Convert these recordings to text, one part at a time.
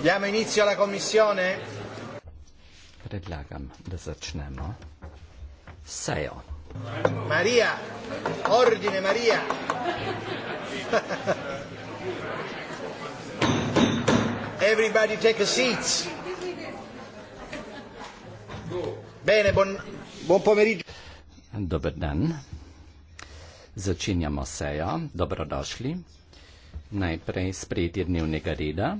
Diamo inizio alla commissione? Predlagam, da začnemo. Sejo. Maria, ordine Maria. Everybody take a seat. Bene, buon, buon pomeriggio. Dober dan. Začenjamo sejo. Dobrodošli. Najprej sprejetje dnevnega reda.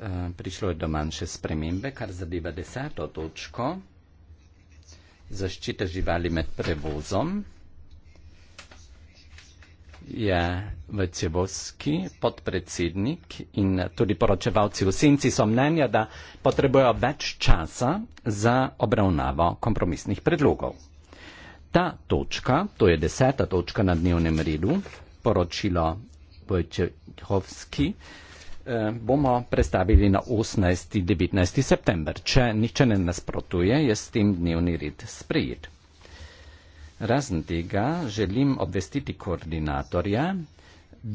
Eh, prišlo je do manjše spremembe, kar zadeva deseto točko, zaščita živali med prevozom, je v Cevoski podpredsednik in tudi poročevalci v senci so mnenja, da potrebujo več časa za obravnavo kompromisnih predlogov. Ta točka, to je deseta točka na dnevnem redu, poročilo Vojčehovski, uh, Eh, bomo predstavili na 18. in 19. september. Če nihče ne nasprotuje, je s tem dnevni red sprejet. Razen tega želim obvestiti koordinatorja,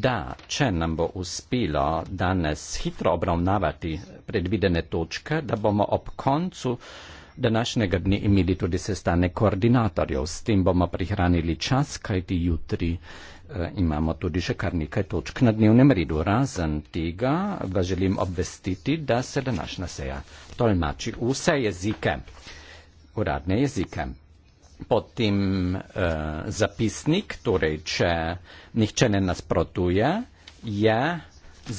da če nam bo uspelo danes hitro obravnavati predvidene točke, da bomo ob koncu današnjega dne imeli tudi sestane koordinatorjev. S tem bomo prihranili čas, kajti jutri. Eh, imamo tudi še kar nekaj točk na dnevnem redu. Razen tega vas želim obvestiti, da se današnja seja tolmači vse jezike, uradne jezike. Potem uh, zapisnik, torej če nihče ne nasprotuje, je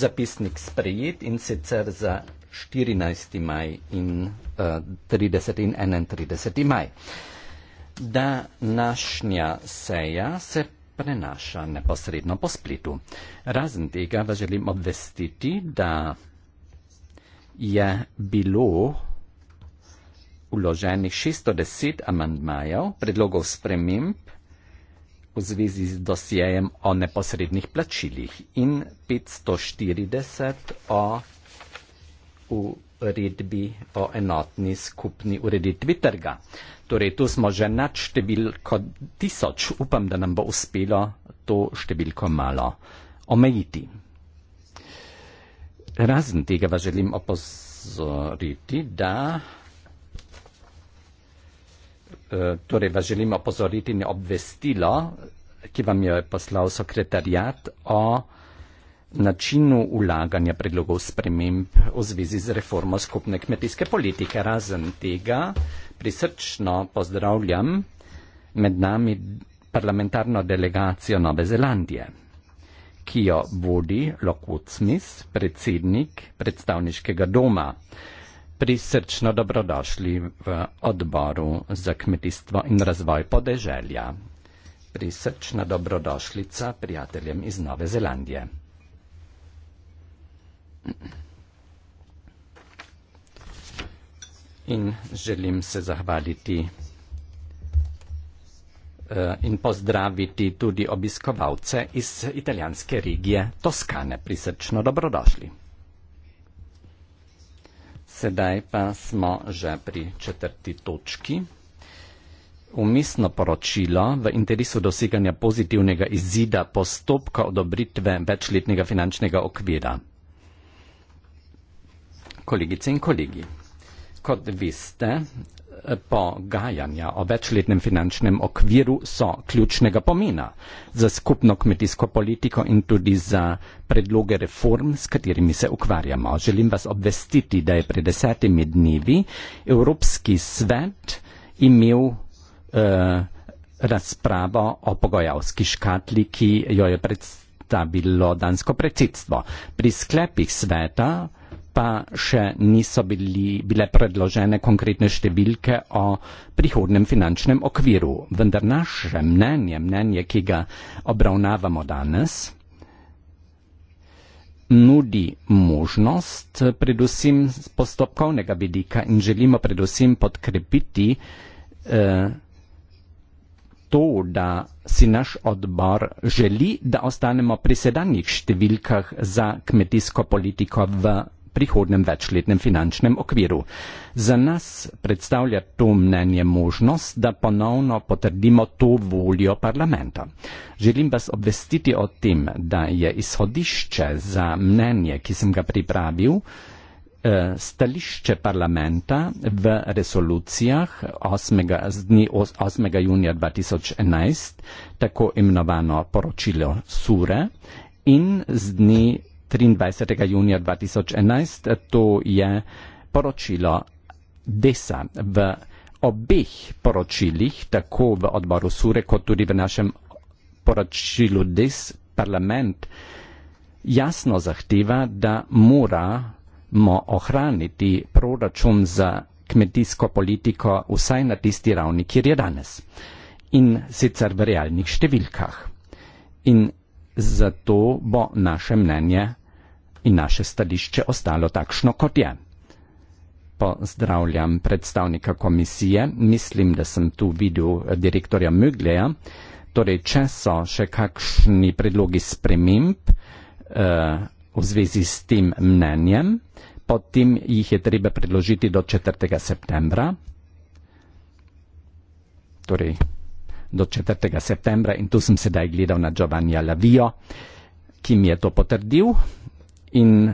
zapisnik sprejet in sicer za 14. maj in uh, eh, 30. in 31. maj. Da našnja seja se prenaša neposredno po spletu. Razen tega vas želim obvestiti, da je bilo uloženih 610 amandmajev predlogov sprememb v zvezi z dosjejem o neposrednih plačilih in 540 o v ureditbi o enotni skupni ureditvi trga. Torej, tu smo že nad številko tisoč. Upam, da nam bo uspelo to številko malo omejiti. Razen tega vas želim opozoriti, da. E, torej, vas želim opozoriti na obvestilo, ki vam jo je poslal sekretarjat o načinu ulaganja predlogov sprememb v zvezi z reformo skupne kmetijske politike. Razen tega prisrčno pozdravljam med nami parlamentarno delegacijo Nove Zelandije ki jo vodi Lockwood Smith, predsednik predstavniškega doma. Prisrčno dobrodošli v odboru za kmetijstvo in razvoj podeželja. Prisrčna dobrodošlica prijateljem iz Nove Zelandije. In želim se zahvaliti eh, in pozdraviti tudi obiskovalce iz italijanske regije Toskane. Prisrčno dobrodošli. Sedaj pa smo že pri četrti točki. Umisno poročilo v interesu dosiganja pozitivnega izida postopka odobritve večletnega finančnega okvira kolegice in kolegi. Kot veste, pogajanja o večletnem finančnem okviru so ključnega pomena za skupno kmetijsko politiko in tudi za predloge reform, s katerimi se ukvarjamo. Želim vas obvestiti, da je pred desetimi dnevi Evropski svet imel eh, razpravo o pogojavski škatli, ki jo je predstavilo dansko predsedstvo. Pri sklepih sveta pa še niso bili, bile predložene konkretne številke o prihodnem finančnem okviru. Vendar naše mnenje, mnenje, ki ga obravnavamo danes, nudi možnost predvsem z postopkovnega vidika in želimo predvsem podkrepiti eh, to, da si naš odbor želi, da ostanemo pri sedanjih številkah za kmetijsko politiko v prihodnem večletnem finančnem okviru. Za nas predstavlja to mnenje možnost, da ponovno potrdimo to voljo parlamenta. Želim vas obvestiti o tem, da je izhodišče za mnenje, ki sem ga pripravil, eh, stališče parlamenta v resolucijah 8. 8. junija 2011, tako imenovano poročilo Sure in z dni 23. junija 2011, to je poročilo DESA. V obeh poročilih, tako v odboru Sure, kot tudi v našem poročilu DES, parlament jasno zahteva, da moramo ohraniti proračun za kmetijsko politiko vsaj na tisti ravni, kjer je danes. In sicer v realnih številkah. In zato bo naše mnenje in naše stališče ostalo takšno, kot je. Pozdravljam predstavnika komisije, mislim, da sem tu videl eh, direktorja Mügleja. Torej, če so še kakšni predlogi sprememb uh, v zvezi s tem mnenjem, potem jih je treba predložiti do 4. septembra. Torej, do 4. septembra in tu sem sedaj gledal na Giovannija Lavijo, ki mi je to potrdil in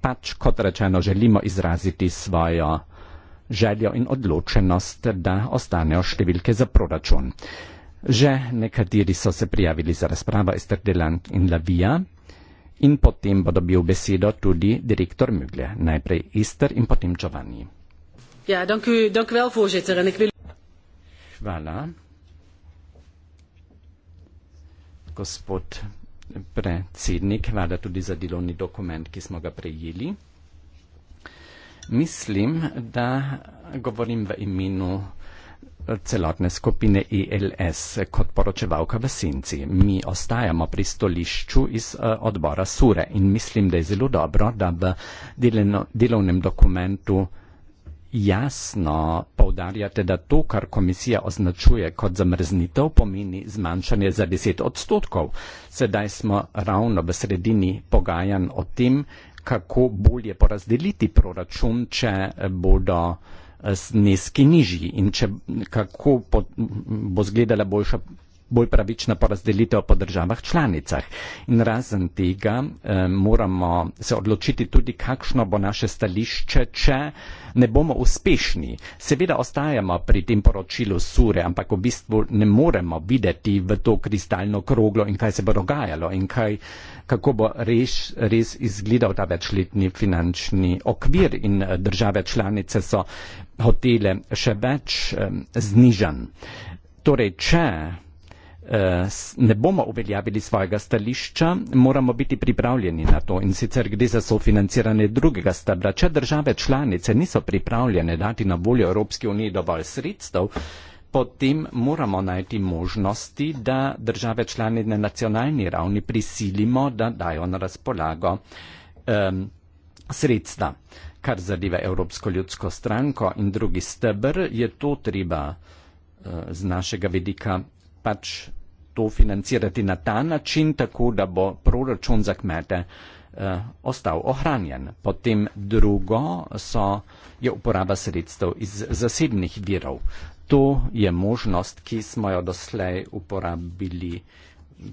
pač, kot rečeno, želimo izraziti svojo željo in odločenost, da ostanejo številke za proračun. Že nekateri so se prijavili za razpravo Esterdelang in Lavija in potem bo dobil besedo tudi direktor Mugle, najprej Ester in potem Giovanni. Ja, dank u, dank u wel, voorzitter. En ik wil... Voilà. gospod predsednik, hvala tudi za delovni dokument, ki smo ga prejeli. Mislim, da govorim v imenu celotne skupine ELS kot poročevalka v Senci. Mi ostajamo pri stolišču iz eh, odbora Sure in mislim, da je zelo dobro, da v delovnem dokumentu jasno povdarjate, da to, kar komisija označuje kot zamrznitev, pomeni zmanjšanje za 10 odstotkov. Sedaj smo ravno v sredini pogajanj o tem, kako bolje porazdeliti proračun, če bodo eh, zneski nižji in če, kako po, bo zgledala boljša bolj pravična porazdelitev po državah članicah. In razen tega eh, moramo se odločiti tudi, kakšno bo naše stališče, če ne bomo uspešni. Seveda ostajamo pri tem poročilu Sure, ampak v bistvu ne moremo videti v to kristalno kroglo in kaj se bo dogajalo in kaj, kako bo res, res izgledal ta večletni finančni okvir in eh, države članice so hotele še več eh, znižan. Torej, če Eh, ne bomo uveljavili svojega stališča, moramo biti pripravljeni na to in sicer gre za sofinanciranje drugega stebra. Če države članice niso pripravljene dati na voljo Evropske unije dovolj sredstev, potem moramo najti možnosti, da države članice na nacionalni ravni prisilimo, da dajo na razpolago um, sredstva. Kar zadeva Evropsko ljudsko stranko in drugi stebr, je to treba uh, z našega vidika pač to financirati na ta način, tako da bo proračun za kmete eh, ostal ohranjen. Potem drugo so, je uporaba sredstev iz zasebnih virov. To je možnost, ki smo jo doslej uporabili,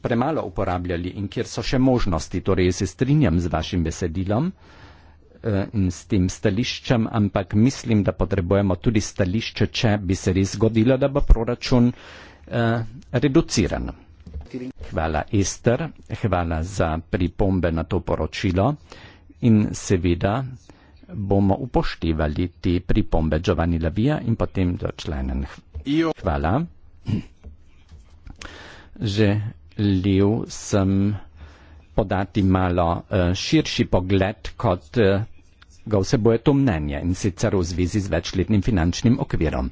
premalo uporabljali in kjer so še možnosti. Torej, se strinjam z vašim besedilom eh, in s tem stališčem, ampak mislim, da potrebujemo tudi stališče, če bi se res zgodilo, da bo proračun. Eh, reduciran. Hvala, Ester, hvala za pripombe na to poročilo in seveda bomo upoštevali te pripombe Giovanni Lavia in potem do členen. Hvala. Želel sem podati malo eh, širši pogled, kot eh, ga vseboje to mnenje in sicer v zvezi z večletnim finančnim okvirom.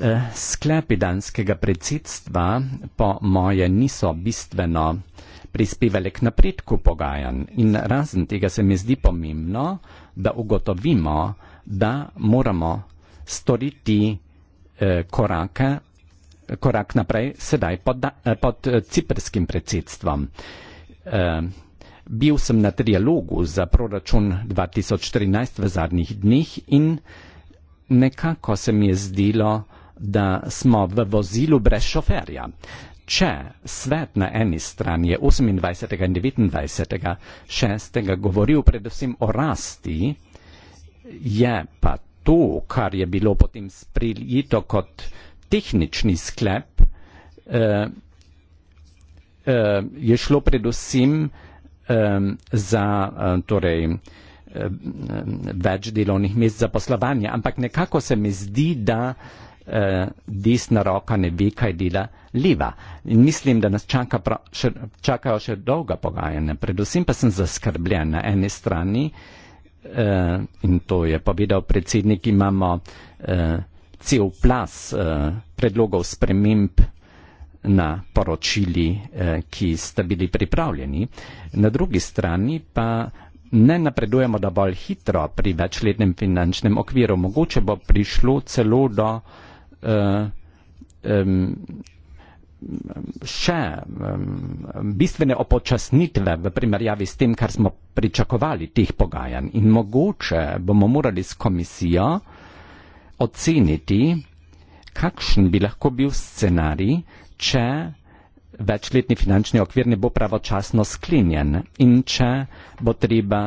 Eh, sklepi danskega predsedstva po moje niso bistveno prispevali k napredku pogajanj in razen tega se mi zdi pomembno, da ugotovimo, da moramo storiti eh, korake, korak naprej sedaj pod, eh, pod eh, ciprskim predsedstvom. Eh, bil sem na trialogu za proračun 2014 v zadnjih dneh in nekako se mi je zdelo, da smo v vozilu brez šoferja. Če svet na eni strani je 28. in 29. 6. govoril predvsem o rasti, je pa to, kar je bilo potem sprijeto kot tehnični sklep, eh, eh, je šlo predvsem eh, za eh, torej, eh, več delovnih mest za poslovanje. Ampak nekako se mi zdi, da. Eh, eh, desna roka ne ve, kaj dela leva. In mislim, da nas čaka prav, še, čakajo še dolga pogajanja. Predvsem pa sem zaskrbljen na eni strani, eh, in to je povedal predsednik, imamo eh, cel plas eh, predlogov sprememb na poročili, eh, ki sta bili pripravljeni. Na drugi strani pa. Ne napredujemo dovolj hitro pri večletnem finančnem okviru. Mogoče bo prišlo celo do uh, Uh, um, še um, bistvene opočasnitve v primerjavi s tem, kar smo pričakovali teh pogajanj. In mogoče bomo morali s komisijo oceniti, kakšen bi lahko bil scenarij, če večletni finančni okvir ne bo pravočasno sklenjen in če bo treba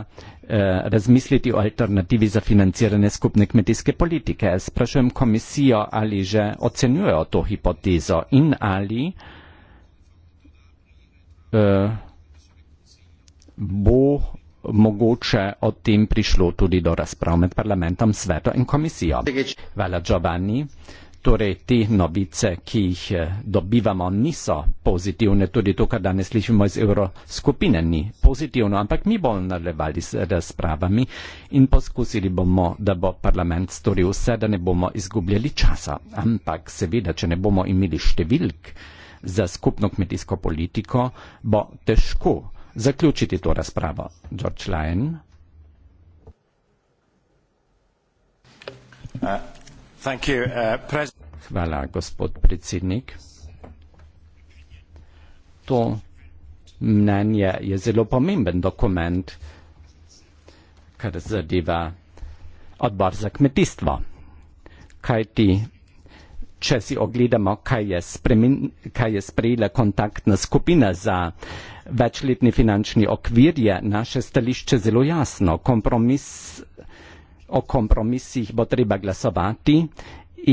Eh, razmisliti o alternativi za financiranje skupne kmetijske politike. Sprašujem komisijo, ali že ocenjujejo to hipotezo in ali eh, bo mogoče o tem prišlo tudi do razprav med parlamentom, sveto in komisijo. Hvala, Giovanni torej te novice, ki jih eh, dobivamo, niso pozitivne, tudi to, kar danes slišimo iz evroskupine, ni pozitivno, ampak mi bomo nadaljevali s razpravami in poskusili bomo, da bo parlament storil vse, da ne bomo izgubljali časa. Ampak seveda, če ne bomo imeli številk za skupno kmetijsko politiko, bo težko zaključiti to razpravo. George Lyon. Uh, Uh, Hvala, gospod predsednik. To mnenje je zelo pomemben dokument, kar zadeva odbor za kmetijstvo. Kaj ti, če si ogledamo, kaj je, spremen, kaj je sprejela kontaktna skupina za večletni finančni okvir, je naše stališče zelo jasno. Kompromis o kompromisih bo treba glasovati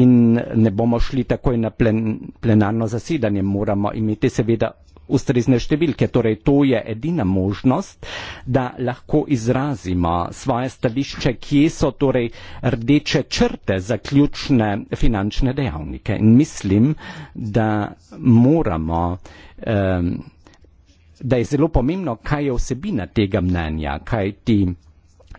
in ne bomo šli takoj na plen, plenarno zasedanje, moramo imeti seveda ustrezne številke. Torej, to je edina možnost, da lahko izrazimo svoje stališče, kje so torej rdeče črte za ključne finančne dejavnike. In mislim, da moramo. Um, da je zelo pomembno, kaj je vsebina tega mnenja, kaj ti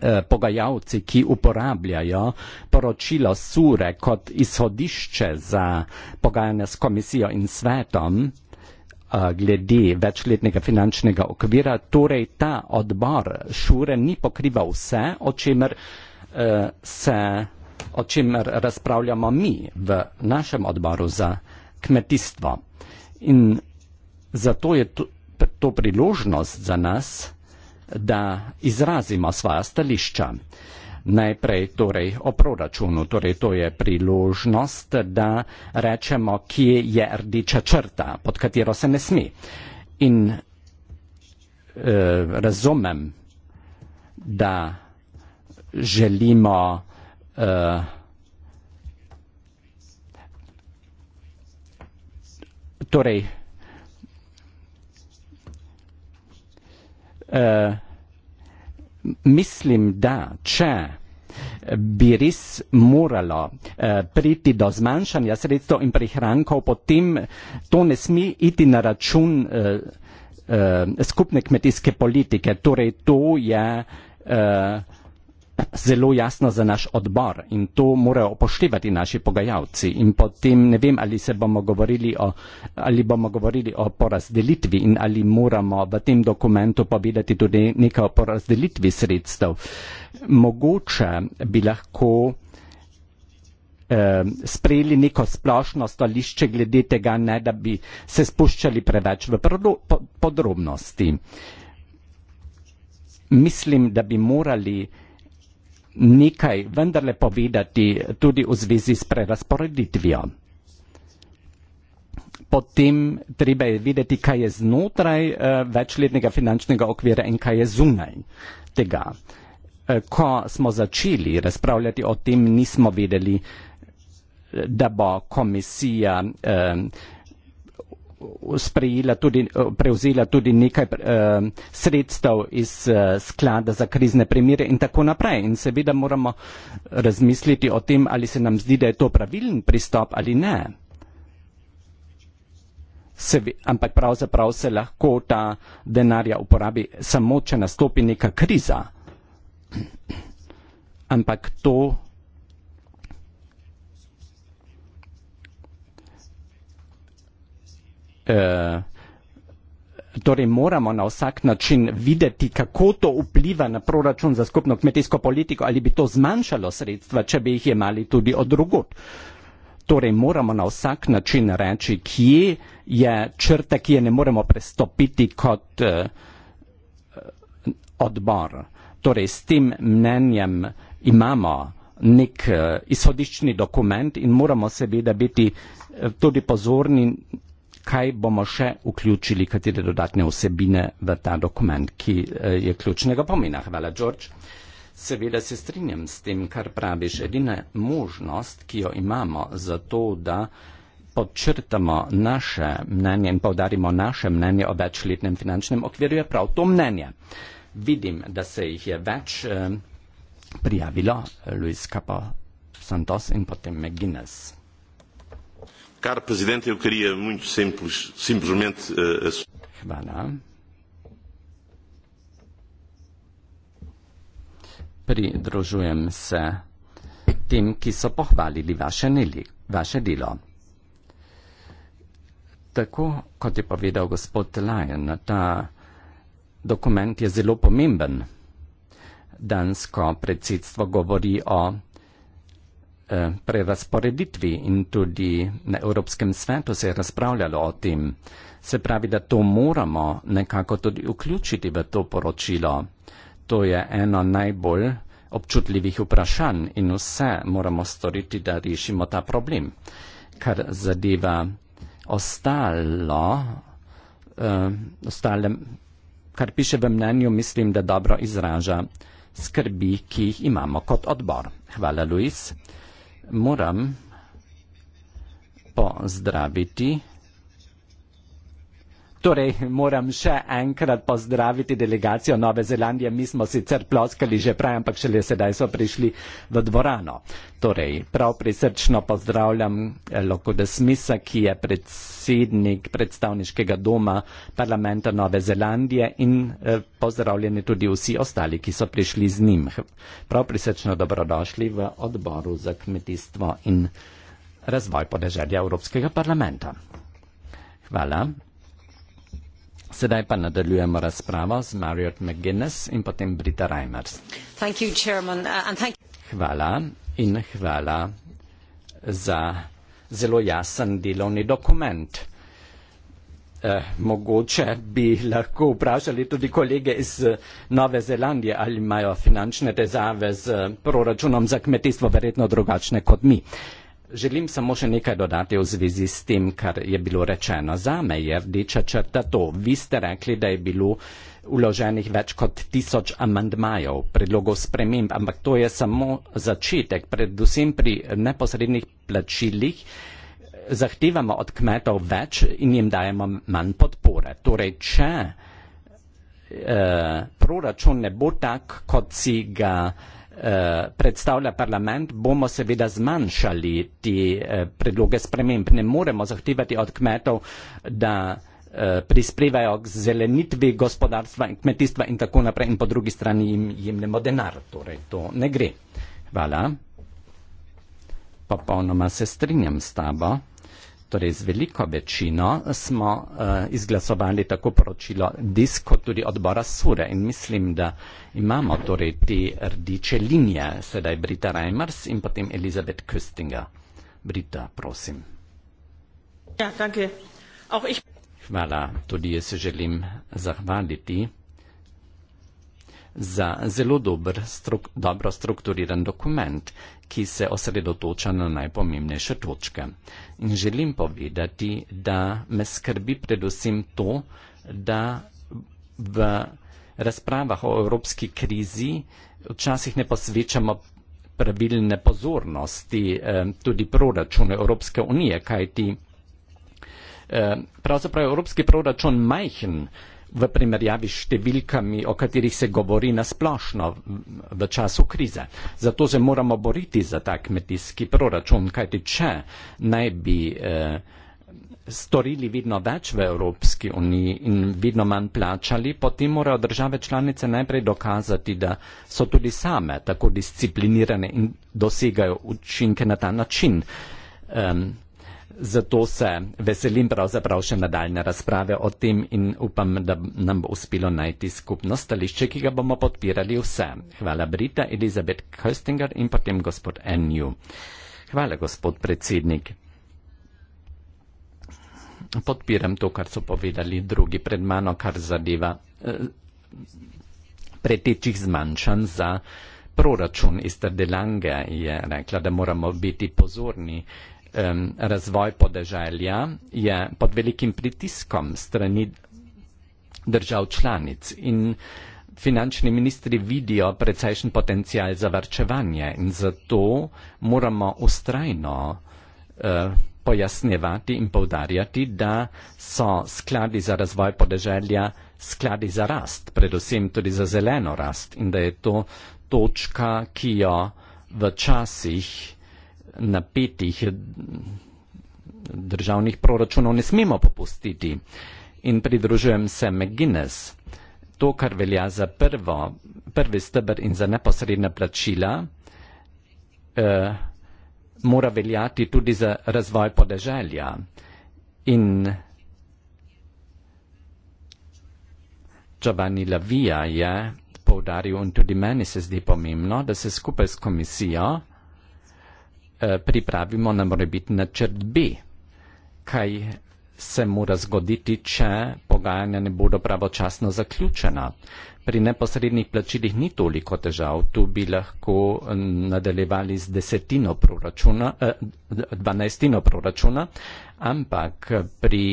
Eh, pogajalci, ki uporabljajo poročilo Sure kot izhodišče za pogajanje s komisijo in svetom eh, glede večletnega finančnega okvira, torej ta odbor Sure ni pokrival vse, o čemer eh, se o čemer razpravljamo mi v našem odboru za kmetijstvo. In zato je to, to priložnost za nas, da izrazimo svoja stališča. Najprej torej o proračunu, torej to je priložnost, da rečemo, kje je rdiča črta, pod katero se ne sme. In eh, razumem, da želimo eh, torej Eh, mislim, da če bi res moralo eh, priti do zmanjšanja sredstev in prihrankov, potem to ne sme iti na račun eh, eh, skupne kmetijske politike. Torej, to je eh, zelo jasno za naš odbor in to morajo upoštevati naši pogajalci. In potem ne vem, ali se bomo govorili o, ali bomo govorili o porazdelitvi in ali moramo v tem dokumentu povedati tudi nekaj o porazdelitvi sredstev. Mogoče bi lahko eh, sprejeli neko splošno stališče glede tega, ne da bi se spuščali preveč v podrobnosti. Mislim, da bi morali nekaj vendarle povedati tudi v zvezi s prerasporeditvijo. Potem treba je videti, kaj je znotraj uh, večletnega finančnega okvira in kaj je zunaj tega. Uh, ko smo začeli razpravljati o tem, nismo vedeli, eh, da bo komisija uh, sprejela tudi, prevzela tudi nekaj eh, sredstev iz eh, sklada za krizne primere in tako naprej. In seveda moramo razmisliti o tem, ali se nam zdi, da je to pravilen pristop ali ne. Se, ampak pravzaprav se lahko ta denarja uporabi samo, če nastopi neka kriza. Ampak to Eh, torej moramo na vsak način videti, kako to vpliva na proračun za skupno kmetijsko politiko, ali bi to zmanjšalo sredstva, če bi jih imeli tudi od drugot. Torej moramo na vsak način reči, kje je črta, ki je ne moremo prestopiti kot eh, odbor. Torej s tem mnenjem imamo nek eh, izhodiščni dokument in moramo seveda biti eh, tudi pozorni kaj bomo še vključili, katere dodatne vsebine v ta dokument, ki eh, je ključnega pomena. Hvala, George. Seveda se strinjam s tem, kar praviš. Edina možnost, ki jo imamo za to, da podčrtamo naše mnenje in povdarimo naše mnenje o večletnem finančnem okviru, je prav to mnenje. Vidim, da se jih je več eh, prijavilo, eh, Luis Capo Santos in potem McGuinness. Caro Presidente, eu queria muito simples, simplesmente. Uh, a... Pridružujem se tem, ki so pohvalili vaše, neli, vaše delo. Tako kot je povedal gospod Lajen, ta dokument je zelo pomemben. Dansko predsedstvo govori o Eh, prerasporeditvi in tudi na Evropskem svetu se je razpravljalo o tem. Se pravi, da to moramo nekako tudi vključiti v to poročilo. To je eno najbolj občutljivih vprašanj in vse moramo storiti, da rešimo ta problem. Kar zadeva ostalo, uh, ostale, kar piše v mnenju, mislim, da dobro izraža skrbi, ki jih imamo kot odbor. Hvala, Luis moram pozdraviti Torej, moram še enkrat pozdraviti delegacijo Nove Zelandije. Mi smo sicer ploskali že prej, ampak šele sedaj so prišli v dvorano. Torej, prav prisrčno pozdravljam eh, Lokoda Smisa, ki je predsednik predstavniškega doma parlamenta Nove Zelandije in eh, pozdravljeni tudi vsi ostali, ki so prišli z njim. Prav prisrčno dobrodošli v odboru za kmetijstvo in razvoj podeželja Evropskega parlamenta. Hvala. Sedaj pa nadaljujemo razpravo z Marriott McGuinness in potem Brita Reimers. Thank you, chairman, uh, and thank hvala in hvala za zelo jasen delovni dokument. Eh, mogoče bi lahko vprašali tudi kolege iz eh, Nove Zelandije, ali imajo finančne težave z eh, proračunom za kmetijstvo verjetno drugačne kot mi. Želim samo še nekaj dodati v zvezi s tem, kar je bilo rečeno. Za me je rdeča črta to. Vi ste rekli, da je bilo uloženih več kot tisoč amandmajev, predlogov sprememb, ampak to je samo začetek. Predvsem pri neposrednih plačilih eh, zahtevamo od kmetov več in jim dajemo manj podpore. Torej, če eh, proračun ne bo tak, kot si ga eh, Eh, predstavlja parlament, bomo seveda zmanjšali te eh, predloge sprememb. Ne moremo zahtevati od kmetov, da eh, prisprivajo k zelenitvi gospodarstva in kmetijstva in tako naprej in po drugi strani jim jemljemo denar. Torej, to ne gre. Hvala. Popolnoma se strinjam s tabo torej z veliko večino smo uh, izglasovali tako poročilo DISK kot tudi odbora SURE in mislim, da imamo torej te rdeče linije, sedaj Brita Reimers in potem Elizabeth Köstinger. Brita, prosim. Ja, Hvala, tudi jaz se želim zahvaliti za zelo dober, struk, dobro strukturiran dokument, ki se osredotoča na najpomembnejše točke. In želim povedati, da me skrbi predvsem to, da v razpravah o evropski krizi včasih ne posvečamo pravilne pozornosti eh, tudi proračune Evropske unije, kajti eh, pravzaprav je Evropski proračun majhen, v primerjavi s številkami, o katerih se govori nasplošno v času krize. Zato se moramo boriti za ta kmetijski proračun, kajti če naj bi eh, storili vidno več v Evropski uniji in vidno manj plačali, potem morajo države članice najprej dokazati, da so tudi same tako disciplinirane in dosegajo učinke na ta način. Eh, zato se veselim pravzaprav še nadaljne razprave o tem in upam, da nam bo uspelo najti skupno stališče, ki ga bomo podpirali vse. Hvala Brita, Elizabeth Köstinger in potem gospod Enju. Hvala, gospod predsednik. Podpiram to, kar so povedali drugi pred mano, kar zadeva eh, pretečih zmanjšanj za proračun. Ista Delange je rekla, da moramo biti pozorni. Eh, um, razvoj podeželja je pod velikim pritiskom strani držav članic in finančni ministri vidijo precejšen potencial za varčevanje in zato moramo ustrajno uh, pojasnjevati in povdarjati, da so skladi za razvoj podeželja skladi za rast, predvsem tudi za zeleno rast in da je to točka, ki jo v časih napetih državnih proračunov ne smemo popustiti. In pridružujem se McGuinness. To, kar velja za prvo, prvi stebr in za neposredna plačila, eh, mora veljati tudi za razvoj podeželja. In Giovanni Lavia je poudaril in tudi meni se zdi pomembno, da se skupaj s komisijo Eh, pripravimo na morebitni načrt B. Kaj se mora zgoditi, če pogajanja ne bodo pravočasno zaključena? Pri neposrednih plačilih ni toliko težav, tu bi lahko nadaljevali z desetino proračuna, eh, dvanajstino proračuna, ampak pri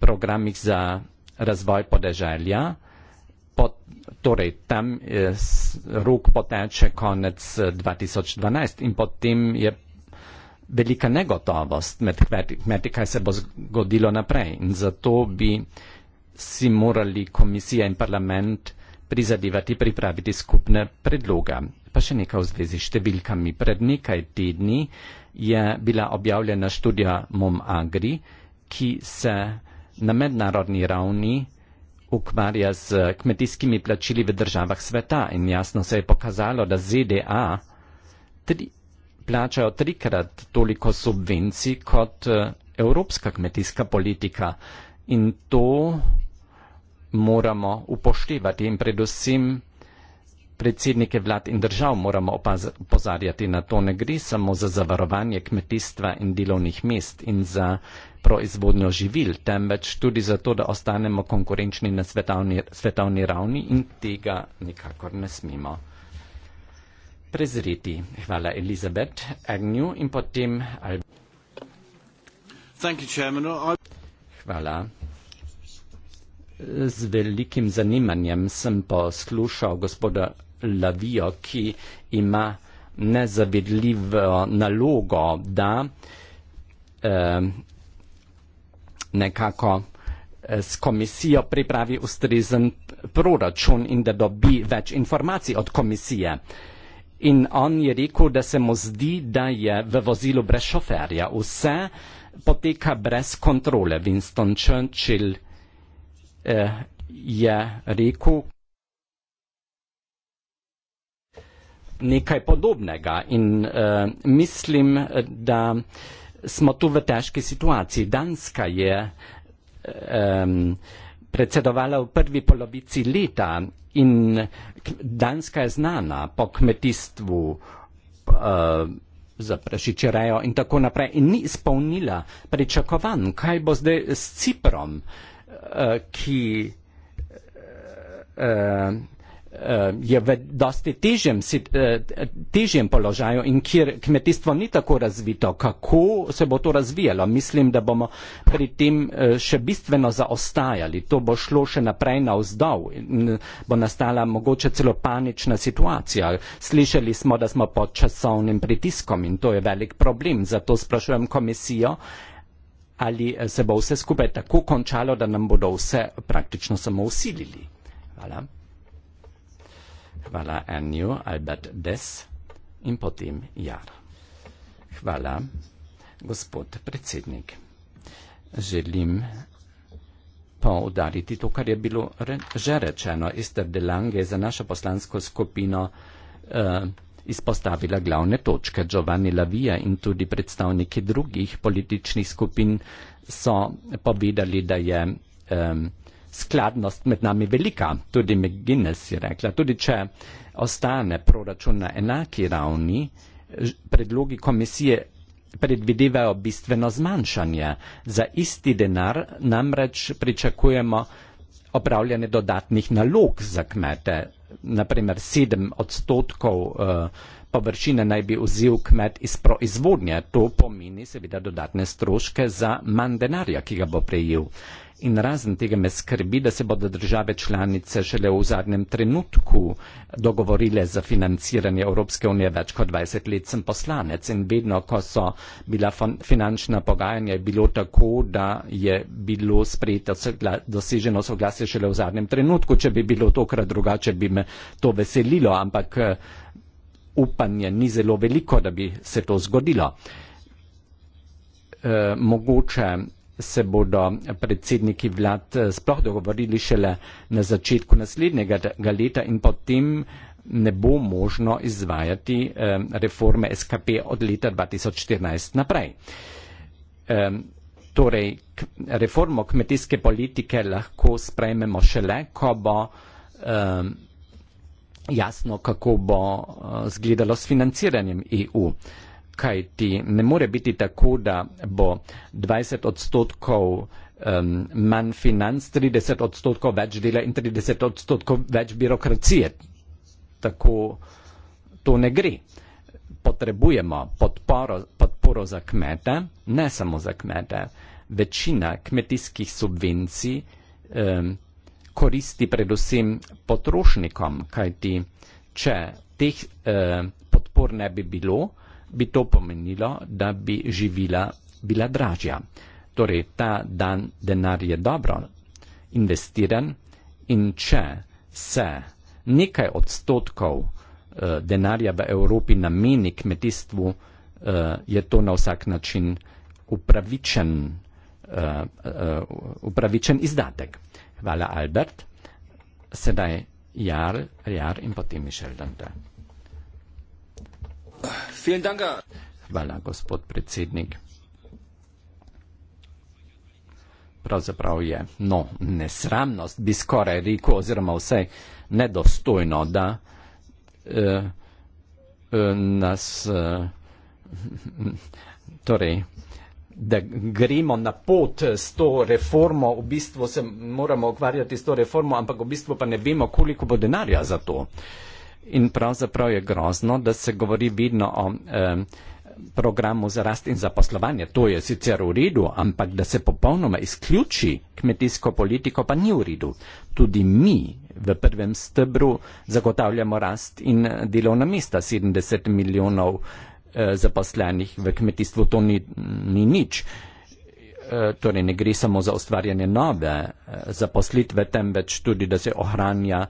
programih za razvoj podeželja, pot, torej tam eh, rok poteče konec 2012 eh, in potem je velika negotovost med kmeti, kmeti, kaj se bo zgodilo naprej. In zato bi si morali komisija in parlament prizadevati pripraviti skupne predloga. Pa še nekaj v zvezi s številkami. Pred nekaj tedni je bila objavljena študija Mom Agri, ki se na mednarodni ravni ukvarja z kmetijskimi plačili v državah sveta. In jasno se je pokazalo, da ZDA tri, plačajo trikrat toliko subvencij kot eh, evropska kmetijska politika in to moramo upoštevati in predvsem predsednike vlad in držav moramo opozarjati na to. Ne gre samo za zavarovanje kmetijstva in delovnih mest in za proizvodnjo živil, temveč tudi za to, da ostanemo konkurenčni na svetovni, svetovni ravni in tega nikakor ne smemo prezreti. Hvala Elizabet Agnew in potem Albert. Hvala. Z velikim zanimanjem sem poslušal gospoda Lavijo, ki ima nezavedljivo nalogo, da eh, nekako eh, s komisijo pripravi ustrezen proračun in da dobi več informacij od komisije. Eh, In on je rekel, da se mu zdi, da je v vozilu brez šoferja. Vse poteka brez kontrole. Winston Churchill eh, je rekel nekaj podobnega. In eh, mislim, da smo tu v težki situaciji. Danska je. Eh, predsedovala v prvi polovici leta in Danska je znana po kmetijstvu uh, za prašičerejo in tako naprej in ni izpolnila pričakovanj, kaj bo zdaj s Ciprom, uh, ki uh, Eh, je v dosti težjem, eh, težjem položaju in kjer kmetijstvo ni tako razvito. Kako se bo to razvijalo? Mislim, da bomo pri tem eh, še bistveno zaostajali. To bo šlo še naprej na vzdolj in bo nastala mogoče celo panična situacija. Slišali smo, da smo pod časovnim pritiskom in to je velik problem. Zato sprašujem komisijo, ali se bo vse skupaj tako končalo, da nam bodo vse praktično samo usilili. Hvala. Voilà. Hvala Enju, Albert Des in potem Jar. Hvala, gospod predsednik. Želim poudariti to, kar je bilo re že rečeno. Ester Delange je za našo poslansko skupino uh, izpostavila glavne točke. Giovanni Lavia in tudi predstavniki drugih političnih skupin so povedali, da je um, skladnost med nami velika, tudi med Guinness je rekla, tudi če ostane proračun na enaki ravni, predlogi komisije predvidevajo bistveno zmanjšanje. Za isti denar namreč pričakujemo opravljanje dodatnih nalog za kmete, naprimer sedem odstotkov uh, površine naj bi vzel kmet iz proizvodnje. To pomeni seveda dodatne stroške za manj denarja, ki ga bo prejel. In razen tega me skrbi, da se bodo države članice šele v zadnjem trenutku dogovorile za financiranje Evropske unije. Več kot 20 let sem poslanec in vedno, ko so bila finančna pogajanja, je bilo tako, da je bilo sprejeto doseženo soglasje šele v zadnjem trenutku. Če bi bilo tokrat drugače, bi me to veselilo, ampak upanje ni zelo veliko, da bi se to zgodilo. E, mogoče se bodo predsedniki vlad eh, sploh dogovorili šele na začetku naslednjega leta in potem ne bo možno izvajati e, reforme SKP od leta 2014 naprej. E, torej, k, reformo kmetijske politike lahko sprejmemo šele, ko bo e, jasno, kako bo eh, izgledalo s financiranjem EU. Kaj ti ne more biti tako, da bo 20 odstotkov um, manj financ, 30 odstotkov več dela in 30 odstotkov več birokracije. Tako to ne gre. Potrebujemo podporo, podporo za kmete, ne samo za kmete. Večina kmetijskih subvencij um, koristi predvsem potrošnikom, kajti če teh eh, podpor ne bi bilo, bi to pomenilo, da bi živila bila dražja. Torej, ta dan denar je dobro investiran in če se nekaj odstotkov eh, denarja v Evropi nameni kmetijstvu, eh, je to na vsak način upravičen, eh, eh upravičen izdatek. Vale Albert, sedaj Jar, Jar in potem Sheldon. Hvala, gospod predsednik. Pravzaprav je, no, nesramnost, bi skoraj rekel, oziroma vse nedostojno, da eh, eh, nas, eh, torej, da gremo na pot s to reformo, v bistvu se moramo ukvarjati s to reformo, ampak v bistvu pa ne vemo, koliko bo denarja za to. In pravzaprav je grozno, da se govori vidno o eh, programu za rast in zaposlovanje. To je sicer v redu, ampak da se popolnoma izključi kmetijsko politiko, pa ni v redu. Tudi mi v prvem stebru zagotavljamo rast in delovna mesta 70 milijonov Eh, zaposlenih v kmetijstvu, to ni, ni nič. Eh, torej ne gre samo za ustvarjanje nove eh, zaposlitve, temveč tudi, da se ohranja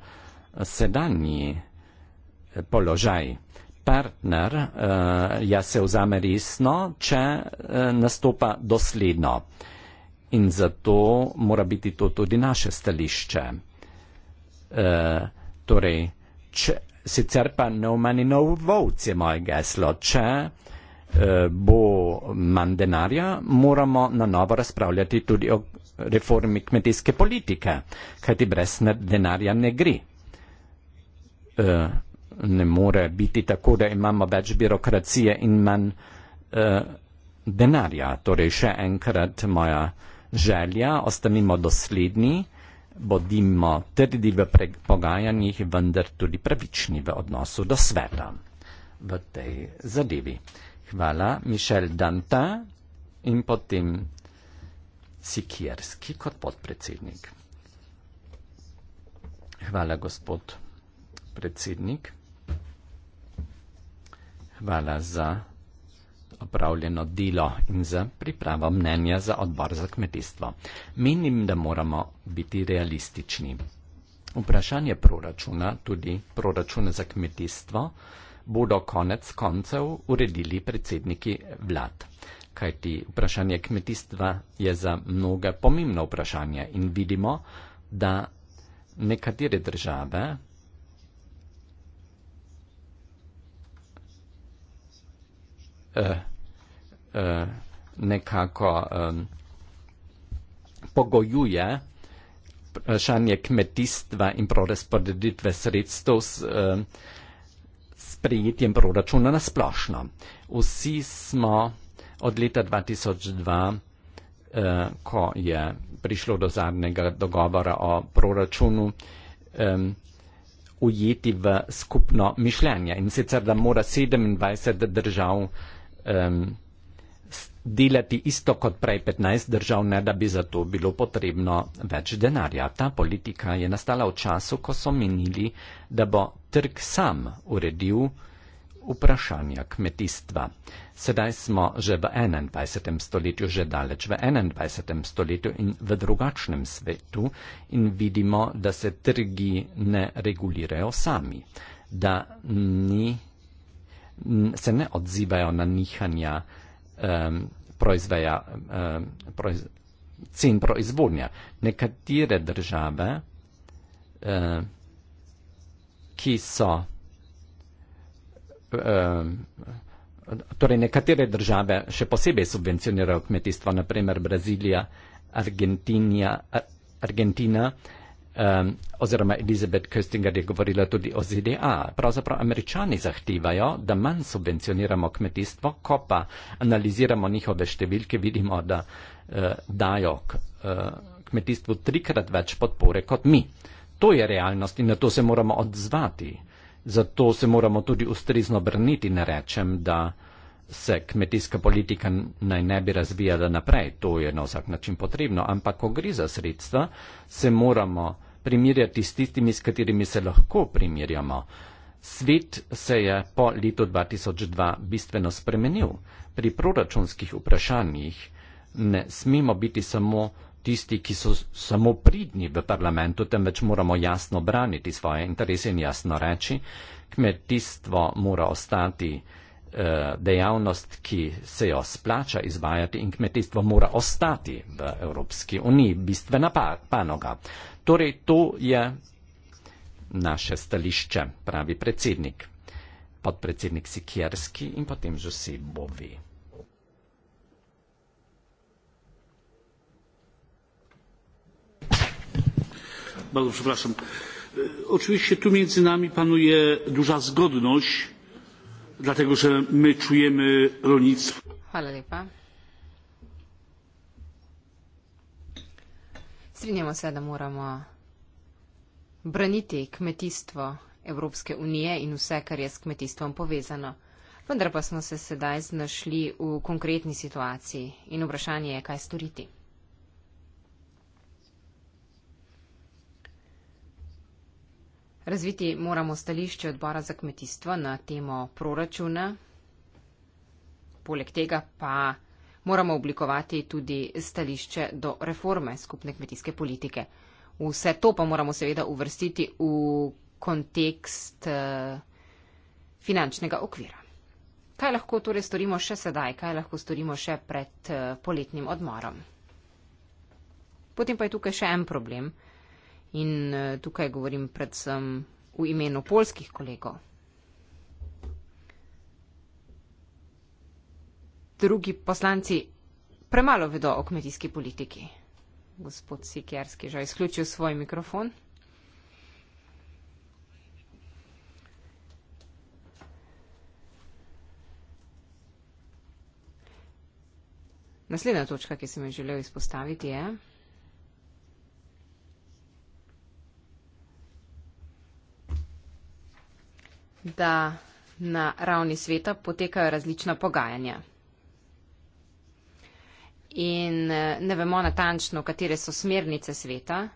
sedanji položaj. Partner ja se vzame resno, če nastopa dosledno. In zato mora biti to tudi naše stališče. Torej, če, sicer pa no money no votes je moje geslo. Če eh, bo manj denarja, moramo na novo razpravljati tudi o reformi kmetijske politike, kajti brez denarja ne gre. Eh, ne more biti tako, da imamo več birokracije in manj eh, denarja. Torej še enkrat moja želja, ostanimo dosledni bodimo trdi v pogajanjih, vendar tudi pravični v odnosu do sveta v tej zadevi. Hvala, Mišel Danta in potem Sikierski kot podpredsednik. Hvala, gospod predsednik. Hvala za opravljeno delo in za pripravo mnenja za odbor za kmetijstvo. Menim, da moramo biti realistični. Vprašanje proračuna, tudi proračuna za kmetijstvo, bodo konec koncev uredili predsedniki vlad. Kajti vprašanje kmetijstva je za mnoge pomembno vprašanje in vidimo, da nekatere države eh, Eh, nekako pogojuje vprašanje kmetijstva in prerasporeditve sredstev s sprejetjem proračuna na splošno. Vsi smo od leta 2002, eh, ko je prišlo do zadnjega dogovora o proračunu, ujeti v skupno mišljenje in sicer, da mora 27 držav proračuna delati isto kot prej 15 držav, ne da bi za to bilo potrebno več denarja. Ta politika je nastala v času, ko so menili, da bo trg sam uredil vprašanja kmetijstva. Sedaj smo že v 21. stoletju, že daleč v 21. stoletju in v drugačnem svetu in vidimo, da se trgi ne regulirajo sami, da ni, se ne odzivajo na nihanja um, proizveja, um, proiz, cen proizvodnja. Nekatere države, um, ki so, um, torej nekatere države še posebej subvencionirajo kmetijstvo, naprimer Brazilija, Argentina, Argentina um, oziroma Elizabeth Köstinger je govorila tudi o ZDA. Pravzaprav američani zahtevajo, da manj subvencioniramo kmetijstvo, ko pa analiziramo njihove številke, vidimo, da uh, dajo k, uh, kmetijstvu trikrat več podpore kot mi. To je realnost in na to se moramo odzvati. Zato se moramo tudi ustrezno obrniti, ne rečem, da se kmetijska politika naj ne bi razvijala naprej. To je na vsak način potrebno. Ampak, ko gre za sredstva, se moramo primerjati s tistimi, s katerimi se lahko primerjamo. Svet se je po letu 2002 bistveno spremenil. Pri proračunskih vprašanjih ne smemo biti samo tisti, ki so samo pridni v parlamentu, temveč moramo jasno braniti svoje interese in jasno reči, kmetijstvo mora ostati eh, dejavnost, ki se jo splača izvajati in kmetijstvo mora ostati v Evropski uniji, bistvena panoga. Torej, to je naše stališče, pravi predsednik, podpredsednik Sikjerski in potem Žosej Bovi. Bardzo przepraszam. E, oczywiście tu między nami panuje duża zgodność, dlatego że my czujemy rolnictwo. Hvala lepa. strinjamo se, da moramo braniti kmetijstvo Evropske unije in vse, kar je s kmetijstvom povezano. Vendar pa smo se sedaj znašli v konkretni situaciji in vprašanje je, kaj storiti. Razviti moramo stališče odbora za kmetijstvo na temo proračuna. Poleg tega pa moramo oblikovati tudi stališče do reforme skupne kmetijske politike. Vse to pa moramo seveda uvrstiti v kontekst eh, finančnega okvira. Kaj lahko torej storimo še sedaj, kaj lahko storimo še pred eh, poletnim odmorom? Potem pa je tukaj še en problem in eh, tukaj govorim predvsem v imenu polskih kolegov. drugi poslanci premalo vedo o kmetijski politiki. Gospod Sikerski, že izključil svoj mikrofon. Naslednja točka, ki sem jo želel izpostaviti, je. da na ravni sveta potekajo različna pogajanja in eh, ne vemo natančno, katere so smernice sveta,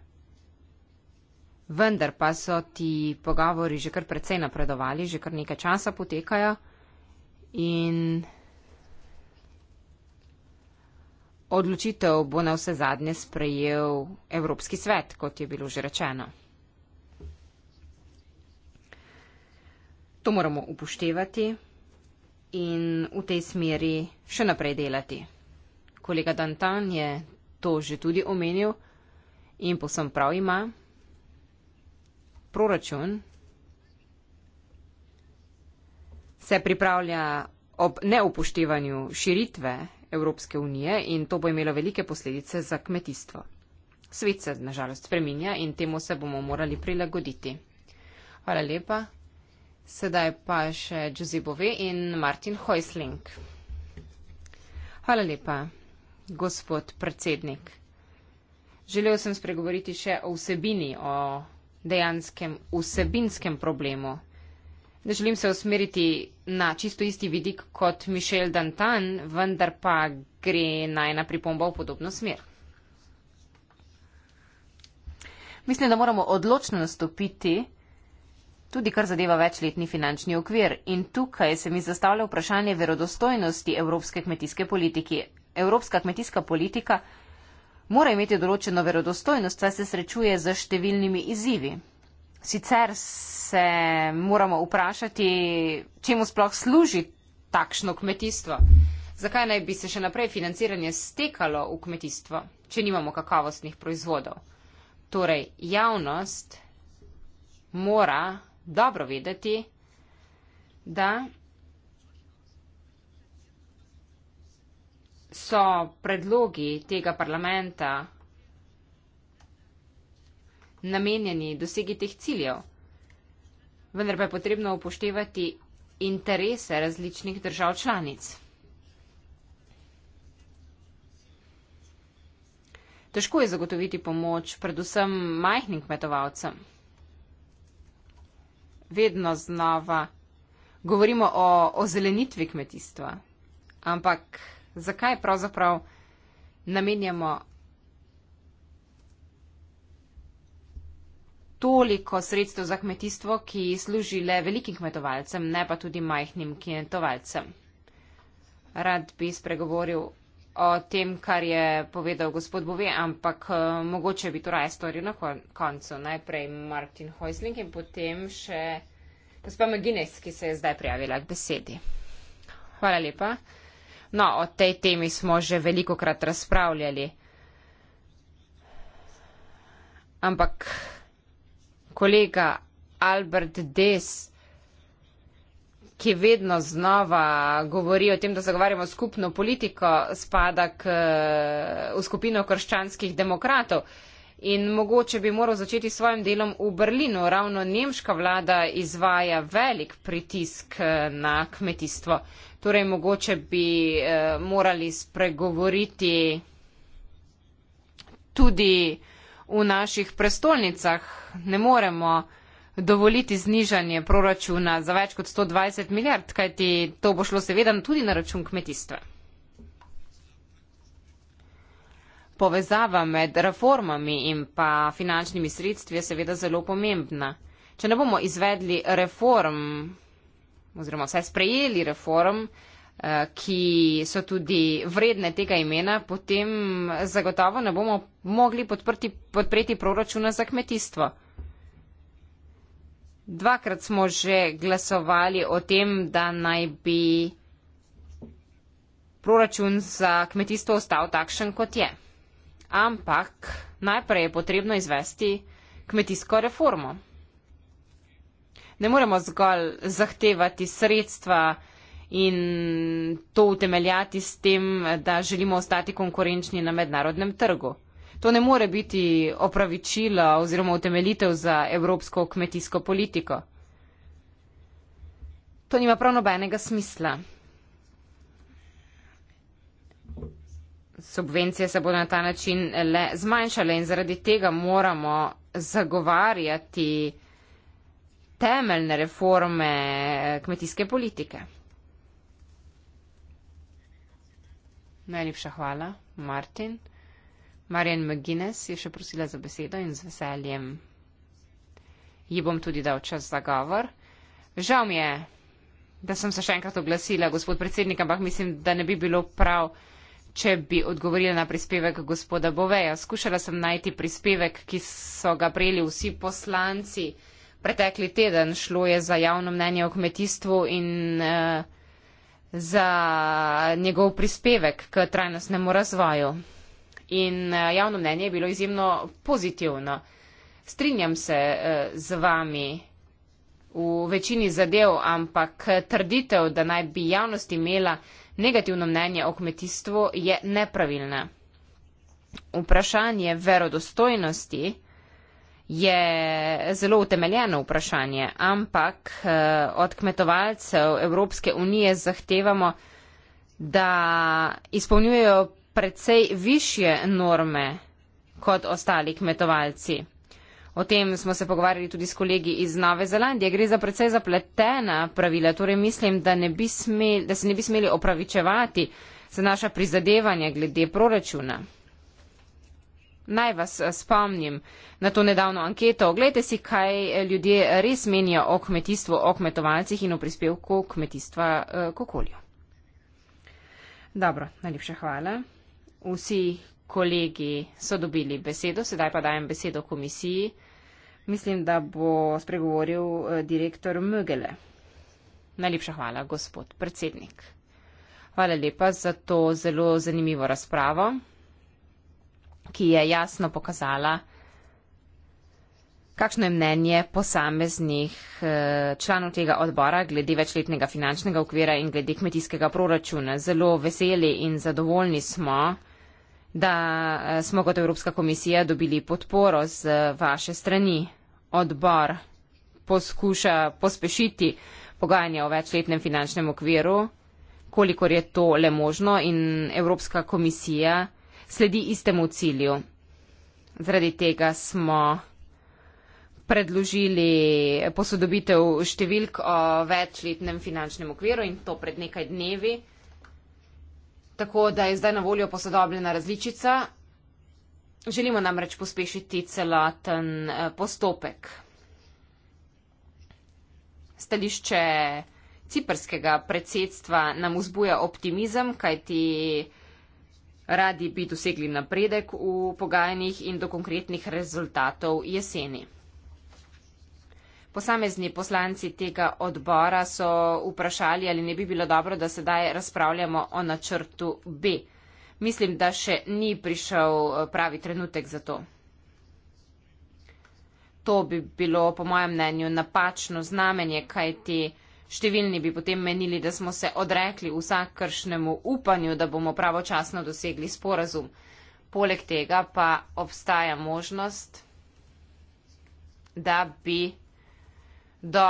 vendar pa so ti pogovori že kar precej napredovali, že kar nekaj časa potekajo in odločitev bo na vse zadnje sprejel Evropski svet, kot je bilo že rečeno. To moramo upoštevati in v tej smeri še naprej delati kolega Dantan je to že tudi omenil in posem prav ima, proračun se pripravlja ob neupoštevanju širitve Evropske unije in to bo imelo velike posledice za kmetijstvo. Svet se nažalost spreminja in temu se bomo morali prilagoditi. Hvala lepa. Sedaj pa še Josie Bove in Martin Heusling. Hvala lepa gospod predsednik. Želel sem spregovoriti še o vsebini, o dejanskem vsebinskem problemu. Ne želim se usmeriti na čisto isti vidik kot Mišel Dantan, vendar pa gre najna pripomba v podobno smer. Mislim, da moramo odločno nastopiti tudi kar zadeva večletni finančni okvir. In tukaj se mi zastavlja vprašanje verodostojnosti evropske kmetijske politike evropska kmetijska politika mora imeti določeno verodostojnost, saj se srečuje z številnimi izzivi. Sicer se moramo vprašati, čemu sploh služi takšno kmetijstvo. Zakaj naj bi se še naprej financiranje stekalo v kmetijstvo, če nimamo kakovostnih proizvodov? Torej, javnost mora dobro vedeti, da so predlogi tega parlamenta namenjeni dosegi teh ciljev. Vendar pa je potrebno upoštevati interese različnih držav članic. Težko je zagotoviti pomoč predvsem majhnim kmetovalcem. Vedno znova govorimo o ozelenitvi kmetijstva, ampak zakaj pravzaprav namenjamo toliko sredstev za kmetijstvo, ki služi le velikim kmetovalcem, ne pa tudi majhnim kmetovalcem. Rad bi spregovoril o tem, kar je povedal gospod Bove, ampak eh, mogoče bi to raje storil na koncu. Najprej Martin Hoisling in potem še gospod McGuinness, ki se je zdaj prijavila k besedi. Hvala lepa. No, o tej temi smo že veliko krat razpravljali. Ampak kolega Albert Des, ki vedno znova govori o tem, da zagovarjamo skupno politiko, spada k, v skupino krščanskih demokratov. In mogoče bi moral začeti s svojim delom v Berlinu. Ravno nemška vlada izvaja velik pritisk eh, na kmetijstvo. Torej, mogoče bi eh, morali spregovoriti tudi v naših prestolnicah. Ne moremo dovoliti znižanje proračuna za več kot 120 milijard, kajti to bo šlo seveda tudi na račun kmetijstva. Povezava med reformami in pa finančnimi sredstvi je seveda zelo pomembna. Če ne bomo izvedli reform oziroma vse sprejeli reform, eh, ki so tudi vredne tega imena, potem zagotovo ne bomo mogli podprti, podpreti proračuna za kmetijstvo. Dvakrat smo že glasovali o tem, da naj bi proračun za kmetijstvo ostal takšen, kot je. Ampak najprej je potrebno izvesti kmetijsko reformo ne moremo zgolj zahtevati sredstva in to utemeljati s tem, da želimo ostati konkurenčni na mednarodnem trgu. To ne more biti opravičilo oziroma utemeljitev za evropsko kmetijsko politiko. To nima prav nobenega smisla. Subvencije se bodo na ta način le zmanjšale in zaradi tega moramo zagovarjati uh, temeljne reforme eh, kmetijske politike. Najlepša hvala, Martin. Marjan McGuinness je še prosila za besedo in z veseljem ji bom tudi dal čas za govor. Žal mi je, da sem se še enkrat oglasila, gospod predsednik, ampak mislim, da ne bi bilo prav, če bi odgovorila na prispevek gospoda Boveja. Skušala sem najti prispevek, ki so ga prejeli vsi poslanci pretekli teden. Šlo je za javno mnenje o kmetijstvu in uh, za njegov prispevek k trajnostnemu razvoju. In uh, javno mnenje je bilo izjemno pozitivno. Strinjam se uh, z vami v večini zadev, ampak trditev, da naj bi javnost imela negativno mnenje o kmetijstvu, je nepravilna. Vprašanje verodostojnosti je zelo utemeljeno vprašanje, ampak eh, od kmetovalcev Evropske unije zahtevamo, da izpolnjujejo predvsej višje norme kot ostali kmetovalci. O tem smo se pogovarjali tudi s kolegi iz Nove Zelandije. Gre za predvsej zapletena pravila, torej mislim, da, ne smeli, da se ne bi smeli opravičevati za naša prizadevanja glede proračuna. Naj vas eh, spomnim na to nedavno anketo. Oglejte si, kaj eh, ljudje res menijo o kmetijstvu, o kmetovalcih in o prispevku kmetijstva eh, k okolju. Dobro, najlepša hvala. Vsi kolegi so dobili besedo, sedaj pa dajem besedo komisiji. Mislim, da bo spregovoril direktor Mögele. Najlepša hvala, gospod predsednik. Hvala lepa za to zelo zanimivo razpravo ki je jasno pokazala, kakšno je mnenje posameznih eh, članov tega odbora glede večletnega finančnega okvira in glede kmetijskega proračuna. Zelo veseli in zadovoljni smo, da eh, smo kot Evropska komisija dobili podporo z eh, vaše strani. Odbor poskuša pospešiti pogajanja o večletnem finančnem okviru, kolikor je to le možno in Evropska komisija sledi istemu cilju. Zradi tega smo predložili posodobitev številk o večletnem finančnem okviru in to pred nekaj dnevi. Tako da je zdaj na voljo posodobljena različica. Želimo namreč pospešiti celoten eh, postopek. Stališče ciprskega predsedstva nam vzbuja optimizem, kajti. Radi bi dosegli napredek v pogajanjih in do konkretnih rezultatov jeseni. Posamezni poslanci tega odbora so vprašali, ali ne bi bilo dobro, da sedaj razpravljamo o načrtu B. Mislim, da še ni prišel eh, pravi trenutek za to. To bi bilo, po mojem mnenju, napačno znamenje, kaj ti. Te... Številni bi potem menili, da smo se odrekli vsak kršnemu upanju, da bomo pravočasno dosegli sporazum. Poleg tega pa obstaja možnost, da bi do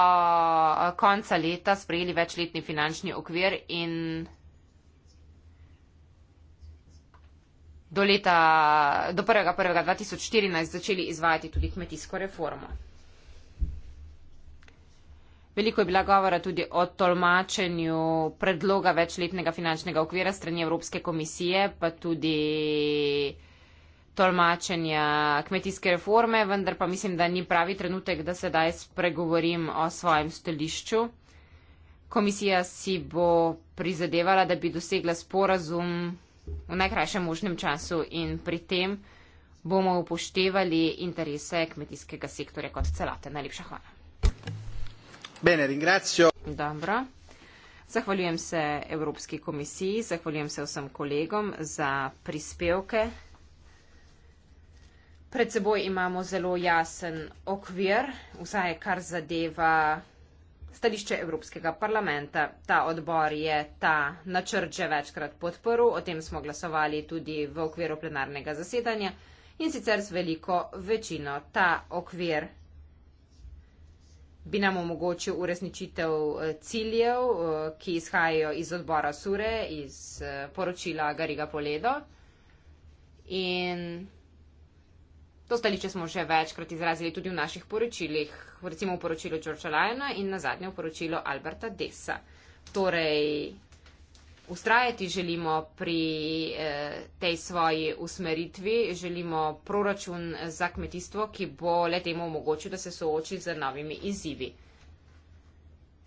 konca leta sprejeli večletni finančni okvir in do leta, do 1.1.2014 začeli izvajati tudi kmetijsko reformo. Veliko je bila govora tudi o tolmačenju predloga večletnega finančnega okvira strani Evropske komisije, pa tudi tolmačenja kmetijske reforme, vendar pa mislim, da ni pravi trenutek, da sedaj spregovorim o svojem stališču. Komisija si bo prizadevala, da bi dosegla sporazum v najkrajšem možnem času in pri tem bomo upoštevali interese kmetijskega sektorja kot celote. Najlepša hvala. Bene, ringrazio. Dobro. Zahvaljujem se Evropski komisiji, zahvaljujem se vsem kolegom za prispevke. Pred seboj imamo zelo jasen okvir, vsaj kar zadeva stališče Evropskega parlamenta. Ta odbor je ta načrt že večkrat podporil, o tem smo glasovali tudi v okviru plenarnega zasedanja in sicer z veliko večino. Ta okvir bi nam omogočil uresničitev eh, ciljev, eh, ki izhajajo iz odbora Sure, iz eh, poročila Gariga Poledo. In to stališče smo že večkrat izrazili tudi v naših poročilih, recimo v poročilu George'a Lyona in nazadnje v poročilu Alberta Dessa. Torej, ustrajati želimo pri eh, tej svoji usmeritvi, želimo proračun za kmetijstvo, ki bo le temu omogočil, da se sooči z novimi izzivi.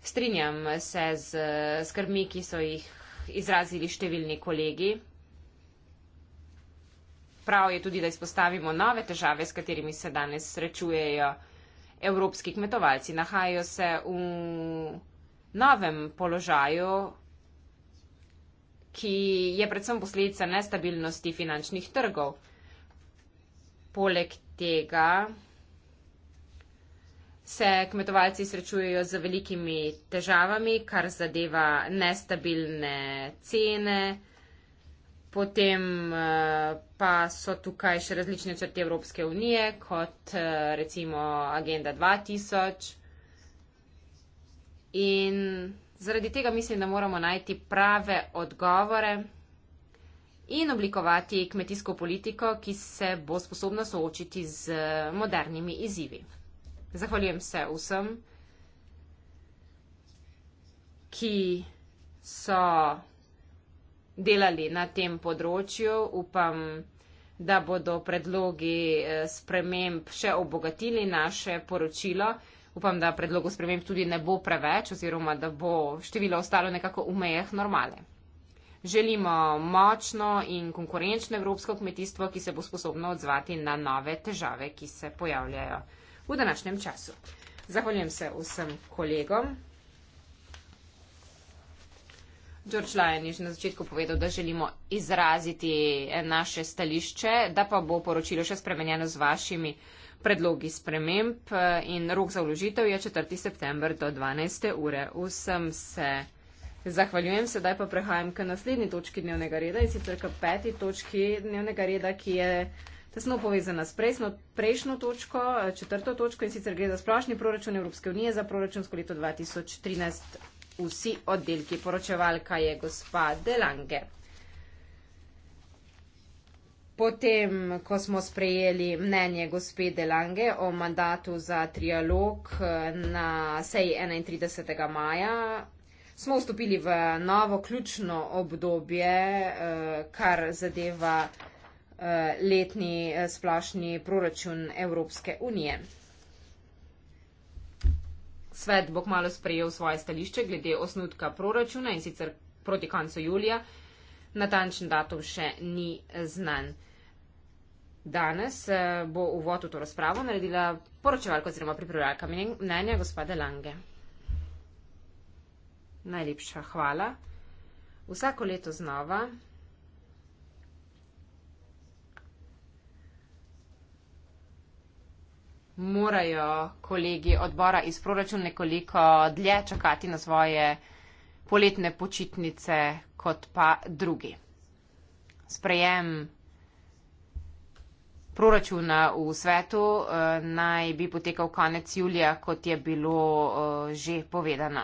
Strinjam se z eh, skrbmi, ki so jih izrazili številni kolegi. Prav je tudi, da izpostavimo nove težave, s katerimi se danes srečujejo evropski kmetovalci. Nahajajo se v novem položaju, ki je predvsem posledica nestabilnosti finančnih trgov. Poleg tega se kmetovalci srečujejo z velikimi težavami, kar zadeva nestabilne cene, potem eh, pa so tukaj še različne črte Evropske unije, kot eh, recimo Agenda 2000. In Zaradi tega mislim, da moramo najti prave odgovore in oblikovati kmetijsko politiko, ki se bo sposobna soočiti z eh, modernimi izzivi. Zahvaljujem se vsem, ki so delali na tem področju. Upam, da bodo predlogi eh, sprememb še obogatili naše poročilo upam, da predlogov sprememb tudi ne bo preveč oziroma da bo število ostalo nekako v mejah normale. Želimo močno in konkurenčno evropsko kmetijstvo, ki se bo sposobno odzvati na nove težave, ki se pojavljajo v današnjem času. Zahvaljujem se vsem kolegom. George Lyon je že na začetku povedal, da želimo izraziti naše stališče, da pa bo poročilo še spremenjeno z vašimi predlogi sprememb eh, in rok za vložitev je 4. september do 12. ure. Vsem se zahvaljujem, sedaj pa prehajam k naslednji točki dnevnega reda in sicer k peti točki dnevnega reda, ki je tesno povezana s prejšnjo, prejšnjo točko, eh, četrto točko in sicer gre za splošni proračun Evropske unije za proračunsko leto 2013. Vsi oddelki poročevalka je gospa Delange. Potem, ko smo sprejeli mnenje gospe Delange o mandatu za trialog eh, na seji 31. maja, smo vstopili v novo ključno obdobje, eh, kar zadeva eh, letni splošni proračun Evropske unije. Svet bo kmalo sprejel svoje stališče glede osnutka proračuna in sicer proti koncu julija natančen datum še ni znan. Danes eh, bo uvod v to razpravo naredila poročevalka oziroma pripravljalka mnenja gospode Lange. Najlepša hvala. Vsako leto znova morajo kolegi odbora iz proračun nekoliko dlje čakati na svoje poletne počitnice kot pa drugi. Sprejem proračuna v svetu eh, naj bi potekal konec julija, kot je bilo eh, že povedano.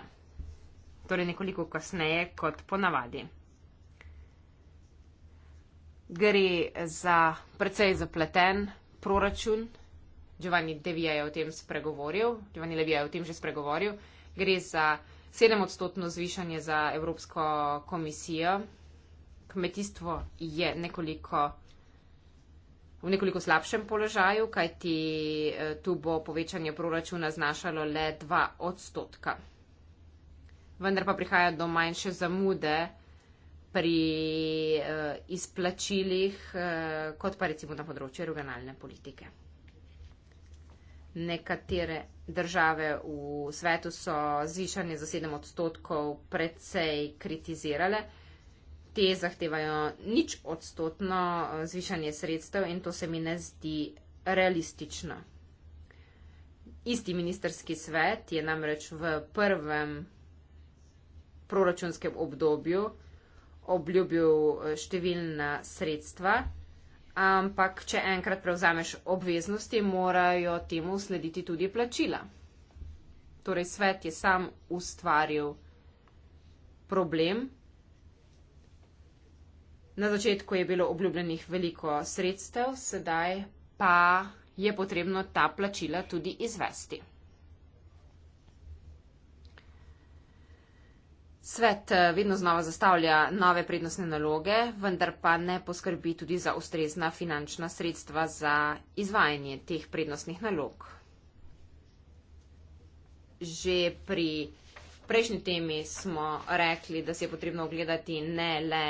Torej nekoliko kasneje kot ponavadi. Gre za precej zapleten proračun. Giovanni Devija je o tem spregovoril. Giovanni Levija je o tem že spregovoril. Gre za sedem odstotno zvišanje za Evropsko komisijo. Kmetijstvo je nekoliko, v nekoliko slabšem položaju, kajti eh, tu bo povečanje proračuna znašalo le dva odstotka. Vendar pa prihaja do manjše zamude pri eh, izplačilih, eh, kot pa recimo na področju regionalne politike nekatere države v svetu so zvišanje za 7 odstotkov precej kritizirale. Te zahtevajo nič odstotno eh, zvišanje sredstev in to se mi ne zdi realistično. Isti ministerski svet je namreč v prvem proračunskem obdobju obljubil eh, številna sredstva ampak če enkrat prevzameš obveznosti, morajo temu slediti tudi plačila. Torej, svet je sam ustvaril problem. Na začetku je bilo obljubljenih veliko sredstev, sedaj pa je potrebno ta plačila tudi izvesti. Svet eh, vedno znova zastavlja nove prednostne naloge, vendar pa ne poskrbi tudi za ustrezna finančna sredstva za izvajanje teh prednostnih nalog. Že pri prejšnji temi smo rekli, da si je potrebno ogledati ne le,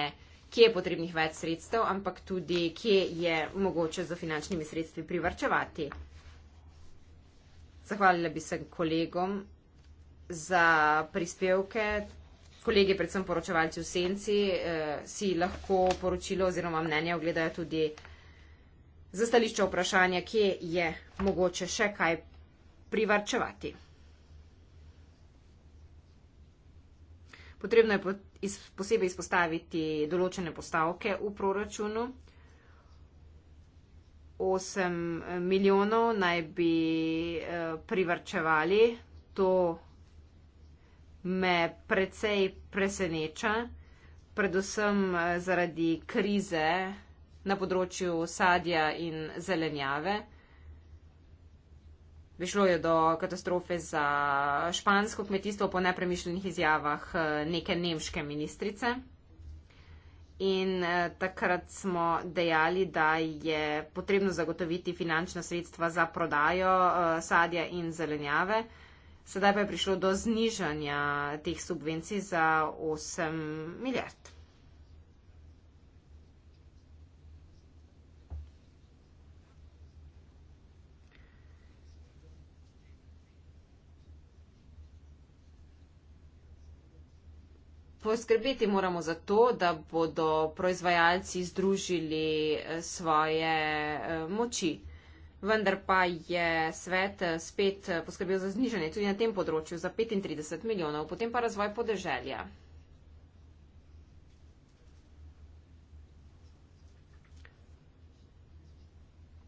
kje je potrebnih več sredstev, ampak tudi, kje je mogoče z finančnimi sredstvi privrčevati. Zahvalila bi se kolegom za prispevke kolegi, predvsem poročevalci v senci, eh, si lahko poročilo oziroma mnenje ogledajo tudi za stališče vprašanja, kje je mogoče še kaj privarčevati. Potrebno je posebej izpostaviti določene postavke v proračunu. 8 milijonov naj bi eh, privrčevali, to me precej preseneča, predvsem eh, zaradi krize na področju sadja in zelenjave. Prišlo je do katastrofe za špansko kmetijstvo po nepremišljenih izjavah eh, neke nemške ministrice. In eh, takrat smo dejali, da je potrebno zagotoviti finančna sredstva za prodajo sadja in zelenjave. Sedaj pa je prišlo do znižanja teh subvencij za 8 milijard. Poskrbeti moramo za to, da bodo proizvajalci združili eh, svoje eh, moči vendar pa je svet eh, spet eh, poskrbel za znižanje tudi na tem področju za 35 milijonov, potem pa razvoj podeželja.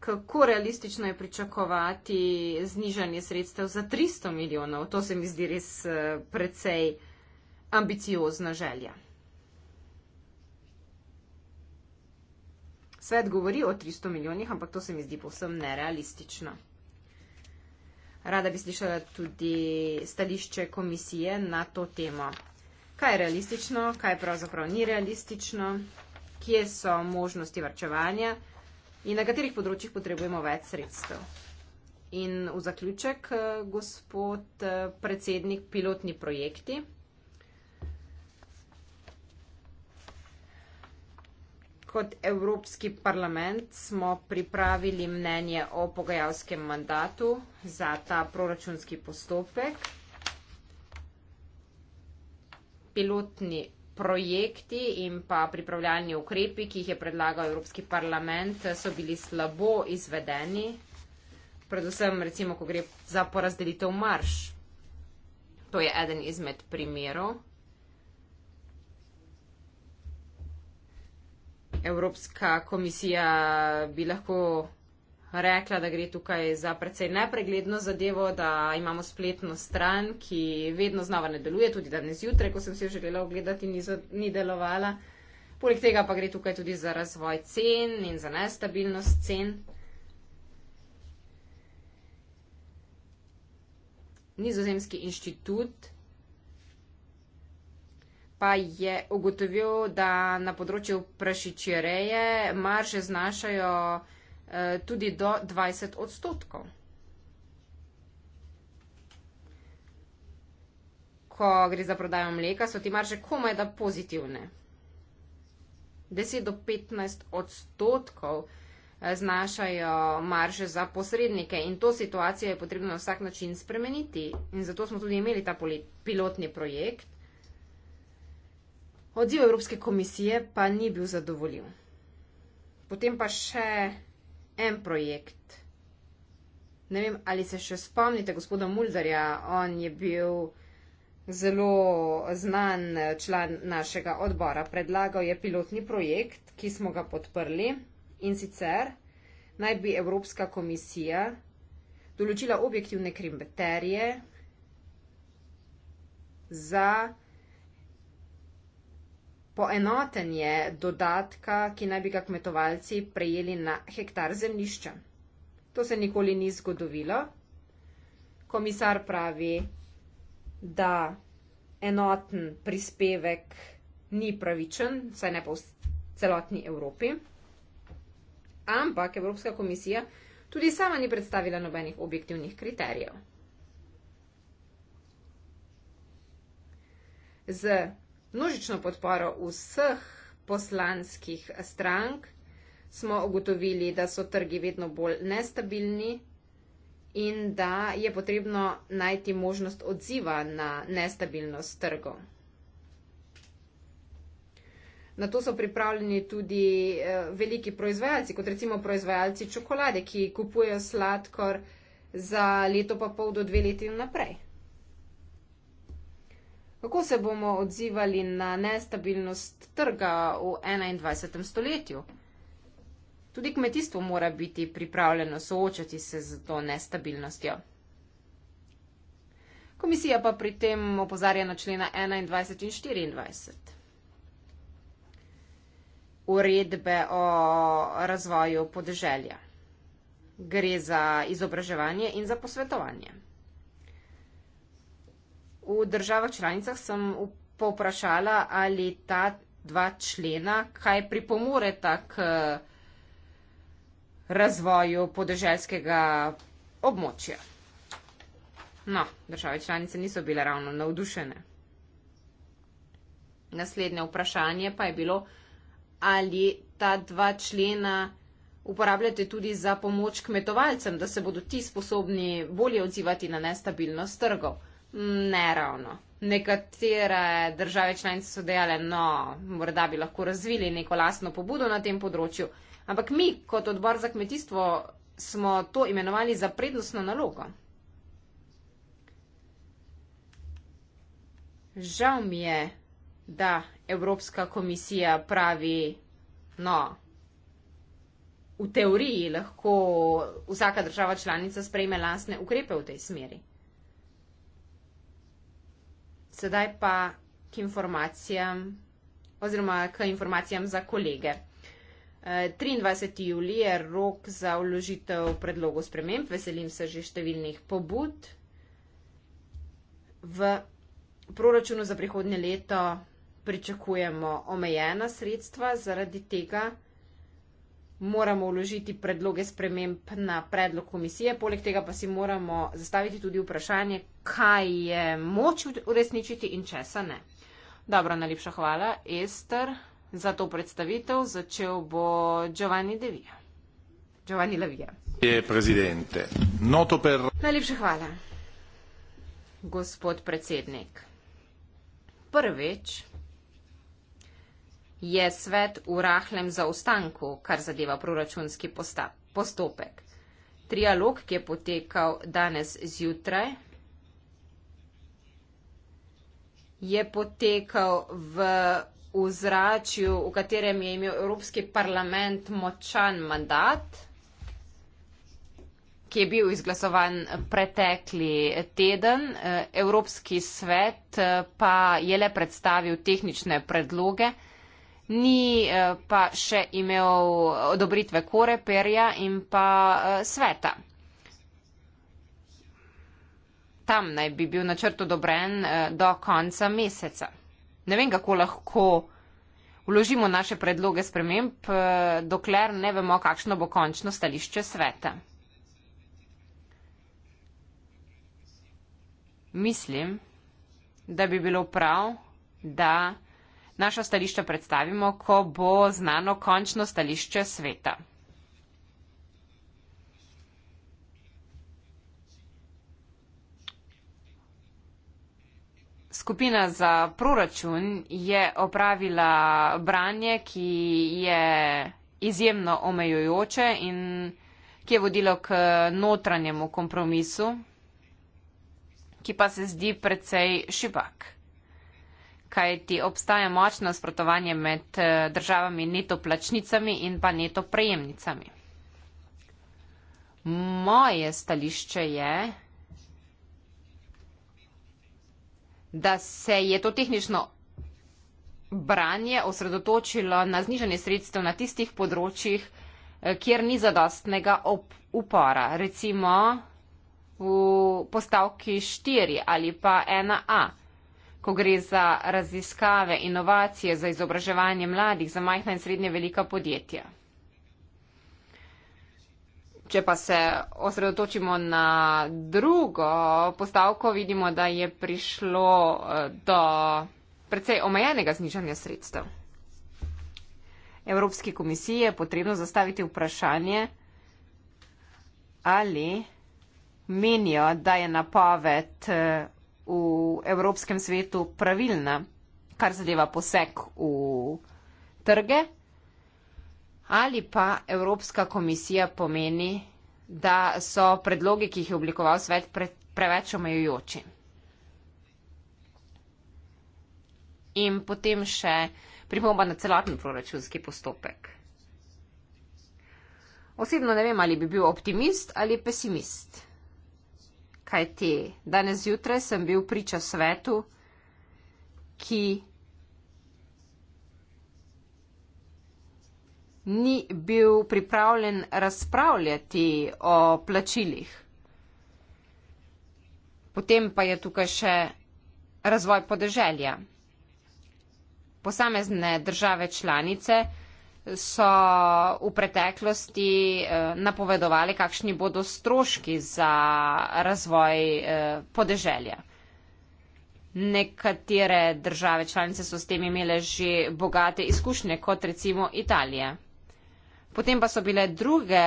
Kako realistično je pričakovati znižanje sredstev za 300 milijonov? To se mi zdi res eh, precej ambiciozna želja. Svet govori o 300 milijonih, ampak to se mi zdi povsem nerealistično. Rada bi slišala tudi stališče komisije na to temo. Kaj je realistično, kaj pravzaprav ni realistično, kje so možnosti varčevanja in na katerih področjih potrebujemo več sredstev. In v zaključek, eh, gospod eh, predsednik, pilotni projekti. kot Evropski parlament smo pripravili mnenje o pogajalskem mandatu za ta proračunski postopek. Pilotni projekti in pa pripravljalni ukrepi, ki jih je predlagal Evropski parlament, so bili slabo izvedeni, predvsem recimo, ko gre za porazdelitev marš. To je eden izmed primerov. Evropska komisija bi lahko rekla, da gre tukaj za precej nepregledno zadevo, da imamo spletno stran, ki vedno znova ne deluje, tudi danes jutraj, ko sem si jo želela ogledati, ni, za, ni delovala. Poleg tega pa gre tukaj tudi za razvoj cen in za nestabilnost cen. Nizozemski inštitut pa je ugotovil, da na področju prašičereje marže znašajo eh, tudi do 20 odstotkov. Ko gre za prodajo mleka, so ti marže komaj da pozitivne. 10 do 15 odstotkov eh, znašajo marže za posrednike in to situacijo je potrebno na vsak način spremeniti. In zato smo tudi imeli ta pilotni projekt, Odziv Evropske komisije pa ni bil zadovoljiv. Potem pa še en projekt. Ne vem, ali se še spomnite gospoda Muldarja, on je bil zelo znan član našega odbora. Predlagal je pilotni projekt, ki smo ga podprli in sicer naj bi Evropska komisija določila objektivne krimbeterije za poenotenje dodatka, ki naj bi ga kmetovalci prejeli na hektar zemljišča. To se nikoli ni zgodovilo. Komisar pravi, da enoten prispevek ni pravičen, saj ne pa v celotni Evropi. Ampak Evropska komisija tudi sama ni predstavila nobenih objektivnih kriterijev. Z množično podporo vseh poslanskih strank, smo ugotovili, da so trgi vedno bolj nestabilni in da je potrebno najti možnost odziva na nestabilnost trgov. Na to so pripravljeni tudi eh, veliki proizvajalci, kot recimo proizvajalci čokolade, ki kupujejo sladkor za leto pa pol do dve leti naprej. Kako se bomo odzivali na nestabilnost trga v 21. stoletju? Tudi kmetijstvo mora biti pripravljeno soočati se z to nestabilnostjo. Komisija pa pri tem opozarja na člena 21 in 24. Uredbe o razvoju podeželja. Gre za izobraževanje in za posvetovanje v državah članicah sem poprašala, ali ta dva člena kaj pripomoreta k razvoju podeželskega območja. No, države članice niso bile ravno navdušene. Naslednje vprašanje pa je bilo, ali ta dva člena uporabljate tudi za pomoč kmetovalcem, da se bodo ti sposobni bolje odzivati na nestabilnost trgov. Ne ravno. Nekatere države članice so dejale, no, morda bi lahko razvili neko lastno pobudo na tem področju, ampak mi kot odbor za kmetijstvo smo to imenovali za prednostno nalogo. Žal mi je, da Evropska komisija pravi, no, v teoriji lahko vsaka država članica sprejme lastne ukrepe v tej smeri. Sedaj pa k informacijam oziroma k informacijam za kolege. 23. Eh, juli je rok za vložitev predlogov sprememb. Veselim se že številnih pobud. V proračunu za prihodnje leto pričakujemo omejena sredstva zaradi tega, moramo vložiti predloge sprememb na predlog komisije, poleg tega pa si moramo zastaviti tudi vprašanje, kaj je moč uresničiti in česa ne. Dobro, najlepša hvala, Ester, za to predstavitev. Začel bo Giovanni Devija. Giovanni Lavija. Eh, per... Najlepša hvala, gospod predsednik. Prvič je svet v rahlem zaostanku, kar zadeva proračunski postopek. Trialog, ki je potekal danes zjutraj, je potekal v vzračju, v katerem je imel Evropski parlament močan mandat, ki je bil izglasovan pretekli teden. Evropski svet eh, pa je le predstavil tehnične predloge ni eh, pa še imel odobritve Koreperja in pa eh, sveta. Tam naj bi bil načrt odobren eh, do konca meseca. Ne vem, kako lahko vložimo naše predloge sprememb, dokler ne vemo, kakšno bo končno stališče sveta. Mislim, da bi bilo prav, da naša stališča predstavimo, ko bo znano končno stališče sveta. Skupina za proračun je opravila branje, ki je izjemno omejujoče in ki je vodilo k notranjemu kompromisu, ki pa se zdi precej šibak kajti obstaja močno sprotovanje med eh, državami neto plačnicami in pa neto prejemnicami. Moje stališče je, da se je to tehnično branje osredotočilo na znižanje sredstev na tistih področjih, eh, kjer ni zadostnega upora. Recimo v postavki 4 ali pa 1a. Ko gre za raziskave, inovacije, za izobraževanje mladih, za majhna in srednje velika podjetja. Če pa se osredotočimo na drugo postavko, vidimo, da je prišlo eh, do precej omejenega znižanja sredstev. Evropski komisiji je potrebno zastaviti vprašanje, ali menijo, da je napoved eh, v evropskem svetu pravilna, kar zadeva poseg v trge, ali pa Evropska komisija pomeni, da so predloge, ki jih je oblikoval svet, pre, preveč omejujoči. In potem še pripomba na celoten proračunski postopek. Osebno ne vem, ali bi bil optimist ali pesimist kaj te. Danes zjutraj sem bil priča svetu, ki ni bil pripravljen razpravljati o plačilih. Potem pa je tukaj še razvoj podeželja. Posamezne države članice, so v preteklosti eh, napovedovali, kakšni bodo stroški za razvoj eh, podeželja. Nekatere države članice so s tem imele že bogate izkušnje, kot recimo Italija. Potem pa so, bile druge,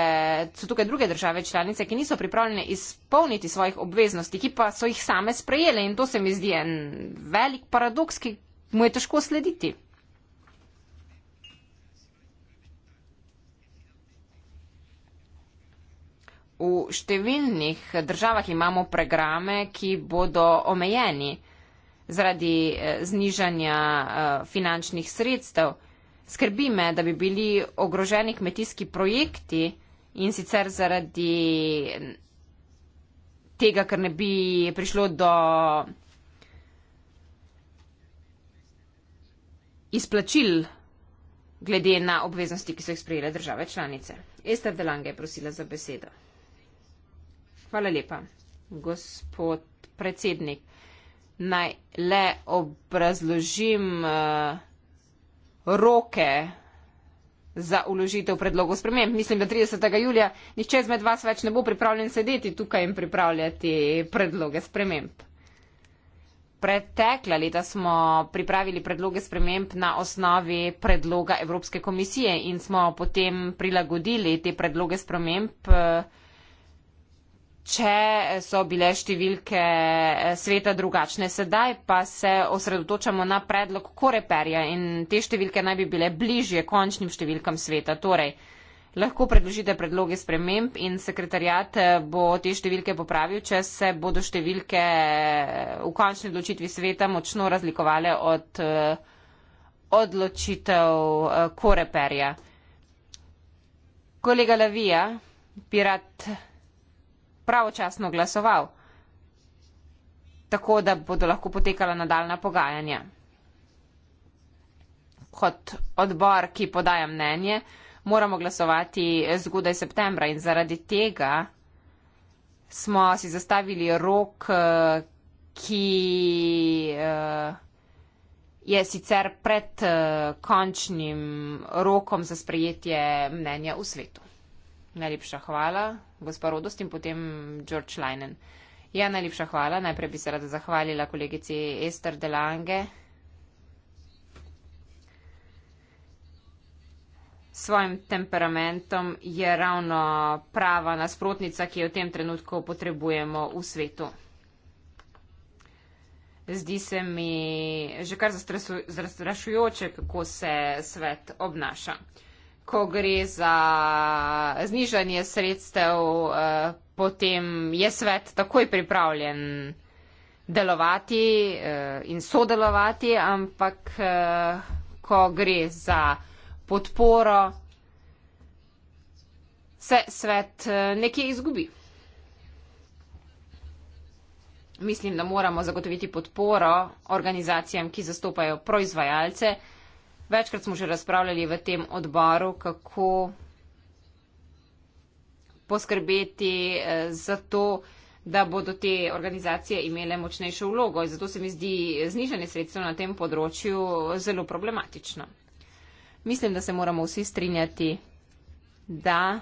so tukaj druge države članice, ki niso pripravljene izpolniti svojih obveznosti, ki pa so jih same sprejele in to se mi zdi en velik paradoks, ki mu je težko slediti. V številnih državah imamo programe, ki bodo omejeni zaradi eh, znižanja eh, finančnih sredstev. Skrbi me, da bi bili ogroženi kmetijski projekti in sicer zaradi tega, ker ne bi prišlo do izplačil glede na obveznosti, ki so jih sprejele države članice. Ester Delange je prosila za besedo. Hvala lepa, gospod predsednik. Naj le obrazložim uh, roke za uložitev predlogov sprememb. Mislim, da 30. julija nihče izmed vas več ne bo pripravljen sedeti tukaj in pripravljati predloge sprememb. Pretekla leta smo pripravili predloge sprememb na osnovi predloga Evropske komisije in smo potem prilagodili te predloge sprememb. Uh, če so bile številke eh, sveta drugačne. Sedaj pa se osredotočamo na predlog Koreperja in te številke naj bi bile bližje končnim številkam sveta. Torej, lahko predložite predloge sprememb in sekretarjat eh, bo te številke popravil, če se bodo številke eh, v končni odločitvi sveta močno razlikovale od odločitev Koreperja. Kolega Lavija, pirat pravočasno glasoval, tako da bodo lahko potekala nadaljna pogajanja. Kot odbor, ki podaja mnenje, moramo glasovati zgodaj septembra in zaradi tega smo si zastavili rok, eh, ki eh, je sicer pred eh, končnim rokom za sprejetje mnenja v svetu. Najlepša hvala gospodost in potem George Leinen. Ja, najlepša hvala. Najprej bi se rada zahvalila kolegici Ester Delange. S svojim temperamentom je ravno prava nasprotnica, ki jo v tem trenutku potrebujemo v svetu. Zdi se mi že kar zastrašujoče, kako se svet obnaša. Uh, ko gre za znižanje sredstev, eh, potem je svet takoj pripravljen delovati eh, in sodelovati, ampak eh, ko gre za podporo, se svet nekje izgubi. Mislim, da moramo zagotoviti podporo organizacijam, ki zastopajo proizvajalce, Večkrat smo že razpravljali v tem odboru, kako poskrbeti eh, za to, da bodo te organizacije imele močnejšo vlogo. Zato se mi zdi znižanje sredstev na tem področju zelo problematično. Mislim, da se moramo vsi strinjati, da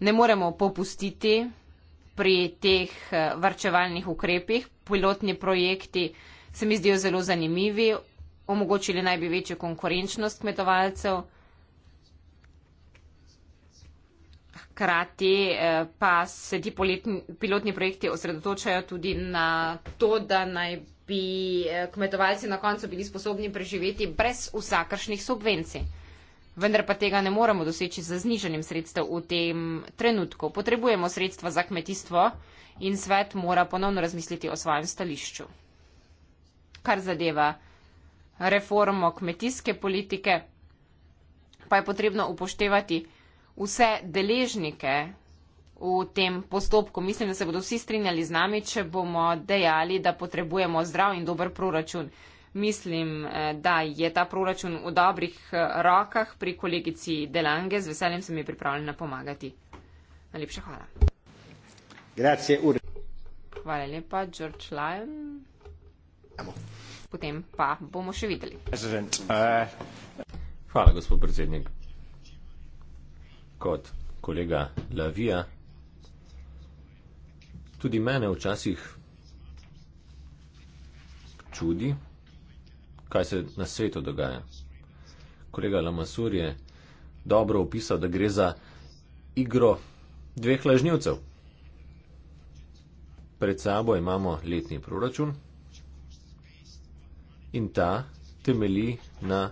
ne moremo popustiti pri teh eh, varčevalnih ukrepih. Pilotni projekti se mi zdijo zelo zanimivi, omogočili naj bi večjo konkurenčnost kmetovalcev, hkrati eh, pa se ti pilotni projekti osredotočajo tudi na to, da naj bi eh, kmetovalci na koncu bili sposobni preživeti brez vsakršnih subvencij. Vendar pa tega ne moremo doseči z znižanjem sredstev v tem trenutku. Potrebujemo sredstva za kmetijstvo in svet mora ponovno razmisliti o svojem stališču. Kar zadeva reformo kmetijske politike, pa je potrebno upoštevati vse deležnike v tem postopku. Mislim, da se bodo vsi strinjali z nami, če bomo dejali, da potrebujemo zdrav in dober proračun. Mislim, eh, da je ta proračun v dobrih eh, rokah pri kolegici Delange. Z veseljem sem ji pripravljena pomagati. Najlepša hvala. Grazie, hvala lepa, George Lyon. Amo potem pa bomo še videli. Uh, Hvala, gospod predsednik. Kot kolega Lavija, tudi mene včasih čudi, kaj se na svetu dogaja. Kolega Lamasur je dobro opisal, da gre za igro dveh lažnivcev. Pred sabo imamo letni proračun in ta temeli na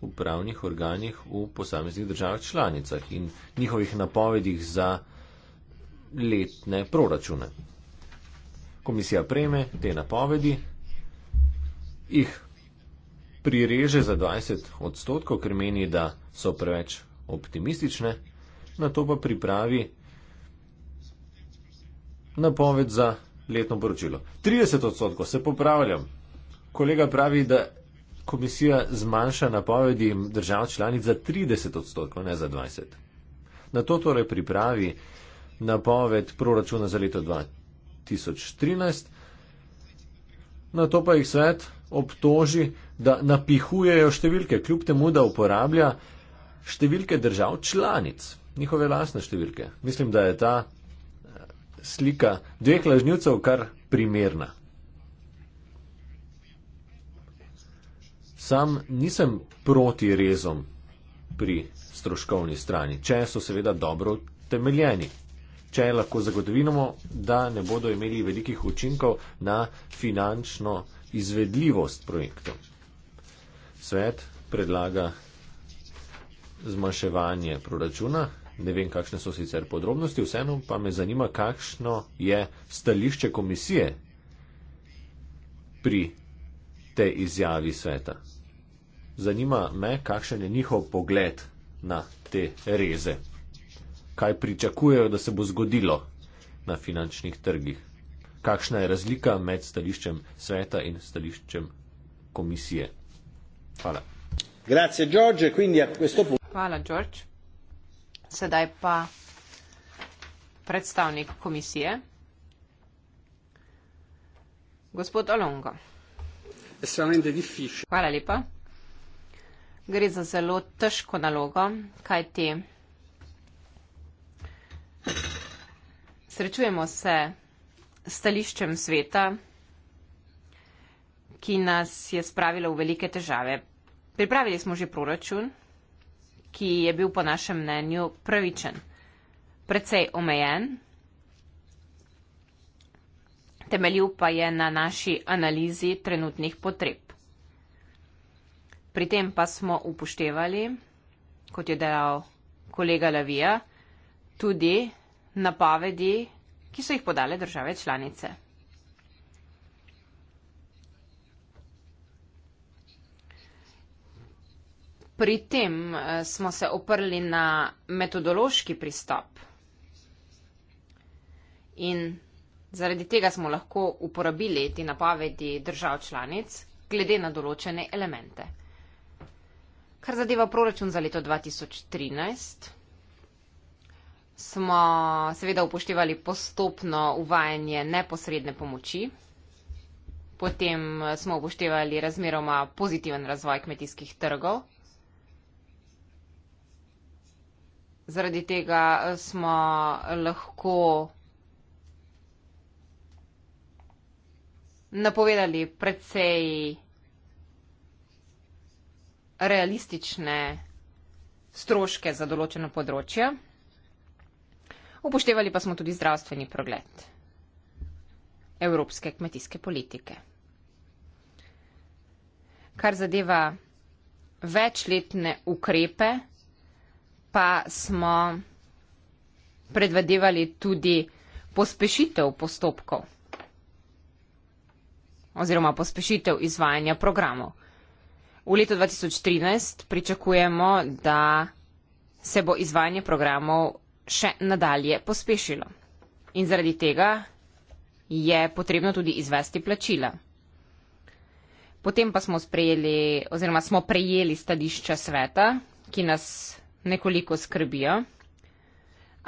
upravnih organih v posameznih državah članicah in njihovih napovedih za letne proračune. Komisija preme te napovedi, jih prireže za 20 odstotkov, ker meni, da so preveč optimistične, na to pa pripravi napoved za letno poročilo. 30 odstotkov se popravljam, Kolega pravi, da komisija zmanjša napovedi držav članic za 30 odstotkov, ne za 20. Na to torej pripravi napoved proračuna za leto 2013, na to pa jih svet obtoži, da napihujejo številke, kljub temu, da uporablja številke držav članic, njihove lasne številke. Mislim, da je ta eh, slika dveh lažnjivcev kar primerna. Sam nisem proti rezom pri stroškovni strani, če so seveda dobro temeljeni, če lahko zagotovimo, da ne bodo imeli velikih učinkov na finančno izvedljivost projektov. Svet predlaga zmaševanje proračuna, ne vem, kakšne so sicer podrobnosti, vseeno pa me zanima, kakšno je stališče komisije pri tej izjavi sveta. Zanima me, kakšen je njihov pogled na te reze. Kaj pričakujejo, da se bo zgodilo na finančnih trgih? Kakšna je razlika med stališčem sveta in stališčem komisije? Hvala. Grazie, George. Hvala, George. Sedaj pa predstavnik komisije. Gospod Olongo. Hvala lepa gre za zelo težko nalogo, kaj ti srečujemo se s stališčem sveta, ki nas je spravilo v velike težave. Pripravili smo že proračun, ki je bil po našem mnenju pravičen, precej omejen, temeljil pa je na naši analizi trenutnih potreb. Pri tem pa smo upoštevali, kot je dejal kolega Lavija, tudi napovedi, ki so jih podale države članice. Pri tem eh, smo se oprli na metodološki pristop in zaradi tega smo lahko uporabili ti napovedi držav članic glede na določene elemente. Kar zadeva proračun za leto 2013, smo seveda upoštevali postopno uvajanje neposredne pomoči. Potem eh, smo upoštevali razmeroma pozitiven razvoj kmetijskih trgov. Zaradi tega eh, smo lahko napovedali precej realistične stroške za določeno področje. Upoštevali pa smo tudi zdravstveni pregled evropske kmetijske politike. Kar zadeva večletne ukrepe, pa smo predvedevali tudi pospešitev postopkov oziroma pospešitev izvajanja programov. V letu 2013 pričakujemo, da se bo izvajanje programov še nadalje pospešilo. In zaradi tega je potrebno tudi izvesti plačila. Potem pa smo sprejeli oziroma smo prejeli stališča sveta, ki nas nekoliko skrbijo.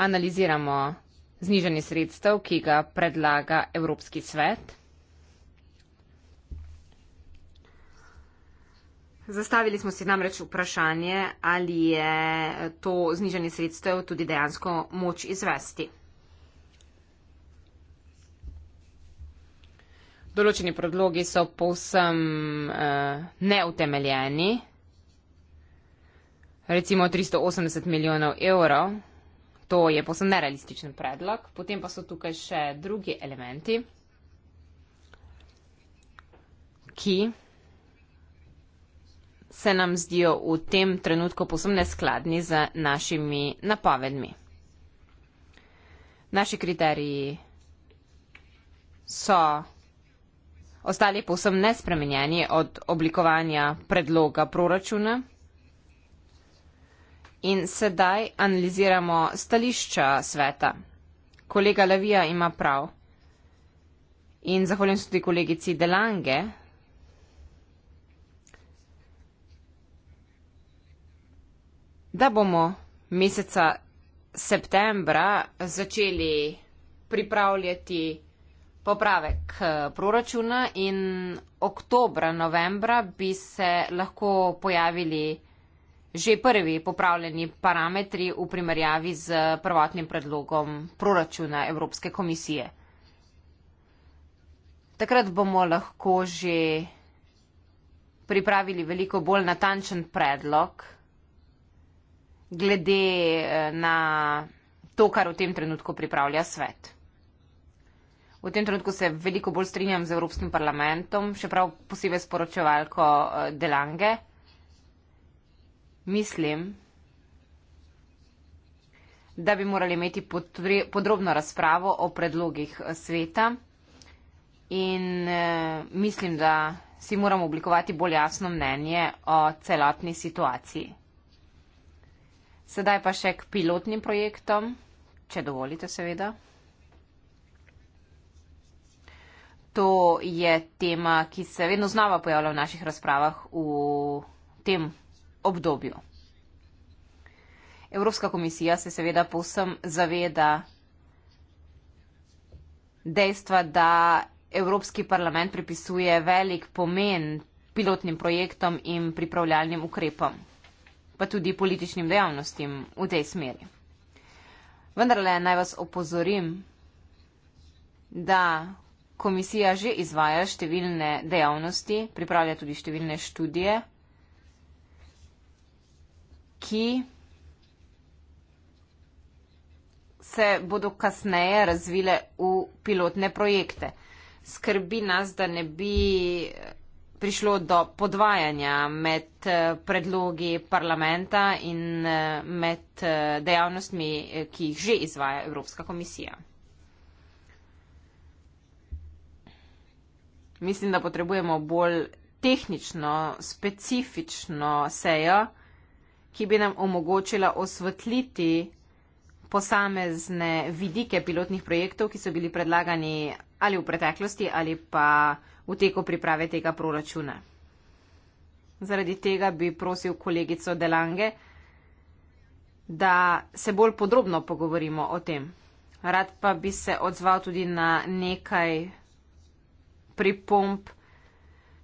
Analiziramo znižanje sredstev, ki ga predlaga Evropski svet. Zastavili smo si namreč vprašanje, ali je to znižanje sredstev tudi dejansko moč izvesti. Določeni predlogi so povsem uh, neutemeljeni, recimo 380 milijonov evrov, to je povsem nerealističen predlog, potem pa so tukaj še drugi elementi, ki se nam zdijo v tem trenutku posem neskladni z našimi napovedmi. Naši kriteriji so ostali posem nespremenjeni od oblikovanja predloga proračuna in sedaj analiziramo stališča sveta. Kolega Levija ima prav. In zahvaljujem se tudi kolegici Delange da bomo meseca septembra začeli pripravljati popravek eh, proračuna in oktobra, novembra bi se lahko pojavili že prvi popravljeni parametri v primerjavi z prvotnim predlogom proračuna Evropske komisije. Takrat bomo lahko že pripravili veliko bolj natančen predlog glede eh, na to, kar v tem trenutku pripravlja svet. V tem trenutku se veliko bolj strinjam z Evropskim parlamentom, še prav posebej s poročevalko eh, Delange. Mislim, da bi morali imeti podrobno razpravo o predlogih eh, sveta in mislim, da si moramo oblikovati bolj jasno mnenje o celotni situaciji. Sedaj pa še k pilotnim projektom, če dovolite seveda. To je tema, ki se vedno znova pojavlja v naših razpravah v tem obdobju. Evropska komisija se seveda povsem zaveda dejstva, da Evropski parlament pripisuje velik pomen pilotnim projektom in pripravljalnim ukrepom pa tudi političnim dejavnostim v tej smeri. Vendar le naj vas opozorim, da komisija že izvaja številne dejavnosti, pripravlja tudi številne študije, ki se bodo kasneje razvile v pilotne projekte. Skrbi nas, da ne bi prišlo do podvajanja med eh, predlogi parlamenta in eh, med eh, dejavnostmi, ki jih že izvaja Evropska komisija. Mislim, da potrebujemo bolj tehnično, specifično sejo, ki bi nam omogočila osvetliti posamezne vidike pilotnih projektov, ki so bili predlagani ali v preteklosti ali pa v teku priprave tega proračuna. Zaradi tega bi prosil kolegico Delange, da se bolj podrobno pogovorimo o tem. Rad pa bi se odzval tudi na nekaj pripomp,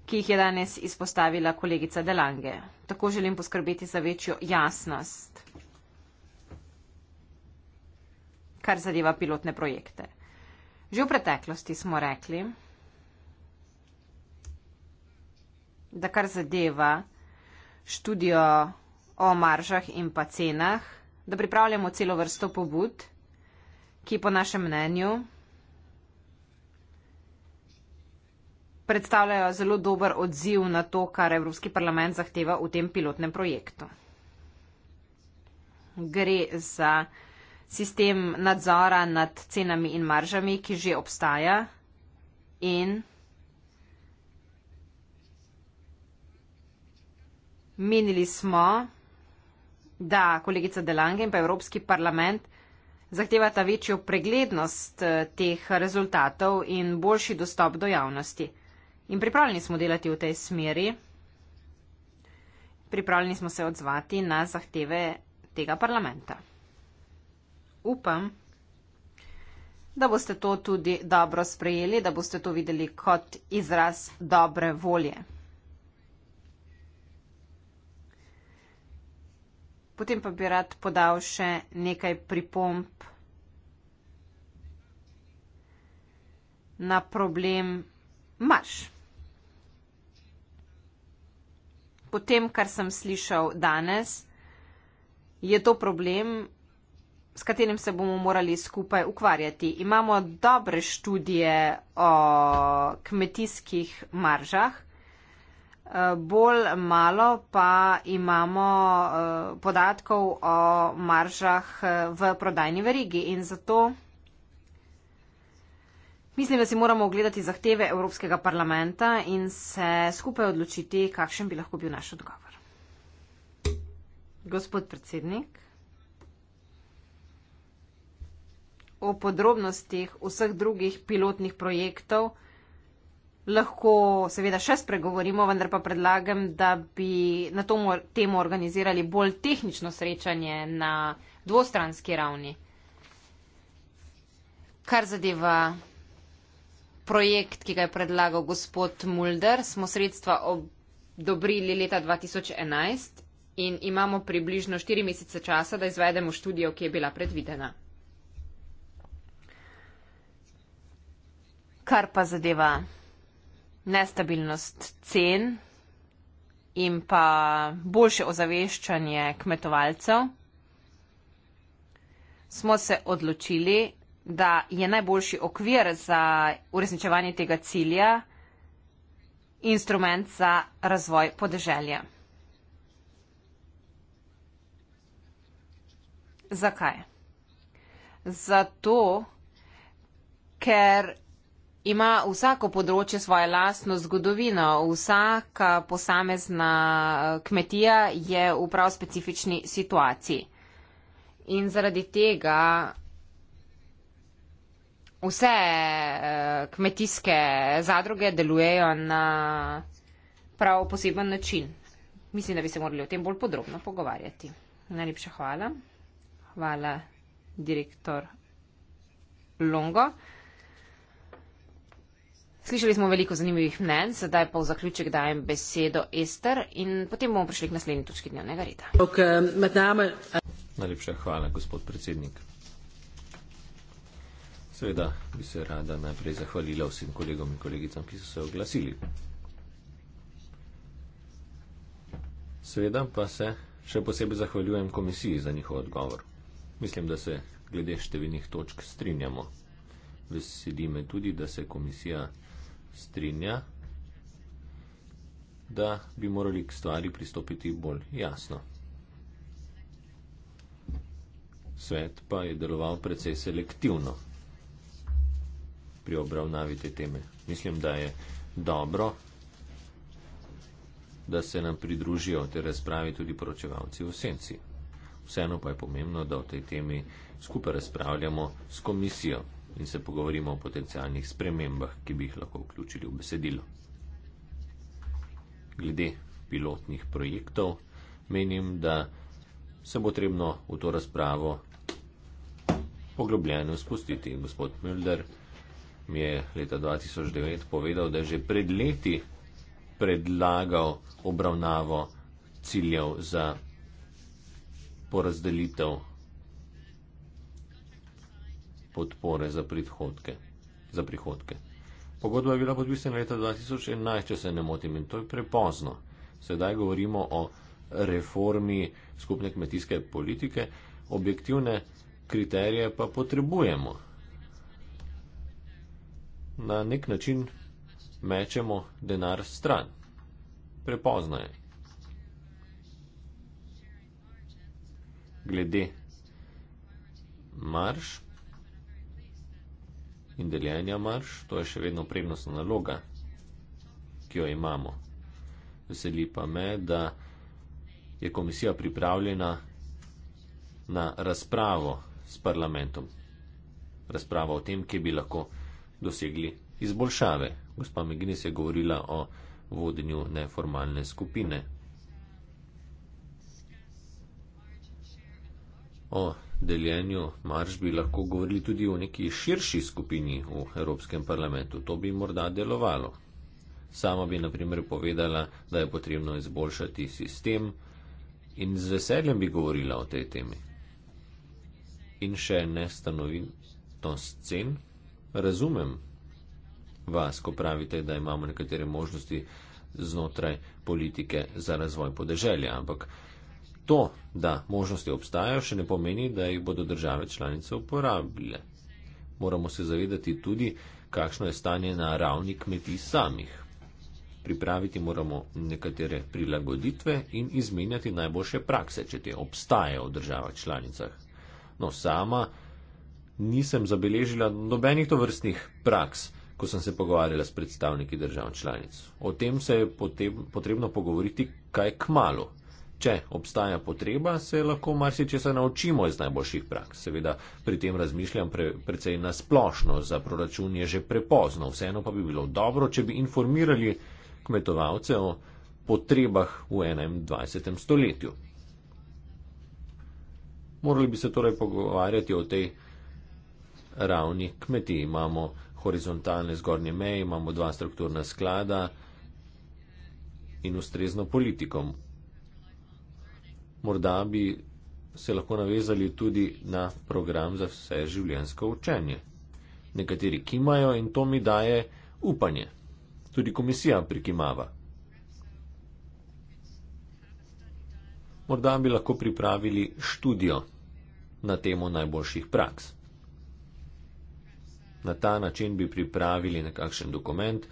ki jih je danes izpostavila kolegica Delange. Tako želim poskrbeti za večjo jasnost, kar zadeva pilotne projekte. Že v preteklosti smo rekli, da kar zadeva študijo o maržah in pa cenah, da pripravljamo celo vrsto pobud, ki po našem mnenju predstavljajo zelo dober odziv na to, kar Evropski parlament zahteva v tem pilotnem projektu. Gre za sistem nadzora nad cenami in maržami, ki že obstaja in Menili smo, da kolegica Delange in pa Evropski parlament zahtevata večjo preglednost eh, teh rezultatov in boljši dostop do javnosti. In pripravljeni smo delati v tej smeri. Pripravljeni smo se odzvati na zahteve tega parlamenta. Upam, da boste to tudi dobro sprejeli, da boste to videli kot izraz dobre volje. Potem pa bi rad podal še nekaj pripomp na problem marš. Po tem, kar sem slišal danes, je to problem, s katerim se bomo morali skupaj ukvarjati. Imamo dobre študije o kmetijskih maržah bolj malo pa imamo eh, podatkov o maržah eh, v prodajni verigi in zato mislim, da si moramo ogledati zahteve Evropskega parlamenta in se skupaj odločiti, kakšen bi lahko bil naš odgovor. Gospod predsednik, o podrobnostih vseh drugih pilotnih projektov, lahko seveda še spregovorimo, vendar pa predlagam, da bi na to temo organizirali bolj tehnično srečanje na dvostranski ravni, kar zadeva. Projekt, ki ga je predlagal gospod Mulder, smo sredstva odobrili leta 2011 in imamo približno 4 mesece časa, da izvedemo študijo, ki je bila predvidena. Kar pa zadeva nestabilnost cen in pa boljše ozaveščanje kmetovalcev, smo se odločili, da je najboljši okvir za uresničevanje tega cilja instrument za razvoj podeželja. Zakaj? Zato, ker Ima vsako področje svojo lastno zgodovino, vsaka posamezna eh, kmetija je v prav specifični situaciji. In zaradi tega vse eh, kmetijske zadruge delujejo na prav poseben način. Mislim, da bi se morali o tem bolj podrobno pogovarjati. Najlepša hvala. Hvala, direktor Longo. Slišali smo veliko zanimivih mnen, sedaj pa v zaključek dajem besedo Ester in potem bomo prišli k naslednji točki dnevnega reda. Eh, Najlepša hvala, gospod predsednik. Seveda bi se rada najprej zahvalila vsem kolegom in kolegicam, ki so se oglasili. Seveda pa se še posebej zahvaljujem komisiji za njihov odgovor. Mislim, da se glede številnih točk strinjamo. Veseli me tudi, da se komisija strinja, da bi morali k stvari pristopiti bolj jasno. Svet pa je deloval precej selektivno pri obravnavi te teme. Mislim, da je dobro, da se nam pridružijo te razpravi tudi poročevalci v senci. Vseeno pa je pomembno, da o tej temi skupaj razpravljamo s komisijo in se pogovorimo o potencijalnih spremembah, ki bi jih lahko vključili v besedilo. Glede pilotnih projektov menim, da se bo trebno v to razpravo poglobljeno spustiti. Gospod Mülder mi je leta 2009 povedal, da je že pred leti predlagal obravnavo ciljev za porazdelitev podpore za prihodke. Za prihodke. Pogodba je bila podpisana leta 2011, če se ne motim, in to je prepozno. Sedaj govorimo o reformi skupne kmetijske politike, objektivne kriterije pa potrebujemo. Na nek način mečemo denar stran. Prepozno je. Glede marš, in deljenja marš, to je še vedno prednostna naloga, ki jo imamo. Veseli pa me, da je komisija pripravljena na razpravo s parlamentom. Razprava o tem, kje bi lahko dosegli izboljšave. Gospa Megnis je govorila o vodenju neformalne skupine. O deljenju marž bi lahko govorili tudi o neki širši skupini v Evropskem parlamentu. To bi morda delovalo. Sama bi naprimer povedala, da je potrebno izboljšati sistem in z veseljem bi govorila o tej temi. In še nestanovitost cen. Razumem vas, ko pravite, da imamo nekatere možnosti znotraj politike za razvoj podeželja, ampak To, da možnosti obstajajo, še ne pomeni, da jih bodo države članice uporabile. Moramo se zavedati tudi, kakšno je stanje na ravni kmetij samih. Pripraviti moramo nekatere prilagoditve in izmenjati najboljše prakse, če te obstajajo v državah članicah. No, sama nisem zabeležila nobenih tovrstnih praks, ko sem se pogovarjala s predstavniki držav članic. O tem se je potem, potrebno pogovoriti kaj k malu, Če obstaja potreba, se lahko marsikaj naučimo iz najboljših praks. Seveda pri tem razmišljam pre, precej nasplošno, za proračun je že prepozno. Vseeno pa bi bilo dobro, če bi informirali kmetovalce o potrebah v 21. stoletju. Morali bi se torej pogovarjati o tej ravni kmetij. Imamo horizontalne zgornje meje, imamo dva strukturna sklada in ustrezno politikom morda bi se lahko navezali tudi na program za vse življenjsko učenje. Nekateri kimajo in to mi daje upanje. Tudi komisija prikimava. Morda bi lahko pripravili študijo na temo najboljših praks. Na ta način bi pripravili nekakšen dokument,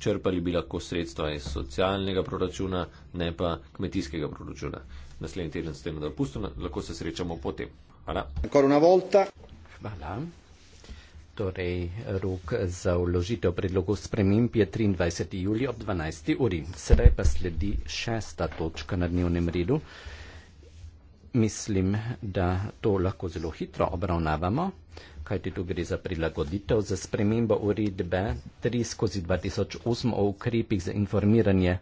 črpali bi lahko sredstva iz socialnega proračuna, ne pa kmetijskega proračuna. Naslednji teden s tem dopustom, lahko se srečamo potem. Hvala. Hvala. Torej, rok za vložitev predlogov sprememb je 23. julij ob 12. uri. Sedaj pa sledi šesta točka na dnevnem redu. Mislim, da to lahko zelo hitro obravnavamo kajti tu gre za prilagoditev za spremembo uredbe 3/2008 o ukrepih za informiranje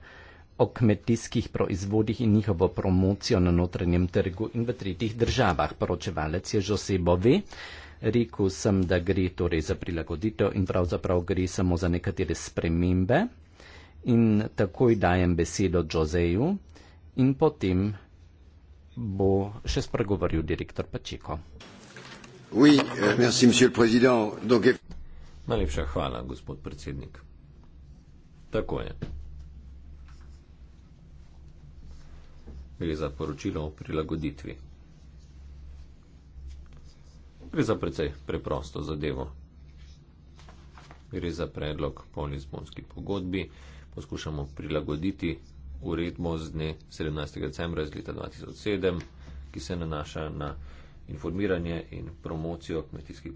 o kmetijskih proizvodih in njihovo promocijo na notranjem trgu in v tretjih državah. Poročevalec je že osebo ve, rekel sem, da gre torej za prilagoditev in pravzaprav gre samo za nekatere spremembe in takoj dajem besedo Joseju in potem bo še spregovoril direktor Pačiko. Oui, euh, merci, monsieur le président. Donc, Najlepša hvala, gospod predsednik. Tako je. Gre za poročilo o prilagoditvi. Gre za precej preprosto zadevo. Gre za predlog po Lizbonski pogodbi. Poskušamo prilagoditi uredbo z dne 17. decembra iz leta 2007, ki se nanaša na informiranje in promocijo kmetijskih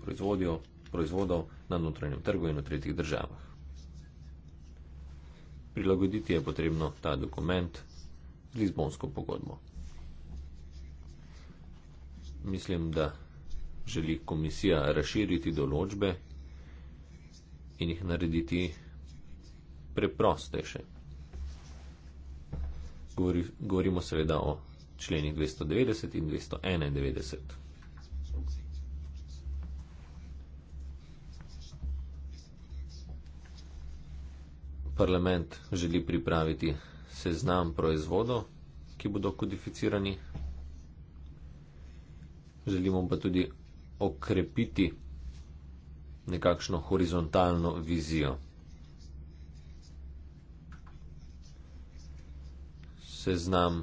proizvodov na notranjem trgu in v tretjih državah. Prilagoditi je potrebno ta dokument z Lizbonsko pogodbo. Mislim, da želi komisija razširiti določbe in jih narediti preprostejše. Govori, govorimo seveda o členih 290 in 291. parlament želi pripraviti seznam proizvodov, ki bodo kodificirani. Želimo pa tudi okrepiti nekakšno horizontalno vizijo. Seznam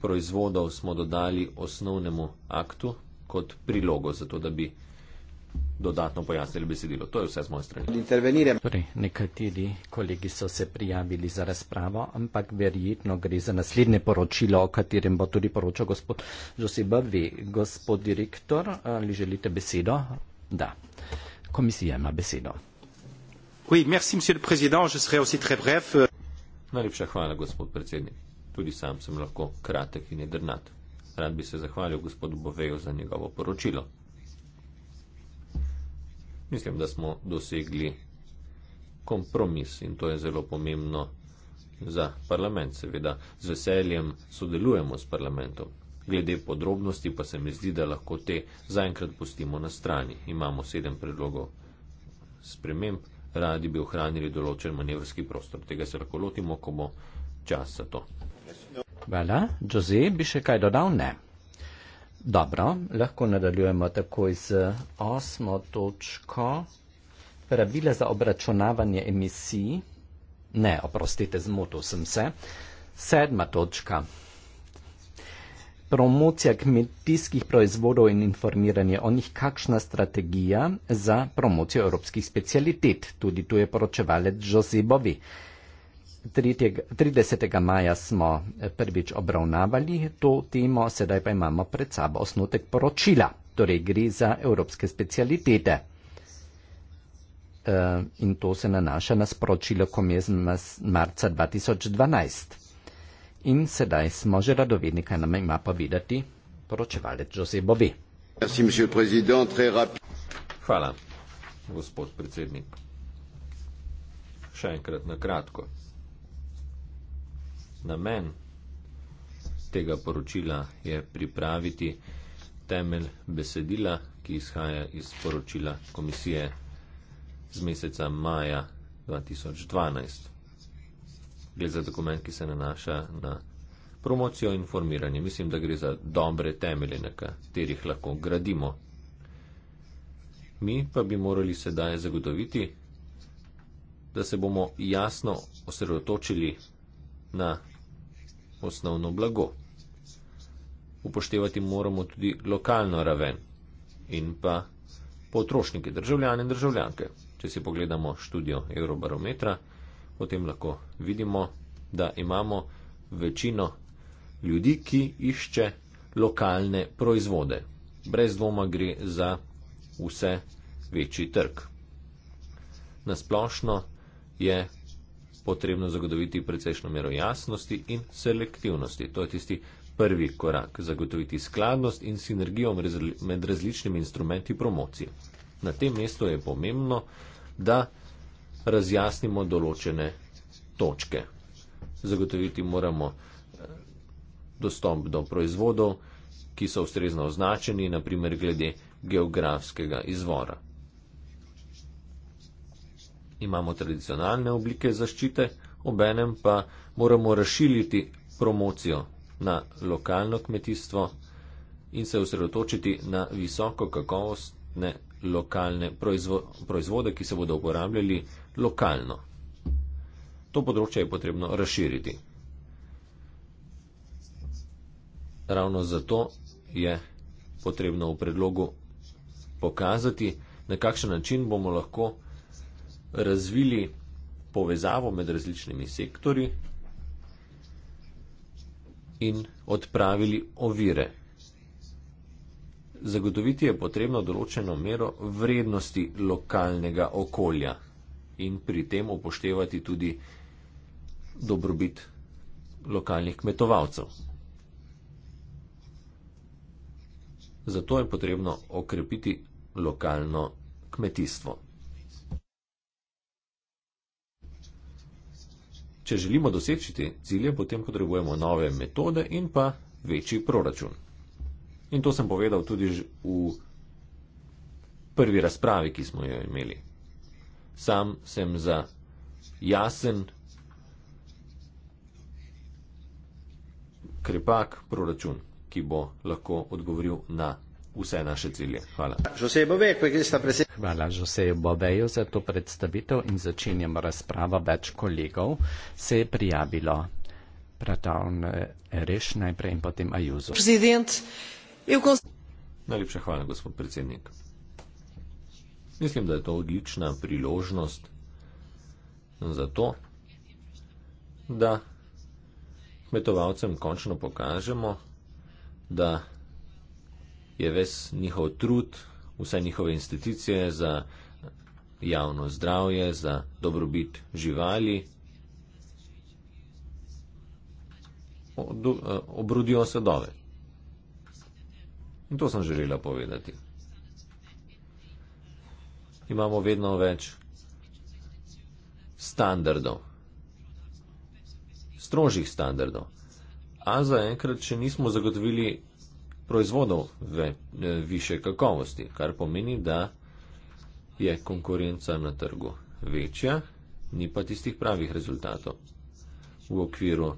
proizvodov smo dodali osnovnemu aktu kot prilogo, zato da bi dodatno pojasnili besedilo. To je vse z moje strani. Torej, nekateri kolegi so se prijavili za razpravo, ampak verjetno gre za naslednje poročilo, o katerem bo tudi poročal gospod Joseba V. Gospod direktor, ali želite besedo? Da. Komisija ima besedo. Oui, merci, Najlepša hvala, gospod predsednik. Tudi sam sem lahko kratek in jedrnat. Rad bi se zahvalil gospodu Boveju za njegovo poročilo. Mislim, da smo dosegli kompromis in to je zelo pomembno za parlament. Seveda z veseljem sodelujemo s parlamentom. Glede podrobnosti pa se mi zdi, da lahko te zaenkrat pustimo na strani. Imamo sedem predlogov sprememb, radi bi ohranili določen manevrski prostor. Tega se lahko lotimo, ko bo čas za to. Hvala. Jose, bi še kaj dodal? Ne. Dobro, lahko nadaljujemo takoj z osmo točko. Pravile za obračunavanje emisij. Ne, oprostite, zmotil sem se. Sedma točka. Promocija kmetijskih proizvodov in informiranje o njih, kakšna strategija za promocijo evropskih specialitet. Tudi tu je poročevalec Josebovi. 30. maja smo eh, prvič obravnavali to temo, sedaj pa imamo pred sabo osnutek poročila, torej gre za evropske specialitete. Eh, in to se nanaša na sporočilo komisije iz marca 2012. In sedaj smo že radovedni, kaj nam ima povedati poročevalec Jose Bovi. Hvala, gospod predsednik. Še enkrat na kratko. Namen tega poročila je pripraviti temelj besedila, ki izhaja iz poročila komisije z meseca maja 2012. Gre za dokument, ki se nanaša na promocijo in informiranje. Mislim, da gre za dobre temelje, na katerih lahko gradimo. Mi pa bi morali sedaj zagotoviti, da se bomo jasno osredotočili na osnovno blago. Upoštevati moramo tudi lokalno raven in pa potrošnike, državljane in državljanke. Če si pogledamo študijo Eurobarometra, potem lahko vidimo, da imamo večino ljudi, ki išče lokalne proizvode. Brez dvoma gre za vse večji trg. Nasplošno je potrebno zagotoviti precejšno mero jasnosti in selektivnosti. To je tisti prvi korak, zagotoviti skladnost in sinergijo med različnimi instrumenti promocije. Na tem mestu je pomembno, da razjasnimo določene točke. Zagotoviti moramo eh, dostop do proizvodov, ki so ustrezno označeni, naprimer glede geografskega izvora imamo tradicionalne oblike zaščite, obenem pa moramo razširiti promocijo na lokalno kmetijstvo in se usredotočiti na visoko kakovostne lokalne proizvo proizvode, ki se bodo uporabljali lokalno. To področje je potrebno razširiti. Ravno zato je potrebno v predlogu pokazati, na kakšen način bomo lahko razvili povezavo med različnimi sektori in odpravili ovire. Zagotoviti je potrebno določeno mero vrednosti lokalnega okolja in pri tem upoštevati tudi dobrobit lokalnih kmetovalcev. Zato je potrebno okrepiti lokalno kmetijstvo. Če želimo doseči te cilje, potem potrebujemo nove metode in pa večji proračun. In to sem povedal tudi v prvi razpravi, ki smo jo imeli. Sam sem za jasen krepak proračun, ki bo lahko odgovoril na vse naše cilje. Hvala. Hvala, Josej Bobejo, za to predstavitev in začenjam razpravo. Več kolegov se je prijavilo. Pratavn eh, Reš najprej in potem Ajuzo. Najlepša hvala, gospod predsednik. Mislim, da je to odlična priložnost za to, da kmetovalcem končno pokažemo, da je ves njihov trud, vse njihove institucije za javno zdravje, za dobrobit živali. E, Obrudijo sadove. In to sem želela povedati. Imamo vedno več standardov, strožjih standardov. A zaenkrat še nismo zagotovili proizvodov v e, više kakovosti, kar pomeni, da je konkurenca na trgu večja, ni pa tistih pravih rezultatov v okviru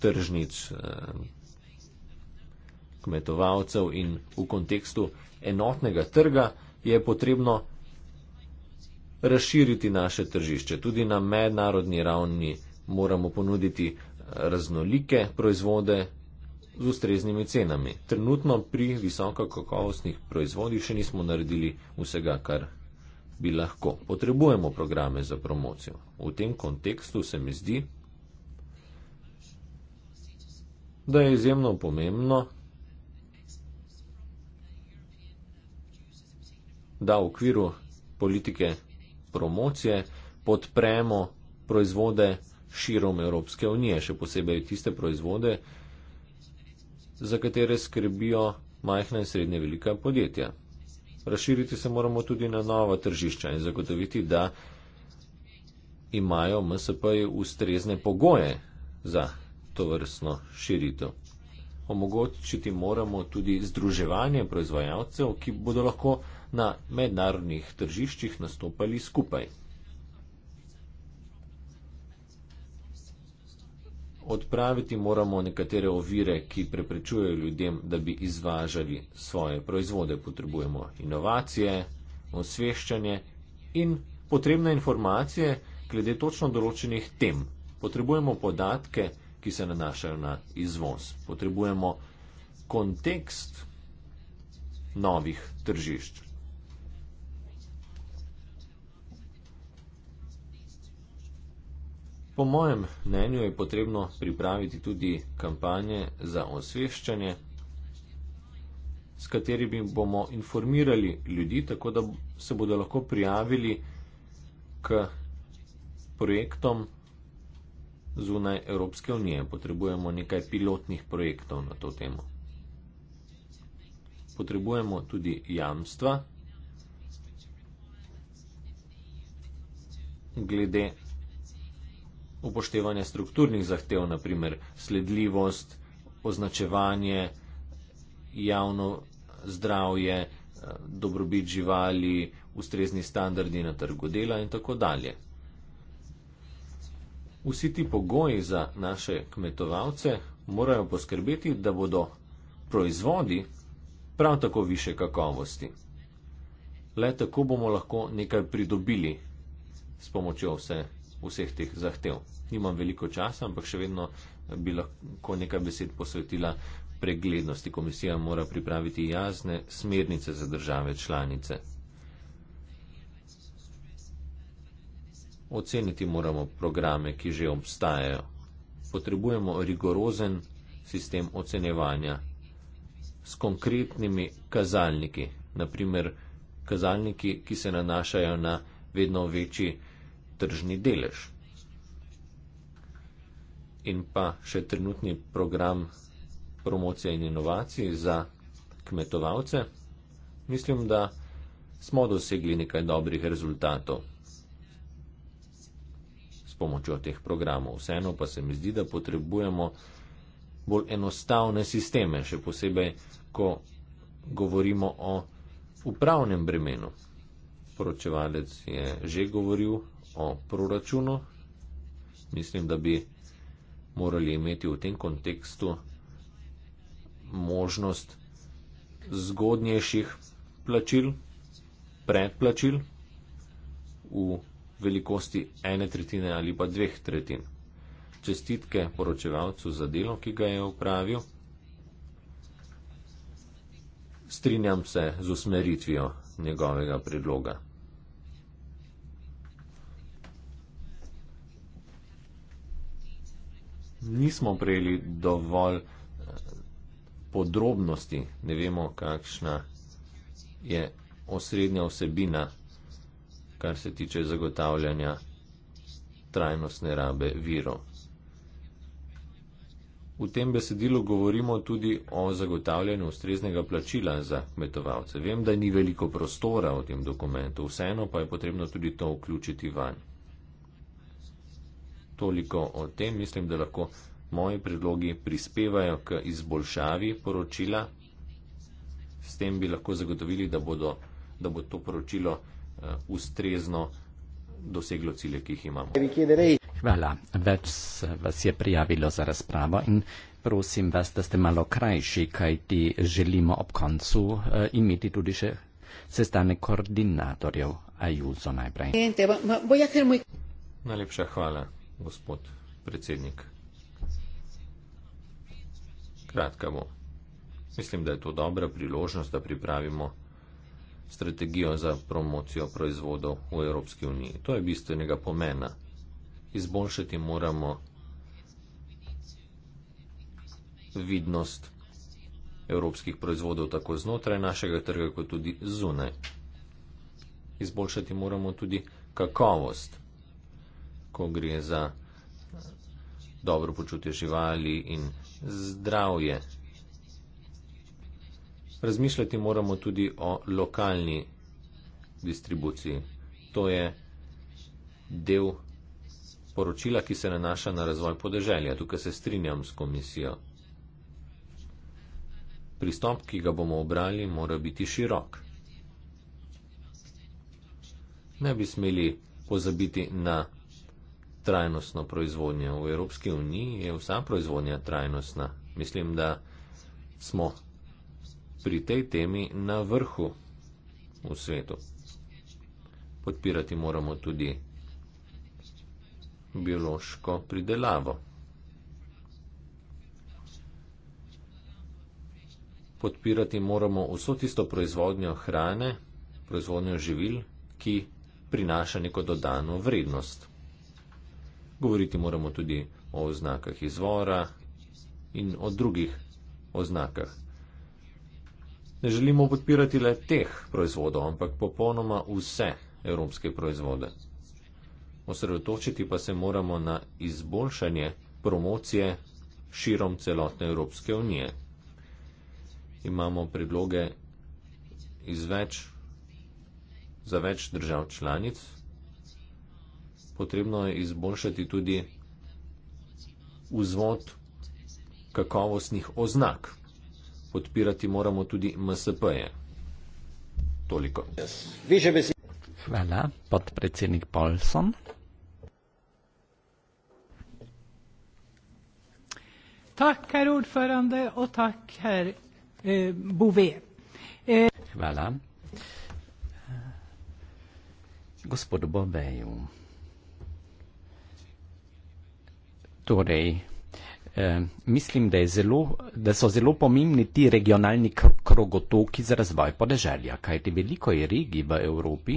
tržnic e, kmetovalcev in v kontekstu enotnega trga je potrebno razširiti naše tržišče. Tudi na mednarodni ravni moramo ponuditi raznolike proizvode z ustreznimi cenami. Trenutno pri visoko kakovostnih proizvodih še nismo naredili vsega, kar bi lahko. Potrebujemo programe za promocijo. V tem kontekstu se mi zdi, da je izjemno pomembno, da v okviru politike promocije podpremo proizvode, širom Evropske unije, še posebej tiste proizvode, za katere skrbijo majhna in srednje velika podjetja. Razširiti se moramo tudi na nova tržišča in zagotoviti, da imajo MSP ustrezne pogoje za to vrstno širitev. Omogočiti moramo tudi združevanje proizvajalcev, ki bodo lahko na mednarodnih tržiščih nastopali skupaj. odpraviti moramo nekatere ovire, ki preprečujejo ljudem, da bi izvažali svoje proizvode. Potrebujemo inovacije, osveščanje in potrebne informacije glede točno določenih tem. Potrebujemo podatke, ki se nanašajo na izvoz. Potrebujemo kontekst novih tržišč. Po mojem mnenju je potrebno pripraviti tudi kampanje za osveščanje, s katerimi bomo informirali ljudi, tako da se bodo lahko prijavili k projektom zunaj Evropske unije. Potrebujemo nekaj pilotnih projektov na to temo. Potrebujemo tudi jamstva glede upoštevanja strukturnih zahtev, naprimer sledljivost, označevanje, javno zdravje, eh, dobrobit živali, ustrezni standardi na trgu dela in tako dalje. Vsi ti pogoji za naše kmetovalce morajo poskrbeti, da bodo proizvodi prav tako više kakovosti. Le tako bomo lahko nekaj pridobili s pomočjo vse vseh teh zahtev. Nimam veliko časa, ampak še vedno bi lahko nekaj besed posvetila preglednosti. Komisija mora pripraviti jasne smernice za države članice. Oceniti moramo programe, ki že obstajajo. Potrebujemo rigorozen sistem ocenevanja s konkretnimi kazalniki, naprimer kazalniki, ki se nanašajo na vedno večji tržni delež. In pa še trenutni program promocije in inovacij za kmetovalce. Mislim, da smo dosegli nekaj dobrih rezultatov s pomočjo teh programov. Vseeno pa se mi zdi, da potrebujemo bolj enostavne sisteme, še posebej, ko govorimo o upravnem bremenu. Poročevalec je že govoril o proračunu. Mislim, da bi morali imeti v tem kontekstu možnost zgodnejših plačil, predplačil v velikosti ene tretjine ali pa dveh tretjin. Čestitke poročevalcu za delo, ki ga je upravil. Strinjam se z usmeritvijo njegovega predloga. nismo prejeli dovolj eh, podrobnosti, ne vemo, kakšna je osrednja osebina, kar se tiče zagotavljanja trajnostne rabe virov. V tem besedilu govorimo tudi o zagotavljanju ustreznega plačila za kmetovalce. Vem, da ni veliko prostora v tem dokumentu, vseeno pa je potrebno tudi to vključiti vanj toliko o tem. Mislim, da lahko moji predlogi prispevajo k izboljšavi poročila. S tem bi lahko zagotovili, da, bodo, da bo to poročilo uh, ustrezno doseglo cilje, ki jih imamo. Hvala. Več vas je prijavilo za razpravo in prosim vas, da ste malo krajši, kaj ti želimo ob koncu uh, imeti tudi še sestane koordinatorjev Ajuzo najprej. Najlepša hvala gospod predsednik. Kratka bo. Mislim, da je to dobra priložnost, da pripravimo strategijo za promocijo proizvodov v Evropski uniji. To je bistvenega pomena. Izboljšati moramo vidnost evropskih proizvodov tako znotraj našega trga, kot tudi zunaj. Izboljšati moramo tudi kakovost ko gre za dobro počutje živali in zdravje. Razmišljati moramo tudi o lokalni distribuciji. To je del poročila, ki se nanaša na razvoj podeželja. Tukaj se strinjam s komisijo. Pristop, ki ga bomo obrali, mora biti širok. Ne bi smeli pozabiti na trajnostno proizvodnjo. V Evropski uniji je vsa proizvodnja trajnostna. Mislim, da smo pri tej temi na vrhu v svetu. Podpirati moramo tudi biološko pridelavo. Podpirati moramo vso tisto proizvodnjo hrane, proizvodnjo živil, ki prinaša neko dodano vrednost. Govoriti moramo tudi o oznakah izvora in o drugih oznakah. Ne želimo podpirati le teh proizvodov, ampak popolnoma vse evropske proizvode. Osredotočiti pa se moramo na izboljšanje promocije širom celotne Evropske unije. Imamo predloge iz več, za več držav članic, potrebno je izboljšati tudi vzvod kakovostnih oznak. Podpirati moramo tudi MSP-je. Toliko. Hvala, podpredsednik Paulson. Tak, herr ordförande, och tack, herr eh, Bové. Eh. Voilà. Gospod Bové. Torej, eh, mislim, da, zelo, da so zelo pomembni ti regionalni krogotoki za razvoj podeželja, kajti veliko je regij v Evropi,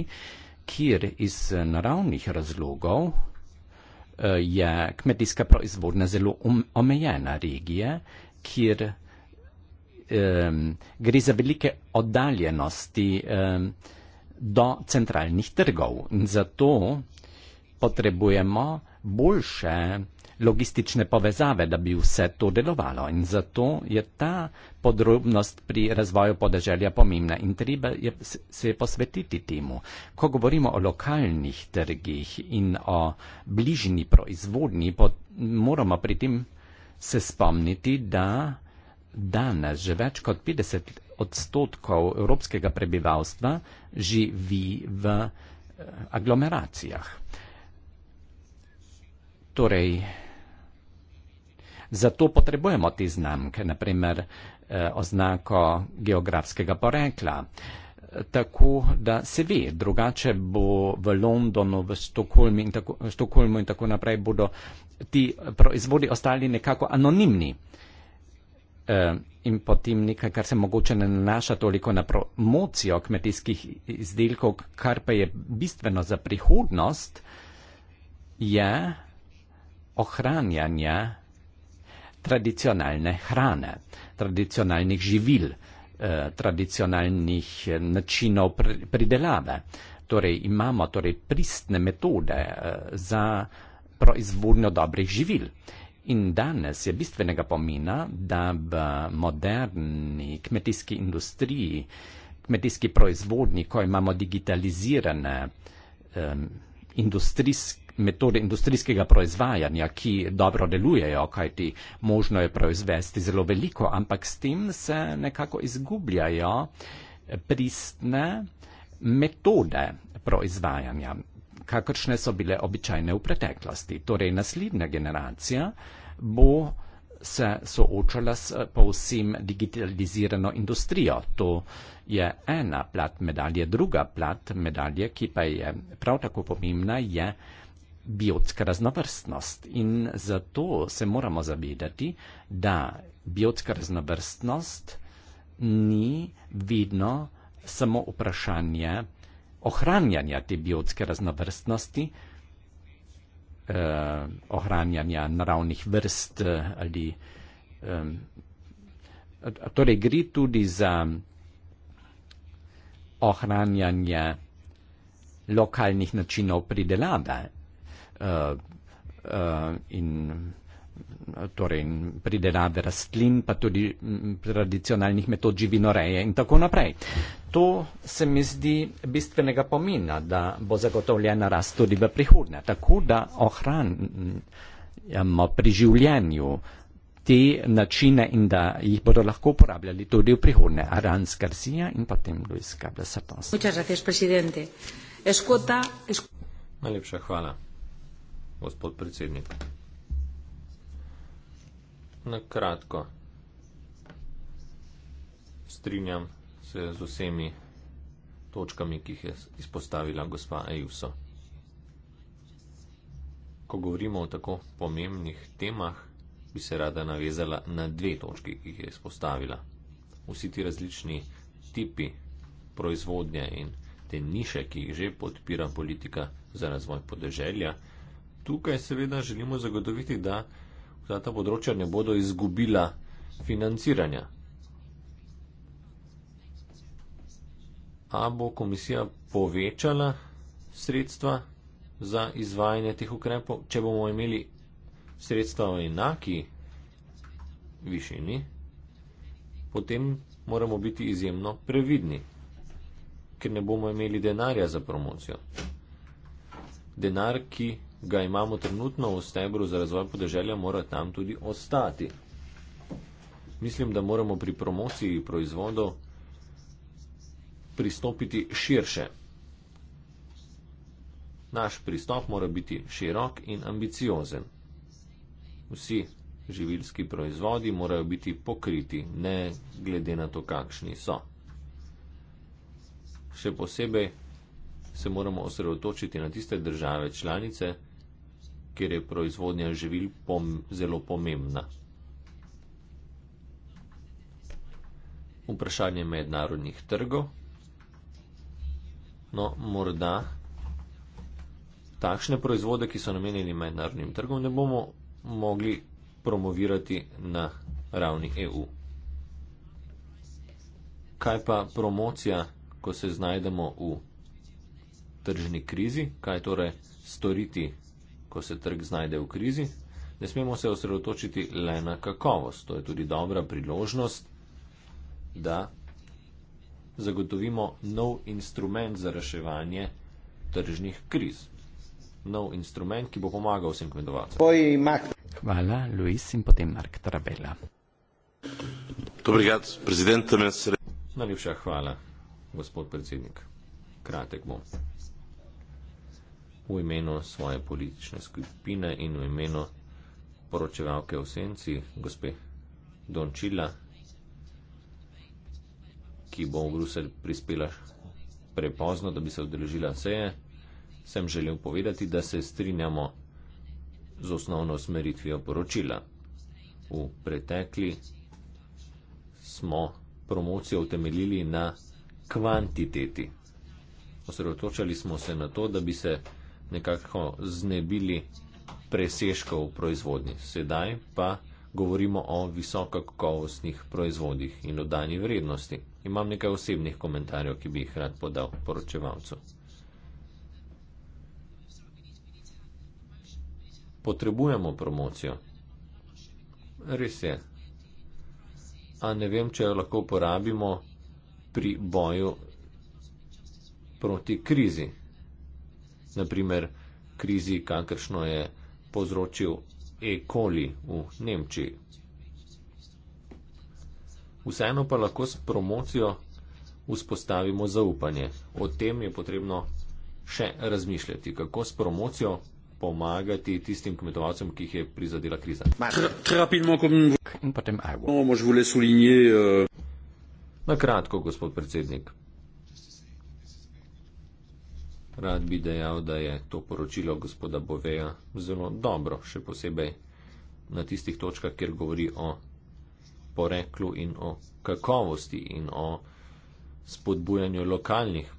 kjer iz eh, naravnih razlogov eh, je kmetijska proizvodnja zelo omejena regije, kjer eh, gre za velike oddaljenosti eh, do centralnih trgov. In zato potrebujemo boljše logistične povezave, da bi vse to delovalo. In zato je ta podrobnost pri razvoju podeželja pomembna in treba je se je posvetiti temu. Ko govorimo o lokalnih trgih in o bližnji proizvodnji, pot, moramo pri tem se spomniti, da danes že več kot 50 odstotkov evropskega prebivalstva živi v eh, aglomeracijah. Torej, Zato potrebujemo te znamke, naprimer eh, oznako geografskega porekla, tako da se ve, drugače bo v Londonu, v Stokholmu in, tako, v in tako naprej bodo ti proizvodi ostali nekako anonimni. Eh, in potem nekaj, kar se mogoče ne nanaša toliko na promocijo kmetijskih izdelkov, kar pa je bistveno za prihodnost, je ohranjanje tradicionalne hrane, tradicionalnih živil, eh, tradicionalnih eh, načinov pridelave. Torej imamo torej pristne metode eh, za proizvodnjo dobrih živil. In danes je bistvenega pomena, da v moderni kmetijski industriji, kmetijski proizvodni, ko imamo digitalizirane um, industrijske metode industrijskega proizvajanja, ki dobro delujejo, kajti možno je proizvesti zelo veliko, ampak s tem se nekako izgubljajo pristne metode proizvajanja, kakršne so bile običajne v preteklosti. Torej, naslednja generacija bo se soočala s povsem digitalizirano industrijo. To je ena plat medalje. Druga plat medalje, ki pa je prav tako pomembna, je, da biotska raznovrstnost in zato se moramo zavedati, da biotska raznovrstnost ni vidno samo vprašanje ohranjanja te biotske raznovrstnosti, eh, ohranjanja naravnih vrst eh, ali eh, torej gre tudi za ohranjanje lokalnih načinov pridelave uh, in torej pridelave rastlin, pa tudi tradicionalnih metod živinoreje in tako naprej. To se mi zdi bistvenega pomena, da bo zagotovljena rast tudi v prihodnje, tako da ohranjamo pri življenju te načine in da jih bodo lahko uporabljali tudi v prihodnje. Aranz Garcia in potem Luis Cabrasatos. Najlepša hvala gospod predsednik. Na kratko. Strinjam se z vsemi točkami, ki jih je izpostavila gospa Ejuso. Ko govorimo o tako pomembnih temah, bi se rada navezala na dve točki, ki jih je izpostavila. Vsi ti različni tipi proizvodnje in te niše, ki jih že podpira politika za razvoj podeželja, tukaj seveda želimo zagotoviti, da vsa ta področja ne bodo izgubila financiranja. A bo komisija povečala sredstva za izvajanje teh ukrepov, če bomo imeli sredstva v enaki višini, potem moramo biti izjemno previdni, ker ne bomo imeli denarja za promocijo. Denar, ki ga imamo trenutno v stebru za razvoj podeželja, mora tam tudi ostati. Mislim, da moramo pri promociji proizvodov pristopiti širše. Naš pristop mora biti širok in ambiciozen. Vsi živilski proizvodi morajo biti pokriti, ne glede na to, kakšni so. Še posebej se moramo osredotočiti na tiste države članice, kjer je proizvodnja živil pom zelo pomembna. Vprašanje mednarodnih trgov. No, morda takšne proizvode, ki so namenjeni mednarodnim trgom, ne bomo mogli promovirati na ravni EU. Kaj pa promocija, ko se znajdemo v tržni krizi, kaj torej storiti ko se trg znajde v krizi, ne smemo se osredotočiti le na kakovost. To je tudi dobra priložnost, da zagotovimo nov instrument za reševanje tržnih kriz. Nov instrument, ki bo pomagal vsem kmetovalcem. Hvala, Luis in potem Mark Trabela. Dobrigat, predsednik, me sreča. Najlepša hvala, gospod predsednik. Kratek bom v imenu svoje politične skupine in v imenu poročevalke v senci, gospe Dončila, ki bo v Bruselj prispela prepozno, da bi se odrežila seje, sem želel povedati, da se strinjamo z osnovno smeritvijo poročila. V pretekli smo promocijo utemeljili na kvantiteti. Osredotočali smo se na to, da bi se nekako znebili preseškov v proizvodnji. Sedaj pa govorimo o visokokakovostnih proizvodih in o dani vrednosti. Imam nekaj osebnih komentarjev, ki bi jih rad podal poročevalcu. Potrebujemo promocijo. Res je. A ne vem, če jo lahko uporabimo pri boju proti krizi naprimer krizi, kakršno je povzročil e-koli v Nemčiji. Vseeno pa lahko s promocijo vzpostavimo zaupanje. O tem je potrebno še razmišljati, kako s promocijo pomagati tistim kmetovalcem, ki jih je prizadela kriza. Eh. Na kratko, gospod predsednik, Rad bi dejal, da je to poročilo gospoda Boveja zelo dobro, še posebej na tistih točkah, kjer govori o poreklu in o kakovosti in o spodbujanju lokalnih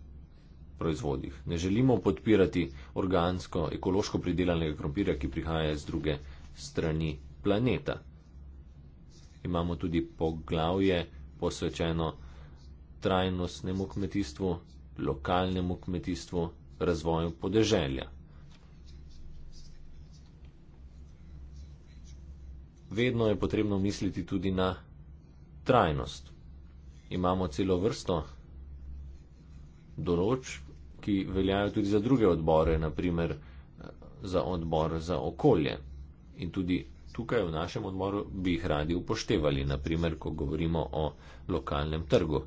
proizvodih. Ne želimo podpirati organsko, ekološko pridelanega krompirja, ki prihaja z druge strani planeta. Imamo tudi poglavje posvečeno trajnostnemu kmetijstvu, lokalnemu kmetijstvu, razvoju podeželja. Vedno je potrebno misliti tudi na trajnost. Imamo celo vrsto določ, ki veljajo tudi za druge odbore, naprimer eh, za odbor za okolje. In tudi tukaj v našem odboru bi jih radi upoštevali, naprimer, ko govorimo o lokalnem trgu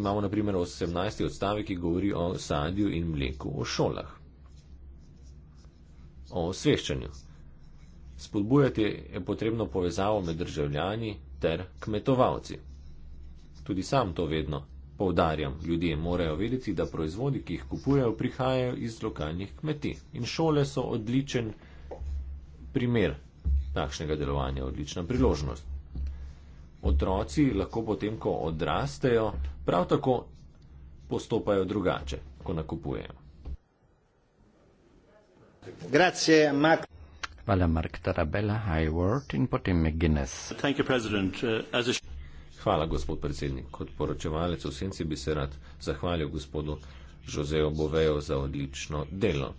imamo naprimer 18. odstavek, ki govori o sadju in mleku v šolah. O osveščanju. Spodbujati je potrebno povezavo med državljani ter kmetovalci. Tudi sam to vedno povdarjam. Ljudje morajo vedeti, da proizvodi, ki jih kupujejo, prihajajo iz lokalnih kmetij. In šole so odličen primer takšnega delovanja, odlična priložnost otroci lahko potem, ko odrastejo, prav tako postopajo drugače, ko nakupujejo. Grazie, Mark. Hvala, Mark Tarabella, High World in potem McGuinness. Uh, Hvala, gospod predsednik. Kot poročevalec v senci bi se rad zahvalil gospodu Joseju Boveju za odlično delo.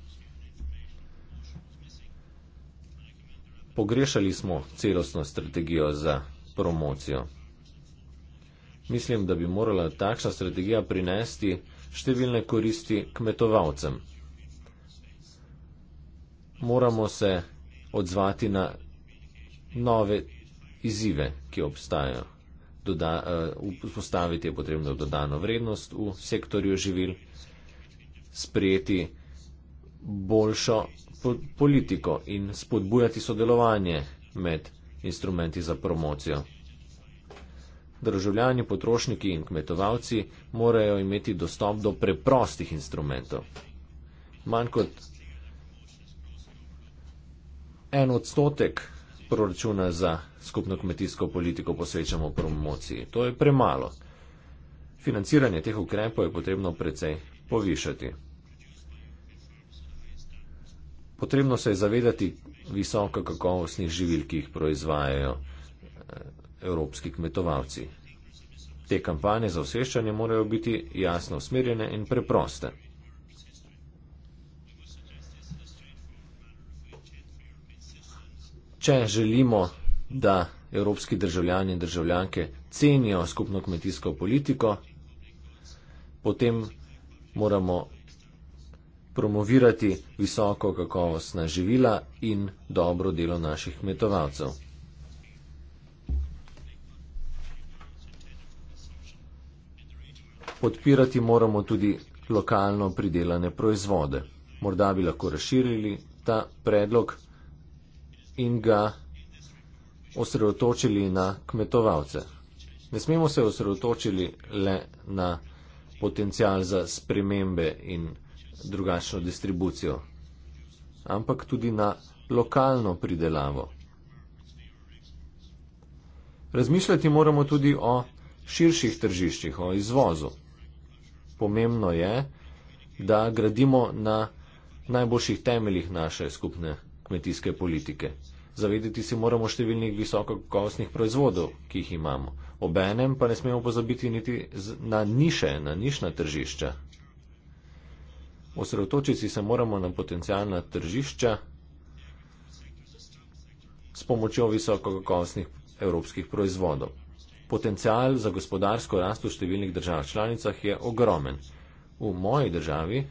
Pogrešali smo celostno strategijo za promocijo. Mislim, da bi morala takšna strategija prinesti številne koristi kmetovalcem. Moramo se odzvati na nove izzive, ki obstajajo. Doda, uh, vzpostaviti je potrebno dodano vrednost v sektorju živil, sprejeti boljšo po politiko in spodbujati sodelovanje med instrumenti za promocijo. Državljani, potrošniki in kmetovalci morajo imeti dostop do preprostih instrumentov. Manj kot en odstotek proračuna za skupno kmetijsko politiko posvečamo promociji. To je premalo. Financiranje teh ukrepov je potrebno precej povišati. Potrebno se je zavedati visoko kakovostnih živil, ki jih proizvajajo eh, evropski kmetovalci. Te kampanje za osveščanje morajo biti jasno usmerjene in preproste. Če želimo, da evropski državljani in državljanke cenijo skupno kmetijsko politiko, potem moramo promovirati visoko kakovostna živila in dobro delo naših kmetovalcev. Podpirati moramo tudi lokalno pridelane proizvode. Morda bi lahko razširili ta predlog in ga osredotočili na kmetovalce. Ne smemo se osredotočili le na potencial za spremembe in spremembe drugačno distribucijo, ampak tudi na lokalno pridelavo. Razmišljati moramo tudi o širših tržiščih, o izvozu. Pomembno je, da gradimo na najboljših temeljih naše skupne kmetijske politike. Zavedeti se moramo številnih visokokosnih proizvodov, ki jih imamo. Obenem pa ne smemo pozabiti niti na niše, na nišna tržišča. Osredotočiti se moramo na potencijalna tržišča s pomočjo visokokakovostnih evropskih proizvodov. Potencijal za gospodarsko rast v številnih državah članicah je ogromen. V moji državi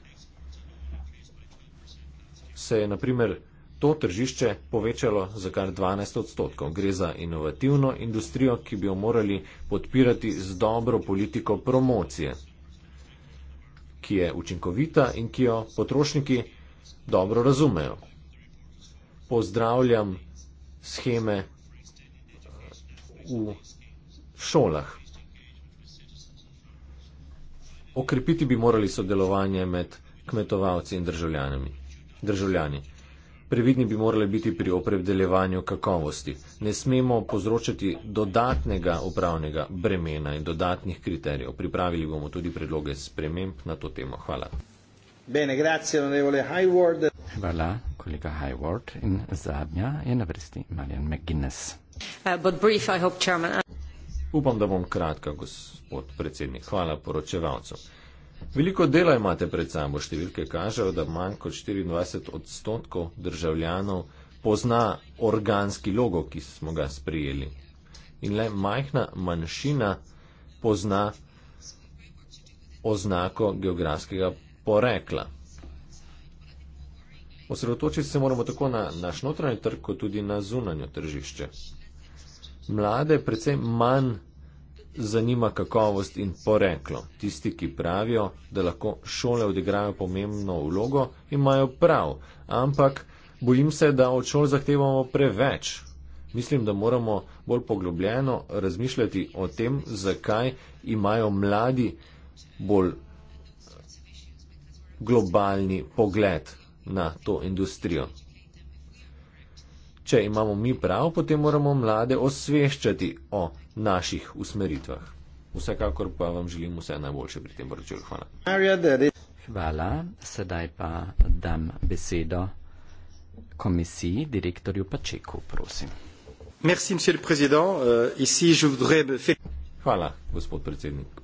se je naprimer to tržišče povečalo za kar 12 odstotkov. Gre za inovativno industrijo, ki bi jo morali podpirati z dobro politiko promocije ki je učinkovita in ki jo potrošniki dobro razumejo. Pozdravljam scheme uh, v šolah. Okrepiti bi morali sodelovanje med kmetovalci in državljani. državljani. Previdni bi morali biti pri opredeljevanju kakovosti. Ne smemo povzročati dodatnega upravnega bremena in dodatnih kriterijev. Pripravili bomo tudi predloge sprememb na to temo. Hvala. Bene, grazie, onorevole Highward. Hvala, kolega Highward. In zadnja je na vrsti Marian McGuinness. Uh, Upam, da bom kratka, gospod predsednik. Hvala poročevalcu. Veliko dela imate pred sabo. Številke kažejo, da manj kot 24 odstotkov državljanov pozna organski logo, ki smo ga sprijeli. In le majhna manjšina pozna oznako geografskega porekla. Osredotočiti se moramo tako na naš notranji trg, kot tudi na zunanjo tržišče. Mlade, predvsem manj zanima kakovost in poreklo. Tisti, ki pravijo, da lahko šole odigrajo pomembno vlogo, imajo prav, ampak bojim se, da od šol zahtevamo preveč. Mislim, da moramo bolj poglobljeno razmišljati o tem, zakaj imajo mladi bolj globalni pogled na to industrijo. Če imamo mi prav, potem moramo mlade osveščati o naših usmeritvah. Vsekakor pa vam želim vse najboljše pri tem poročilu. Hvala. Hvala. Sedaj pa dam besedo komisiji, direktorju Pačeku, prosim. Merci, monsieur le président. Uh, ici, je voudrais me faire... Hvala, gospod predsednik.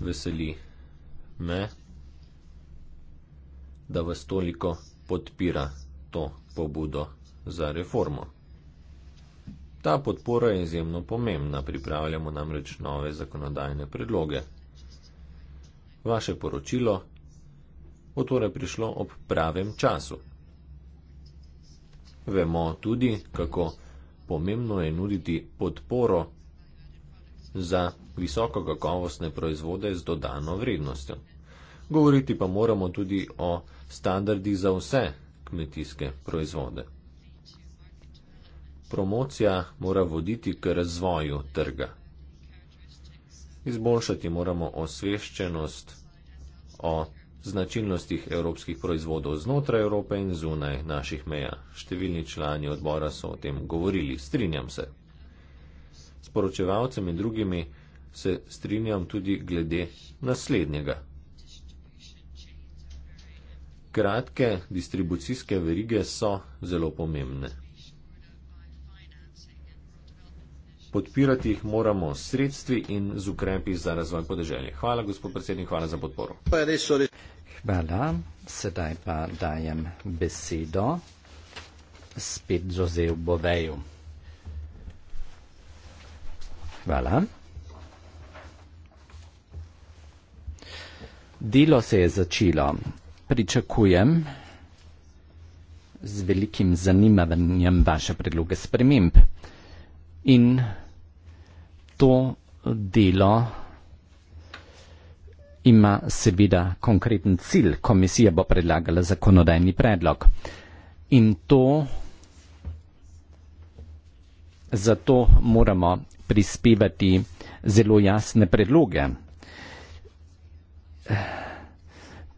Veseli me, da vas toliko podpira to pobudo za reformo. Ta podpora je izjemno pomembna, pripravljamo namreč nove zakonodajne predloge. Vaše poročilo bo torej prišlo ob pravem času. Vemo tudi, kako pomembno je nuditi podporo za visoko kakovostne proizvode z dodano vrednostjo. Govoriti pa moramo tudi o standardi za vse kmetijske proizvode. Promocija mora voditi k razvoju trga. Izboljšati moramo osveščenost o značilnostih evropskih proizvodov znotraj Evrope in zunaj naših meja. Številni člani odbora so o tem govorili, strinjam se. S poročevalcem in drugimi se strinjam tudi glede naslednjega. Kratke distribucijske verige so zelo pomembne. Podpirati jih moramo s sredstvi in z ukrepi za razvoj podeželja. Hvala, gospod predsednik, hvala za podporo. Hvala. Sedaj pa dajem besedo spet Jozeju Boveju. Hvala. Delo se je začelo. Pričakujem z velikim zanimanjem vaše predloge sprememb in to delo ima seveda konkreten cilj. Komisija bo predlagala zakonodajni predlog in to zato moramo prispevati zelo jasne predloge.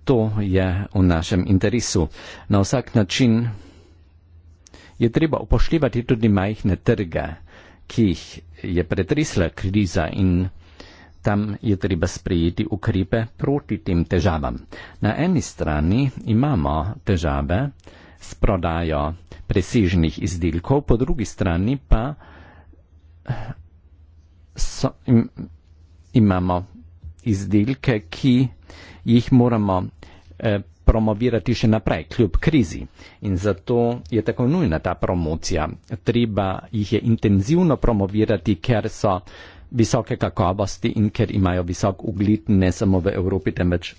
To je v našem interesu. Na vsak način je treba upoštevati tudi majhne trge ki jih je pretresla kriza in tam je treba sprejeti ukrepe proti tem težavam. Na eni strani imamo težave s prodajo presežnih izdelkov, po drugi strani pa so, im, imamo izdelke, ki jih moramo eh, promovirati še naprej, kljub krizi. In zato je tako nujna ta promocija. Treba jih je intenzivno promovirati, ker so visoke kakovosti in ker imajo visok uglit ne samo v Evropi, temveč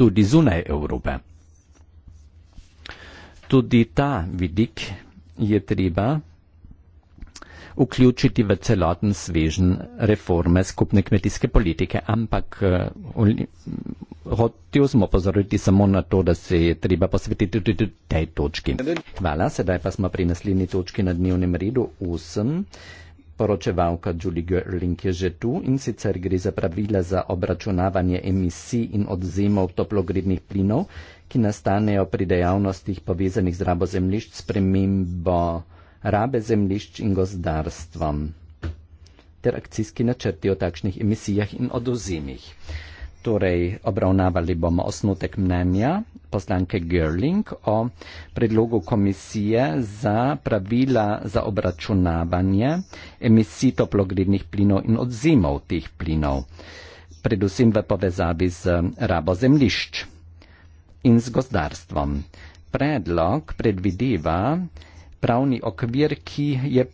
tudi zunaj Evrope. Tudi ta vidik je treba vključiti v celoten svežen reforme skupne kmetijske politike. Ampak eh, hotel smo pozoriti samo na to, da se je treba posvetiti tudi tej točki. Hvala, sedaj pa smo pri naslednji točki na dnevnem redu 8. Poročevalka Julie Gerling je že tu in sicer gre za pravila za obračunavanje emisij in odzemov toplogrednih plinov, ki nastanejo pri dejavnostih povezanih z rabo zemljišč, spremembo rabe zemljišč in gozdarstvom ter akcijski načrti o takšnih emisijah in odozimih. Torej, obravnavali bomo osnutek mnenja poslanke Gerling o predlogu komisije za pravila za obračunavanje emisij toplogrednih plinov in odzimov teh plinov, predvsem v povezavi z rabo zemljišč in z gozdarstvom. Predlog predvideva pravni okvir, ki, je,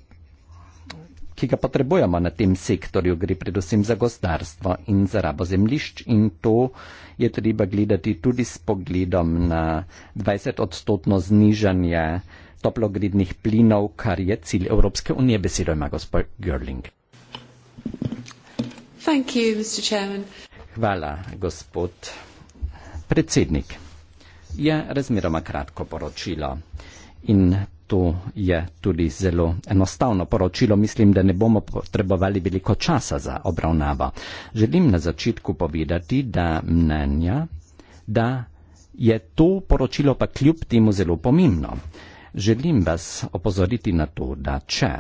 ki ga potrebujemo na tem sektorju, gre predvsem za gospodarstvo in za rabo zemlišč in to je treba gledati tudi s pogledom na 20 odstotno znižanje toplogrednih plinov, kar je cilj Evropske unije, besedo ima gospod Görling. Hvala, gospod predsednik. Je razmeroma kratko poročilo in to je tudi zelo enostavno poročilo. Mislim, da ne bomo potrebovali veliko časa za obravnavo. Želim na začetku povedati, da mnenja, da je to poročilo pa kljub temu zelo pomembno. Želim vas opozoriti na to, da če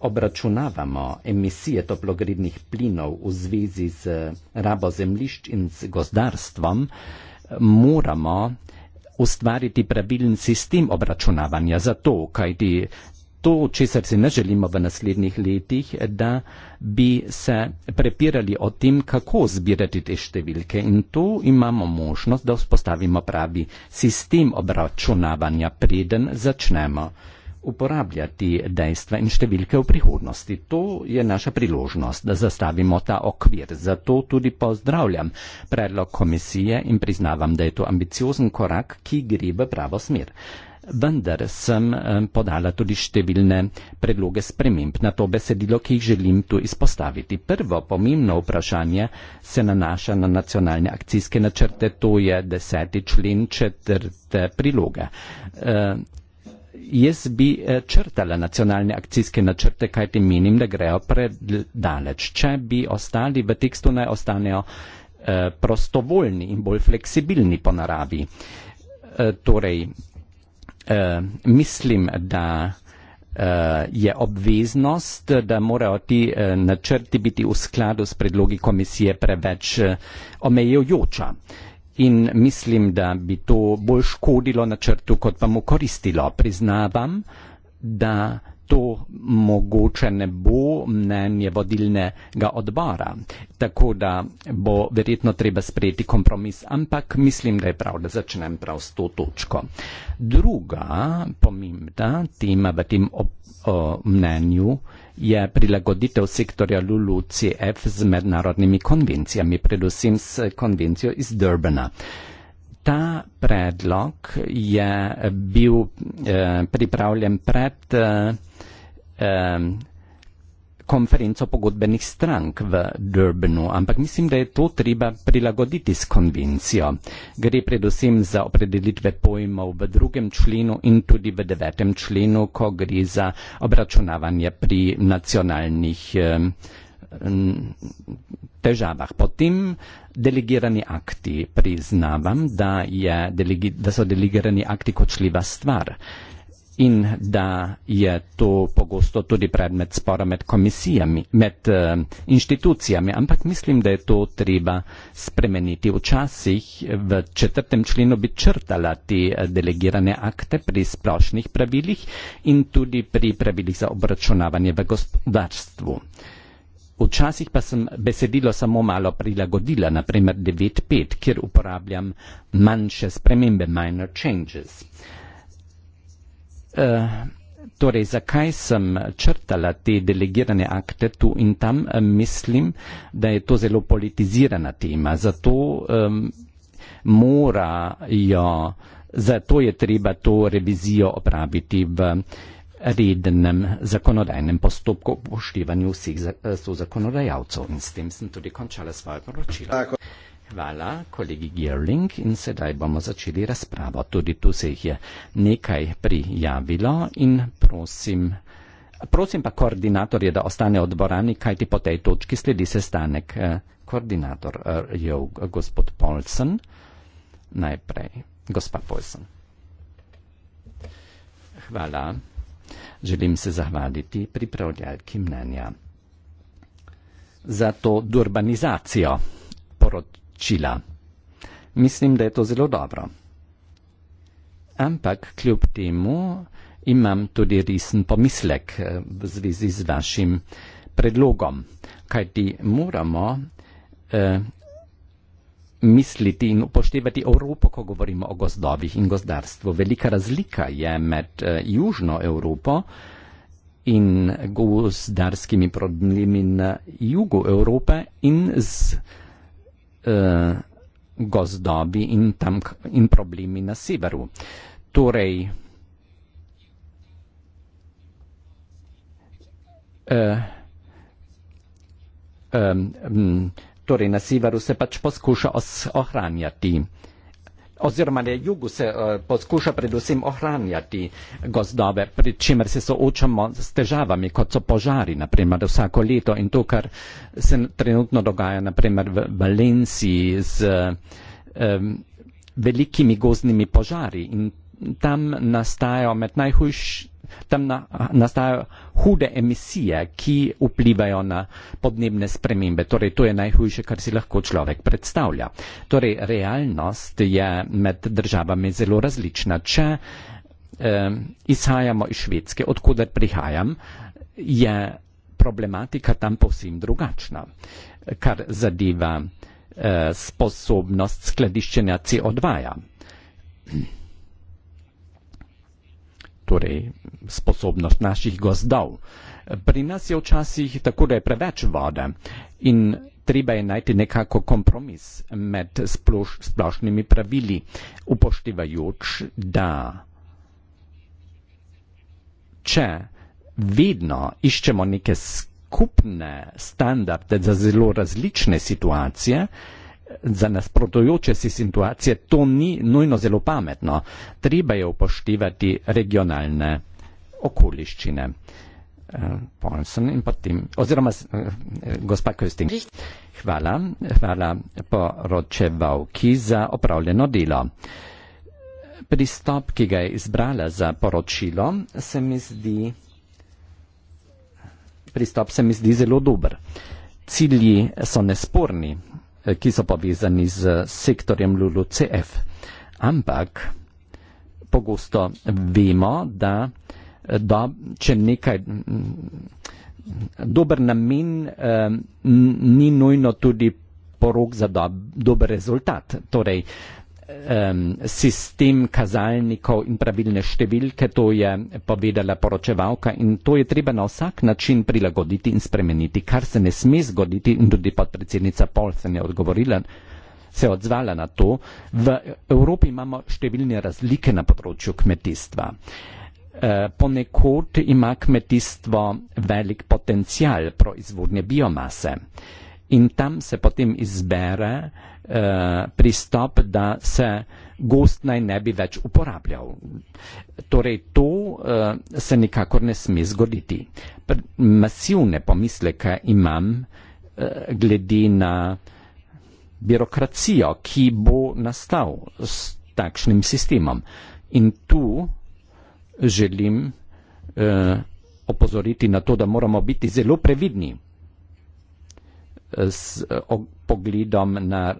obračunavamo emisije toplogrednih plinov v zvezi z rabo zemlišč in z gozdarstvom, moramo ustvariti pravilen sistem obračunavanja za to, kajti to, česar si ne želimo v naslednjih letih, da bi se prepirali o tem, kako zbirati te številke in tu imamo možnost, da vzpostavimo pravi sistem obračunavanja, preden začnemo uporabljati dejstva in številke v prihodnosti. To je naša priložnost, da zastavimo ta okvir. Zato tudi pozdravljam predlog komisije in priznavam, da je to ambiciozen korak, ki gre v pravo smer. Vendar sem eh, podala tudi številne predloge sprememb na to besedilo, ki jih želim tu izpostaviti. Prvo pomembno vprašanje se nanaša na nacionalne akcijske načrte, to je deseti člen četrte priloge. Eh, jaz bi eh, črtala nacionalne akcijske načrte, kajti menim, da grejo predaleč. Če bi ostali v tekstu, naj ostanejo eh, prostovoljni in bolj fleksibilni po naravi. Eh, torej, mislim, da je obveznost, da morajo ti načrti biti v skladu s predlogi komisije preveč omejujoča. In mislim, da bi to bolj škodilo načrtu, kot pa mu koristilo. Priznavam, da to mogoče ne bo mnenje vodilnega odbora. Tako da bo verjetno treba sprejeti kompromis, ampak mislim, da je prav, da začnem prav s to točko. Druga pomembna tema v tem o, o, mnenju je prilagoditev sektorja LULUCF z mednarodnimi konvencijami, predvsem s konvencijo iz Durbana. Ta predlog je bil eh, pripravljen pred eh, eh, konferenco pogodbenih strank v Durbnu, ampak mislim, da je to treba prilagoditi s konvencijo. Gre predvsem za opredelitve pojmov v drugem členu in tudi v devetem členu, ko gre za obračunavanje pri nacionalnih težavah. Potem delegirani akti. Priznavam, da, je, da so delegirani akti kočljiva stvar in da je to pogosto tudi predmet spora med komisijami, med uh, inštitucijami, ampak mislim, da je to treba spremeniti. Včasih v četrtem členu bi črtala te eh, delegirane akte pri splošnih pravilih in tudi pri pravilih za obračunavanje v gospodarstvu. Včasih pa sem besedilo samo malo prilagodila, naprimer 9.5, kjer uporabljam manjše spremembe, minor changes. Eh, torej, zakaj sem črtala te delegirane akte tu in tam, eh, mislim, da je to zelo politizirana tema. Zato um, morajo, zato je treba to revizijo opraviti v rednem zakonodajnem postopku upoštevanju vseh eh, zakonodajalcev. In s tem sem tudi končala svoje poročilo. Hvala, kolegi Gerling, in sedaj bomo začeli razpravo. Tudi tu se jih je nekaj prijavilo in prosim, prosim pa koordinatorje, da ostane od dvorani, kajti po tej točki sledi sestanek. Eh, koordinator eh, je gospod Polsen. Najprej gospa Polsen. Hvala. Želim se zahvaliti pripravljalki mnenja za to durbanizacijo poročila plačila. Mislim, da je to zelo dobro. Ampak kljub temu imam tudi resen pomislek eh, v zvezi z vašim predlogom, kajti moramo eh, misliti in upoštevati Evropo, ko govorimo o gozdovih in gozdarstvu. Velika razlika je med eh, južno Evropo in gozdarskimi problemi na jugu Evrope in z eh, uh, gozdobi in, tam, in problemi na severu. Torej, uh, um, torej na severu se pač poskuša ohranjati oziroma na jugu se uh, poskuša predvsem ohranjati gozdove, pri čemer se soočamo s težavami, kot so požari, naprimer vsako leto in to, kar se trenutno dogaja naprimer v Valenciji z um, velikimi gozdnimi požari. In tam nastajajo med najhujšimi tam na, nastajajo hude emisije, ki vplivajo na podnebne spremembe. Torej, to je najhujše, kar si lahko človek predstavlja. Torej, realnost je med državami zelo različna. Če eh, izhajamo iz Švedske, odkuder prihajam, je problematika tam povsem drugačna, kar zadeva eh, sposobnost skladiščenja CO2. -ja torej sposobnost naših gozdov. Pri nas je včasih tako, da je preveč vode in treba je najti nekako kompromis med sploš, splošnimi pravili, upoštevajoč, da če vedno iščemo neke skupne standarde za zelo različne situacije, za nasprotujoče si situacije to ni nujno zelo pametno. Treba je upoštevati regionalne okoliščine. Eh, Polson in potem, oziroma eh, gospa Kösting. Hvala, hvala poročevalki za opravljeno delo. Pristop, ki ga je izbrala za poročilo, se mi zdi, pristop se mi zdi zelo dober. Cilji so nesporni, Eh, ki so povezani z sektorjem LULUCF. Ampak pogosto vemo, da eh, do, če nekaj mm, dober namen eh, ni nujno tudi porok za do, dober rezultat. Torej, sistem kazalnikov in pravilne številke, to je povedala poročevalka in to je treba na vsak način prilagoditi in spremeniti, kar se ne sme zgoditi in tudi podpredsednica Polsen je odgovorila, se odzvala na to. V Evropi imamo številne razlike na področju kmetijstva. E, ponekod ima kmetijstvo velik potencial proizvodnje biomase in tam se potem izbere Eh, pristop, da se gost naj ne bi več uporabljal. Torej, to uh, se nikakor ne sme zgoditi. Pr masivne pomisleke imam uh, glede na birokracijo, ki bo nastal s takšnim sistemom. In tu želim uh, opozoriti na to, da moramo biti zelo previdni s, eh, o, pogledom na e,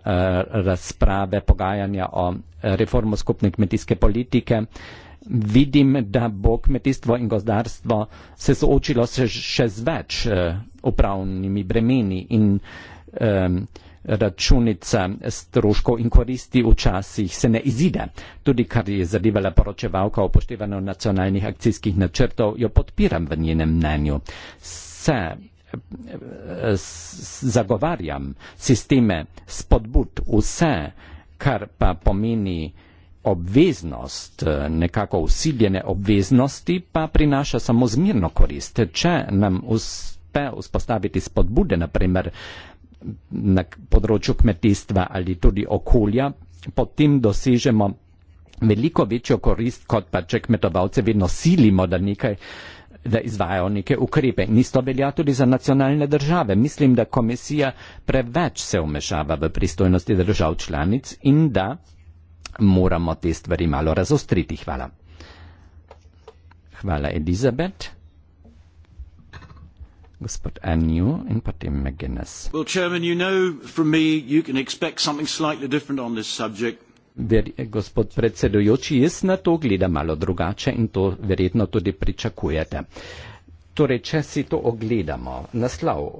razprave, pogajanja o eh, reformu skupne kmetijske politike. Vidim, da bo kmetijstvo in gozdarstvo se soočilo še, še z več e, upravnimi bremeni in e, računica stroškov in koristi včasih se ne izide. Tudi kar je zadevala poročevalka o upoštevanju nacionalnih akcijskih načrtov, jo podpiram v njenem mnenju. Se zagovarjam sisteme spodbud vse, kar pa pomeni obveznost, nekako usiljene obveznosti, pa prinaša samo zmirno korist. Če nam uspe vzpostaviti spodbude, naprimer na področju kmetijstva ali tudi okolja, potem dosežemo veliko večjo korist, kot pa če kmetovalce vedno silimo, da nekaj da izvajo neke ukrepe. Nisto velja tudi za nacionalne države. Mislim, da komisija preveč se omešava v pristojnosti držav članic in da moramo te stvari malo razostriti. Hvala. Hvala, Elizabet. Gospod Anju in potem McGuinness. Well, Chairman, you know from me, you can expect something slightly different on this subject. Ver, gospod predsedujoči, jaz na to gledam malo drugače in to verjetno tudi pričakujete. Torej, če si to ogledamo, naslov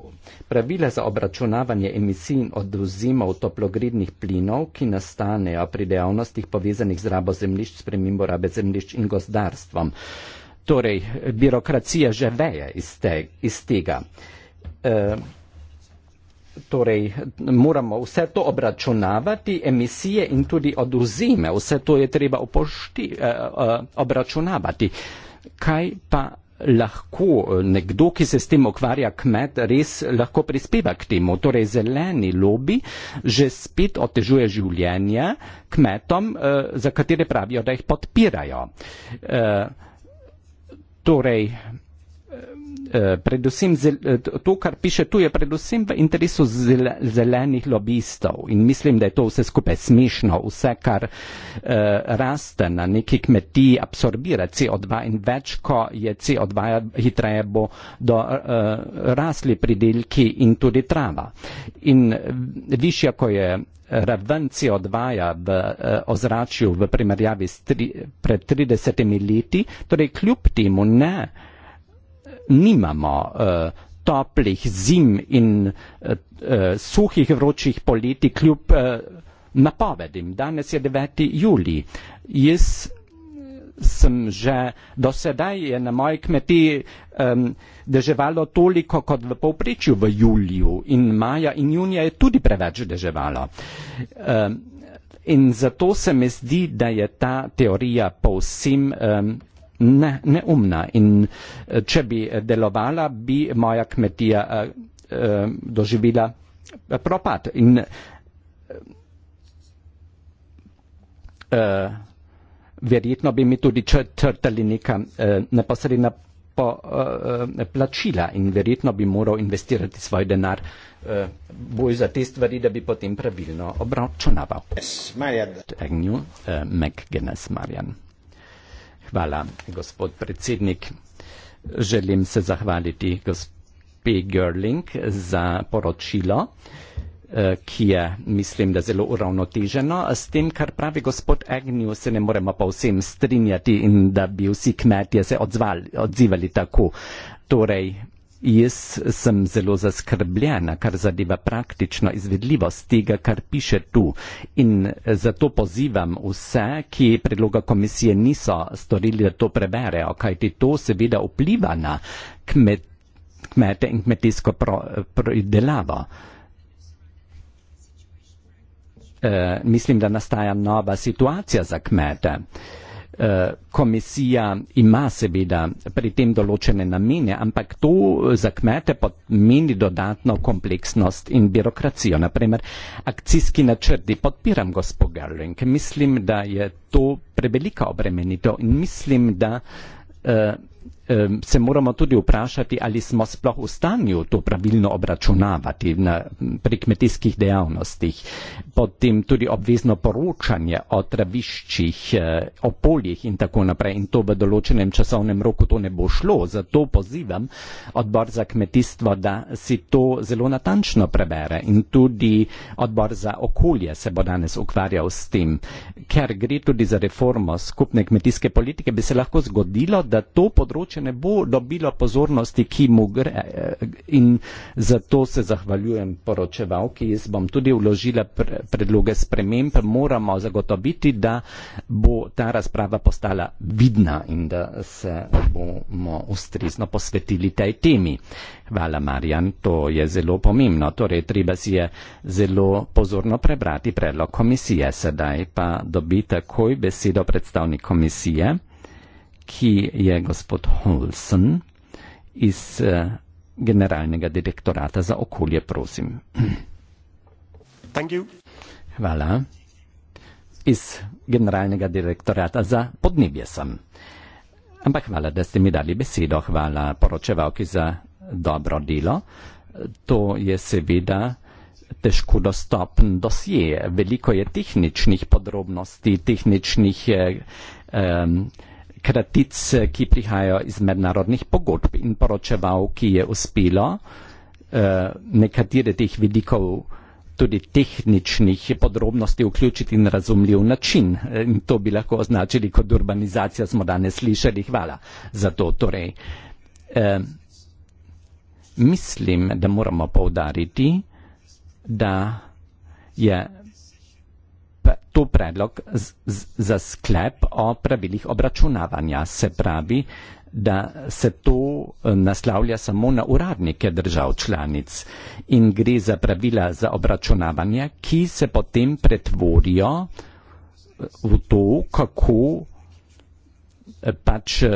pravila za obračunavanje emisij in oduzimov toplogrednih plinov, ki nastanejo pri dejavnostih povezanih z rabo zemljišč, spremimbo rabe zemljišč in gozdarstvom. Torej, birokracija že veje iz, te, iz tega. E, Torej, moramo vse to obračunavati, emisije in tudi oduzime, vse to je treba upošti, eh, eh obračunavati. Kaj pa lahko eh, nekdo, ki se s tem ukvarja kmet, res lahko prispeva k temu? Torej, zeleni lobby že spet otežuje življenje kmetom, eh, za katere pravijo, da jih podpirajo. Eh, torej, Eh, predvsem eh, to, kar piše tu, je predvsem v interesu zelenih lobistov in mislim, da je to vse skupaj smešno, vse, kar eh, raste na neki kmetiji, absorbira CO2 in več, ko je CO2 hitreje, bo do rasli pridelki in tudi trava. In višja, ko je raven CO2 ja v ozračju v primerjavi pred 30 leti, torej kljub temu ne nimamo uh, toplih zim in uh, uh, suhih vročih poleti kljub uh, napovedim. Danes je 9. juli. Jaz sem že do sedaj je na moji kmetiji um, deževalo toliko kot v povprečju v juliju in maja in junija je tudi preveč deževalo. Um, in zato se mi zdi, da je ta teorija povsem um, ne, neumna in eh, če bi eh, delovala, bi moja kmetija eh, eh doživila propad. In, eh, verjetno bi mi tudi črtali neka eh, neposredna po, eh, plačila in verjetno bi moral investirati svoj denar eh, bolj za te stvari, da bi potem pravilno obračunaval. Yes, Marian. Agnew, eh, Hvala, gospod predsednik. Želim se zahvaliti gospe Görling za poročilo, eh, ki je, mislim, da zelo uravnoteženo. S tem, kar pravi gospod Agnew, se ne moremo pa vsem strinjati in da bi vsi kmetje se odzvali, odzivali tako. Torej, Jaz sem zelo zaskrbljena, kar zadeva praktično izvedljivost tega, kar piše tu. In eh, zato pozivam vse, ki predloga komisije niso storili, da to preberejo, kajti to seveda vpliva na kmet, kmete in kmetijsko pridelavo. E, mislim, da nastaja nova situacija za kmete. E, Eh, komisija ima seveda pri tem določene namene, ampak to za kmete pomeni dodatno kompleksnost in birokracijo. Naprimer, akcijski načrti podpiram gospod Garling, mislim, da je to prevelika obremenitev in mislim, da uh, se moramo tudi vprašati, ali smo sploh v stanju to pravilno obračunavati na, pri kmetijskih dejavnostih. Potem tudi obvezno poročanje o traviščih, eh, o poljih in tako naprej. In to v določenem časovnem roku to ne bo šlo. Zato pozivam odbor za kmetijstvo, da si to zelo natančno prebere. In tudi odbor za okolje se bo danes ukvarjal s tem. Ker gre tudi za reformo skupne kmetijske politike, bi se lahko zgodilo, da to področje ne bo dobilo pozornosti, ki mu gre. Eh, in zato se zahvaljujem poročevalki, jaz bom tudi vložila predloge sprememb, moramo zagotoviti, da bo ta razprava postala vidna in da se bomo ustrezno posvetili tej temi. Hvala, Marjan, to je zelo pomembno. Torej, treba si je zelo pozorno prebrati predlog komisije. Sedaj pa dobi takoj besedo predstavnik komisije ki je gospod Holson iz uh, Generalnega direktorata za okolje, prosim. Hvala. Iz Generalnega direktorata za podnebje sem. Ampak hvala, da ste mi dali besedo. Hvala poročevalki za dobro delo. To je seveda težko dostopen dosje. Veliko je tehničnih podrobnosti, tehničnih. Eh, eh, kratice, ki prihajajo iz mednarodnih pogodb in poročeval, ki je uspelo eh, nekatere teh vidikov, tudi tehničnih podrobnosti, vključiti na razumljiv način. Eh, in to bi lahko označili kot urbanizacija, smo danes slišali. Hvala za to. Torej, eh, mislim, da moramo povdariti, da je to predlog za sklep o pravilih obračunavanja. Se pravi, da se to eh, naslavlja samo na uradnike držav članic in gre za pravila za obračunavanje, ki se potem pretvorijo eh, v to, kako Eh, pač eh,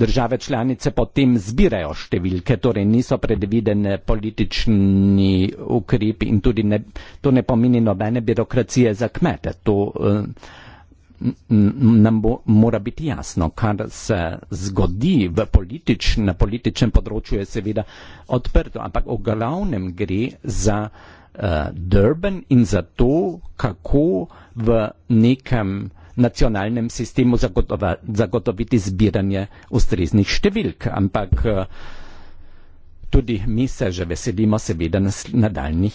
države članice potem zbirajo številke, torej niso predvidene politični ukrepi in tudi ne, to ne pomeni nobene birokracije za kmete. To eh, nam bo, mora biti jasno, kar se zgodi v politič, na političnem področju je seveda odprto, ampak v glavnem gre za uh, Durban in za to, kako v nekem nacionalnem sistemu zagotoviti zbiranje ustreznih številk. Ampak eh, tudi mi se že veselimo seveda nadaljnih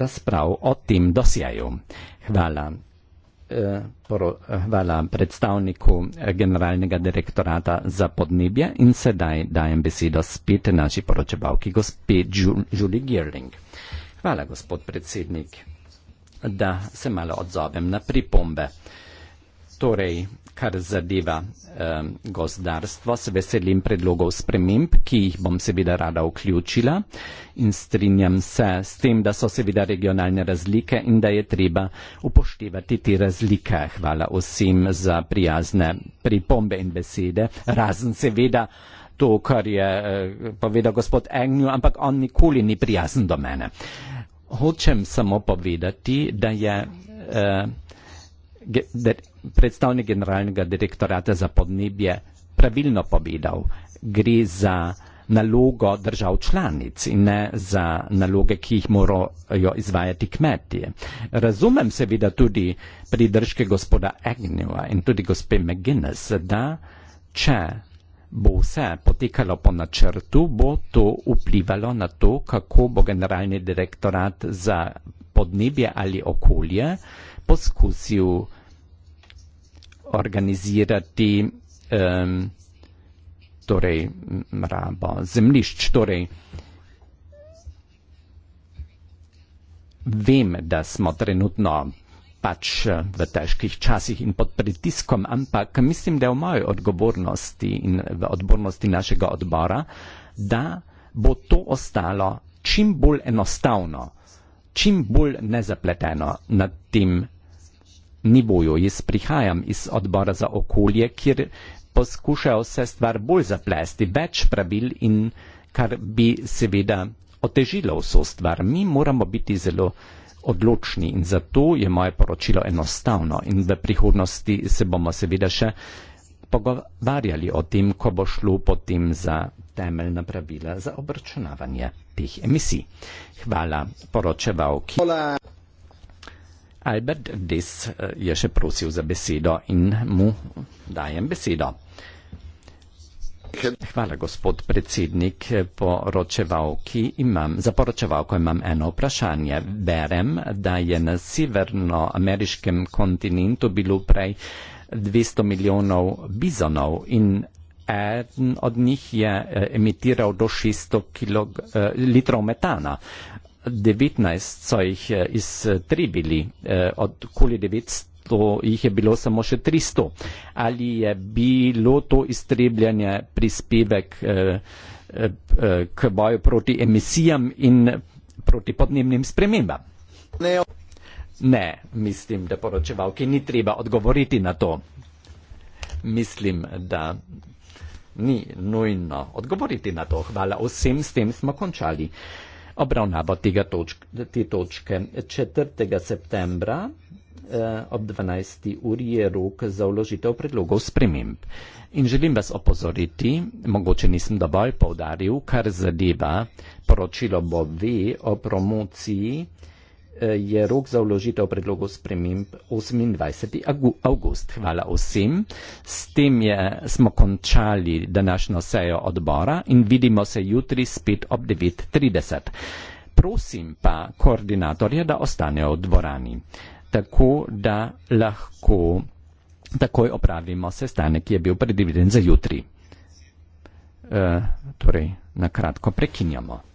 razprav o tem dosjeju. Hvala. Eh, eh, hvala predstavniku generalnega direktorata za podnebje in sedaj dajem besedo spet naši poročevalki, gospe Julie Gearling. Hvala, gospod predsednik, da se malo odzovem na pripombe torej, kar zadeva eh, gozdarstvo, se veselim predlogov sprememb, ki jih bom seveda rada vključila in strinjam se s tem, da so seveda regionalne razlike in da je treba upoštevati te razlike. Hvala vsem za prijazne pripombe in besede, razen seveda to, kar je eh, povedal gospod Engnju, ampak on nikoli ni prijazen do mene. Hočem samo povedati, da je. Eh, predstavnik generalnega direktorata za podnebje pravilno povedal, gre za nalogo držav članic in ne za naloge, ki jih morajo izvajati kmetije. Razumem seveda tudi pridržke gospoda Agnewa in tudi gospe McGuinness, da če bo vse potekalo po načrtu, bo to vplivalo na to, kako bo generalni direktorat za podnebje ali okolje poskusil organizirati um, torej, rabo zemljišč. Torej, vem, da smo trenutno pač eh, v težkih časih in pod pritiskom, ampak mislim, da je v moji odgovornosti in v odbornosti našega odbora, da bo to ostalo čim bolj enostavno, čim bolj nezapleteno na tem ni boju. Jaz prihajam iz odbora za okolje, kjer poskušajo vse stvar bolj zaplesti, več pravil in kar bi seveda otežilo vso stvar. Mi moramo biti zelo odločni in zato je moje poročilo enostavno in v prihodnosti se bomo seveda še pogovarjali o tem, ko bo šlo potem za temeljna pravila za obračunavanje teh emisij. Hvala poročevalki. Hola. Albert Dis eh, je še prosil za besedo in mu dajem besedo. Hvala, gospod predsednik. Imam, za poročevalko imam eno vprašanje. Berem, da je na severnoameriškem kontinentu bilo prej 200 milijonov bizonov in eden od njih je eh, emitiral do 600 kilo, eh, litrov metana devetnajst so jih eh, iztrebili, eh, od okoli devetsto jih je bilo samo še tristo. Ali je bilo to iztrebljanje prispevek eh, k boju proti emisijam in proti podnebnim spremembam? Ne, mislim, da poročevalki ni treba odgovoriti na to. Mislim, da ni nujno odgovoriti na to. Hvala vsem, s tem smo končali obravnavo tega točk, te točke. 4. septembra eh, ob 12. uri je rok za vložitev predlogov sprememb. In želim vas opozoriti, mogoče nisem dovolj povdaril, kar zadeva poročilo BOV o promociji eh, je rok za vložitev predlogov sprememb 28. august. Hvala vsem. S tem je, smo končali današnjo sejo odbora in vidimo se jutri spet ob 9.30. Prosim pa koordinatorje, da ostanejo v dvorani, tako da lahko takoj opravimo sestanek, ki je bil predviden za jutri. E, torej, na kratko prekinjamo.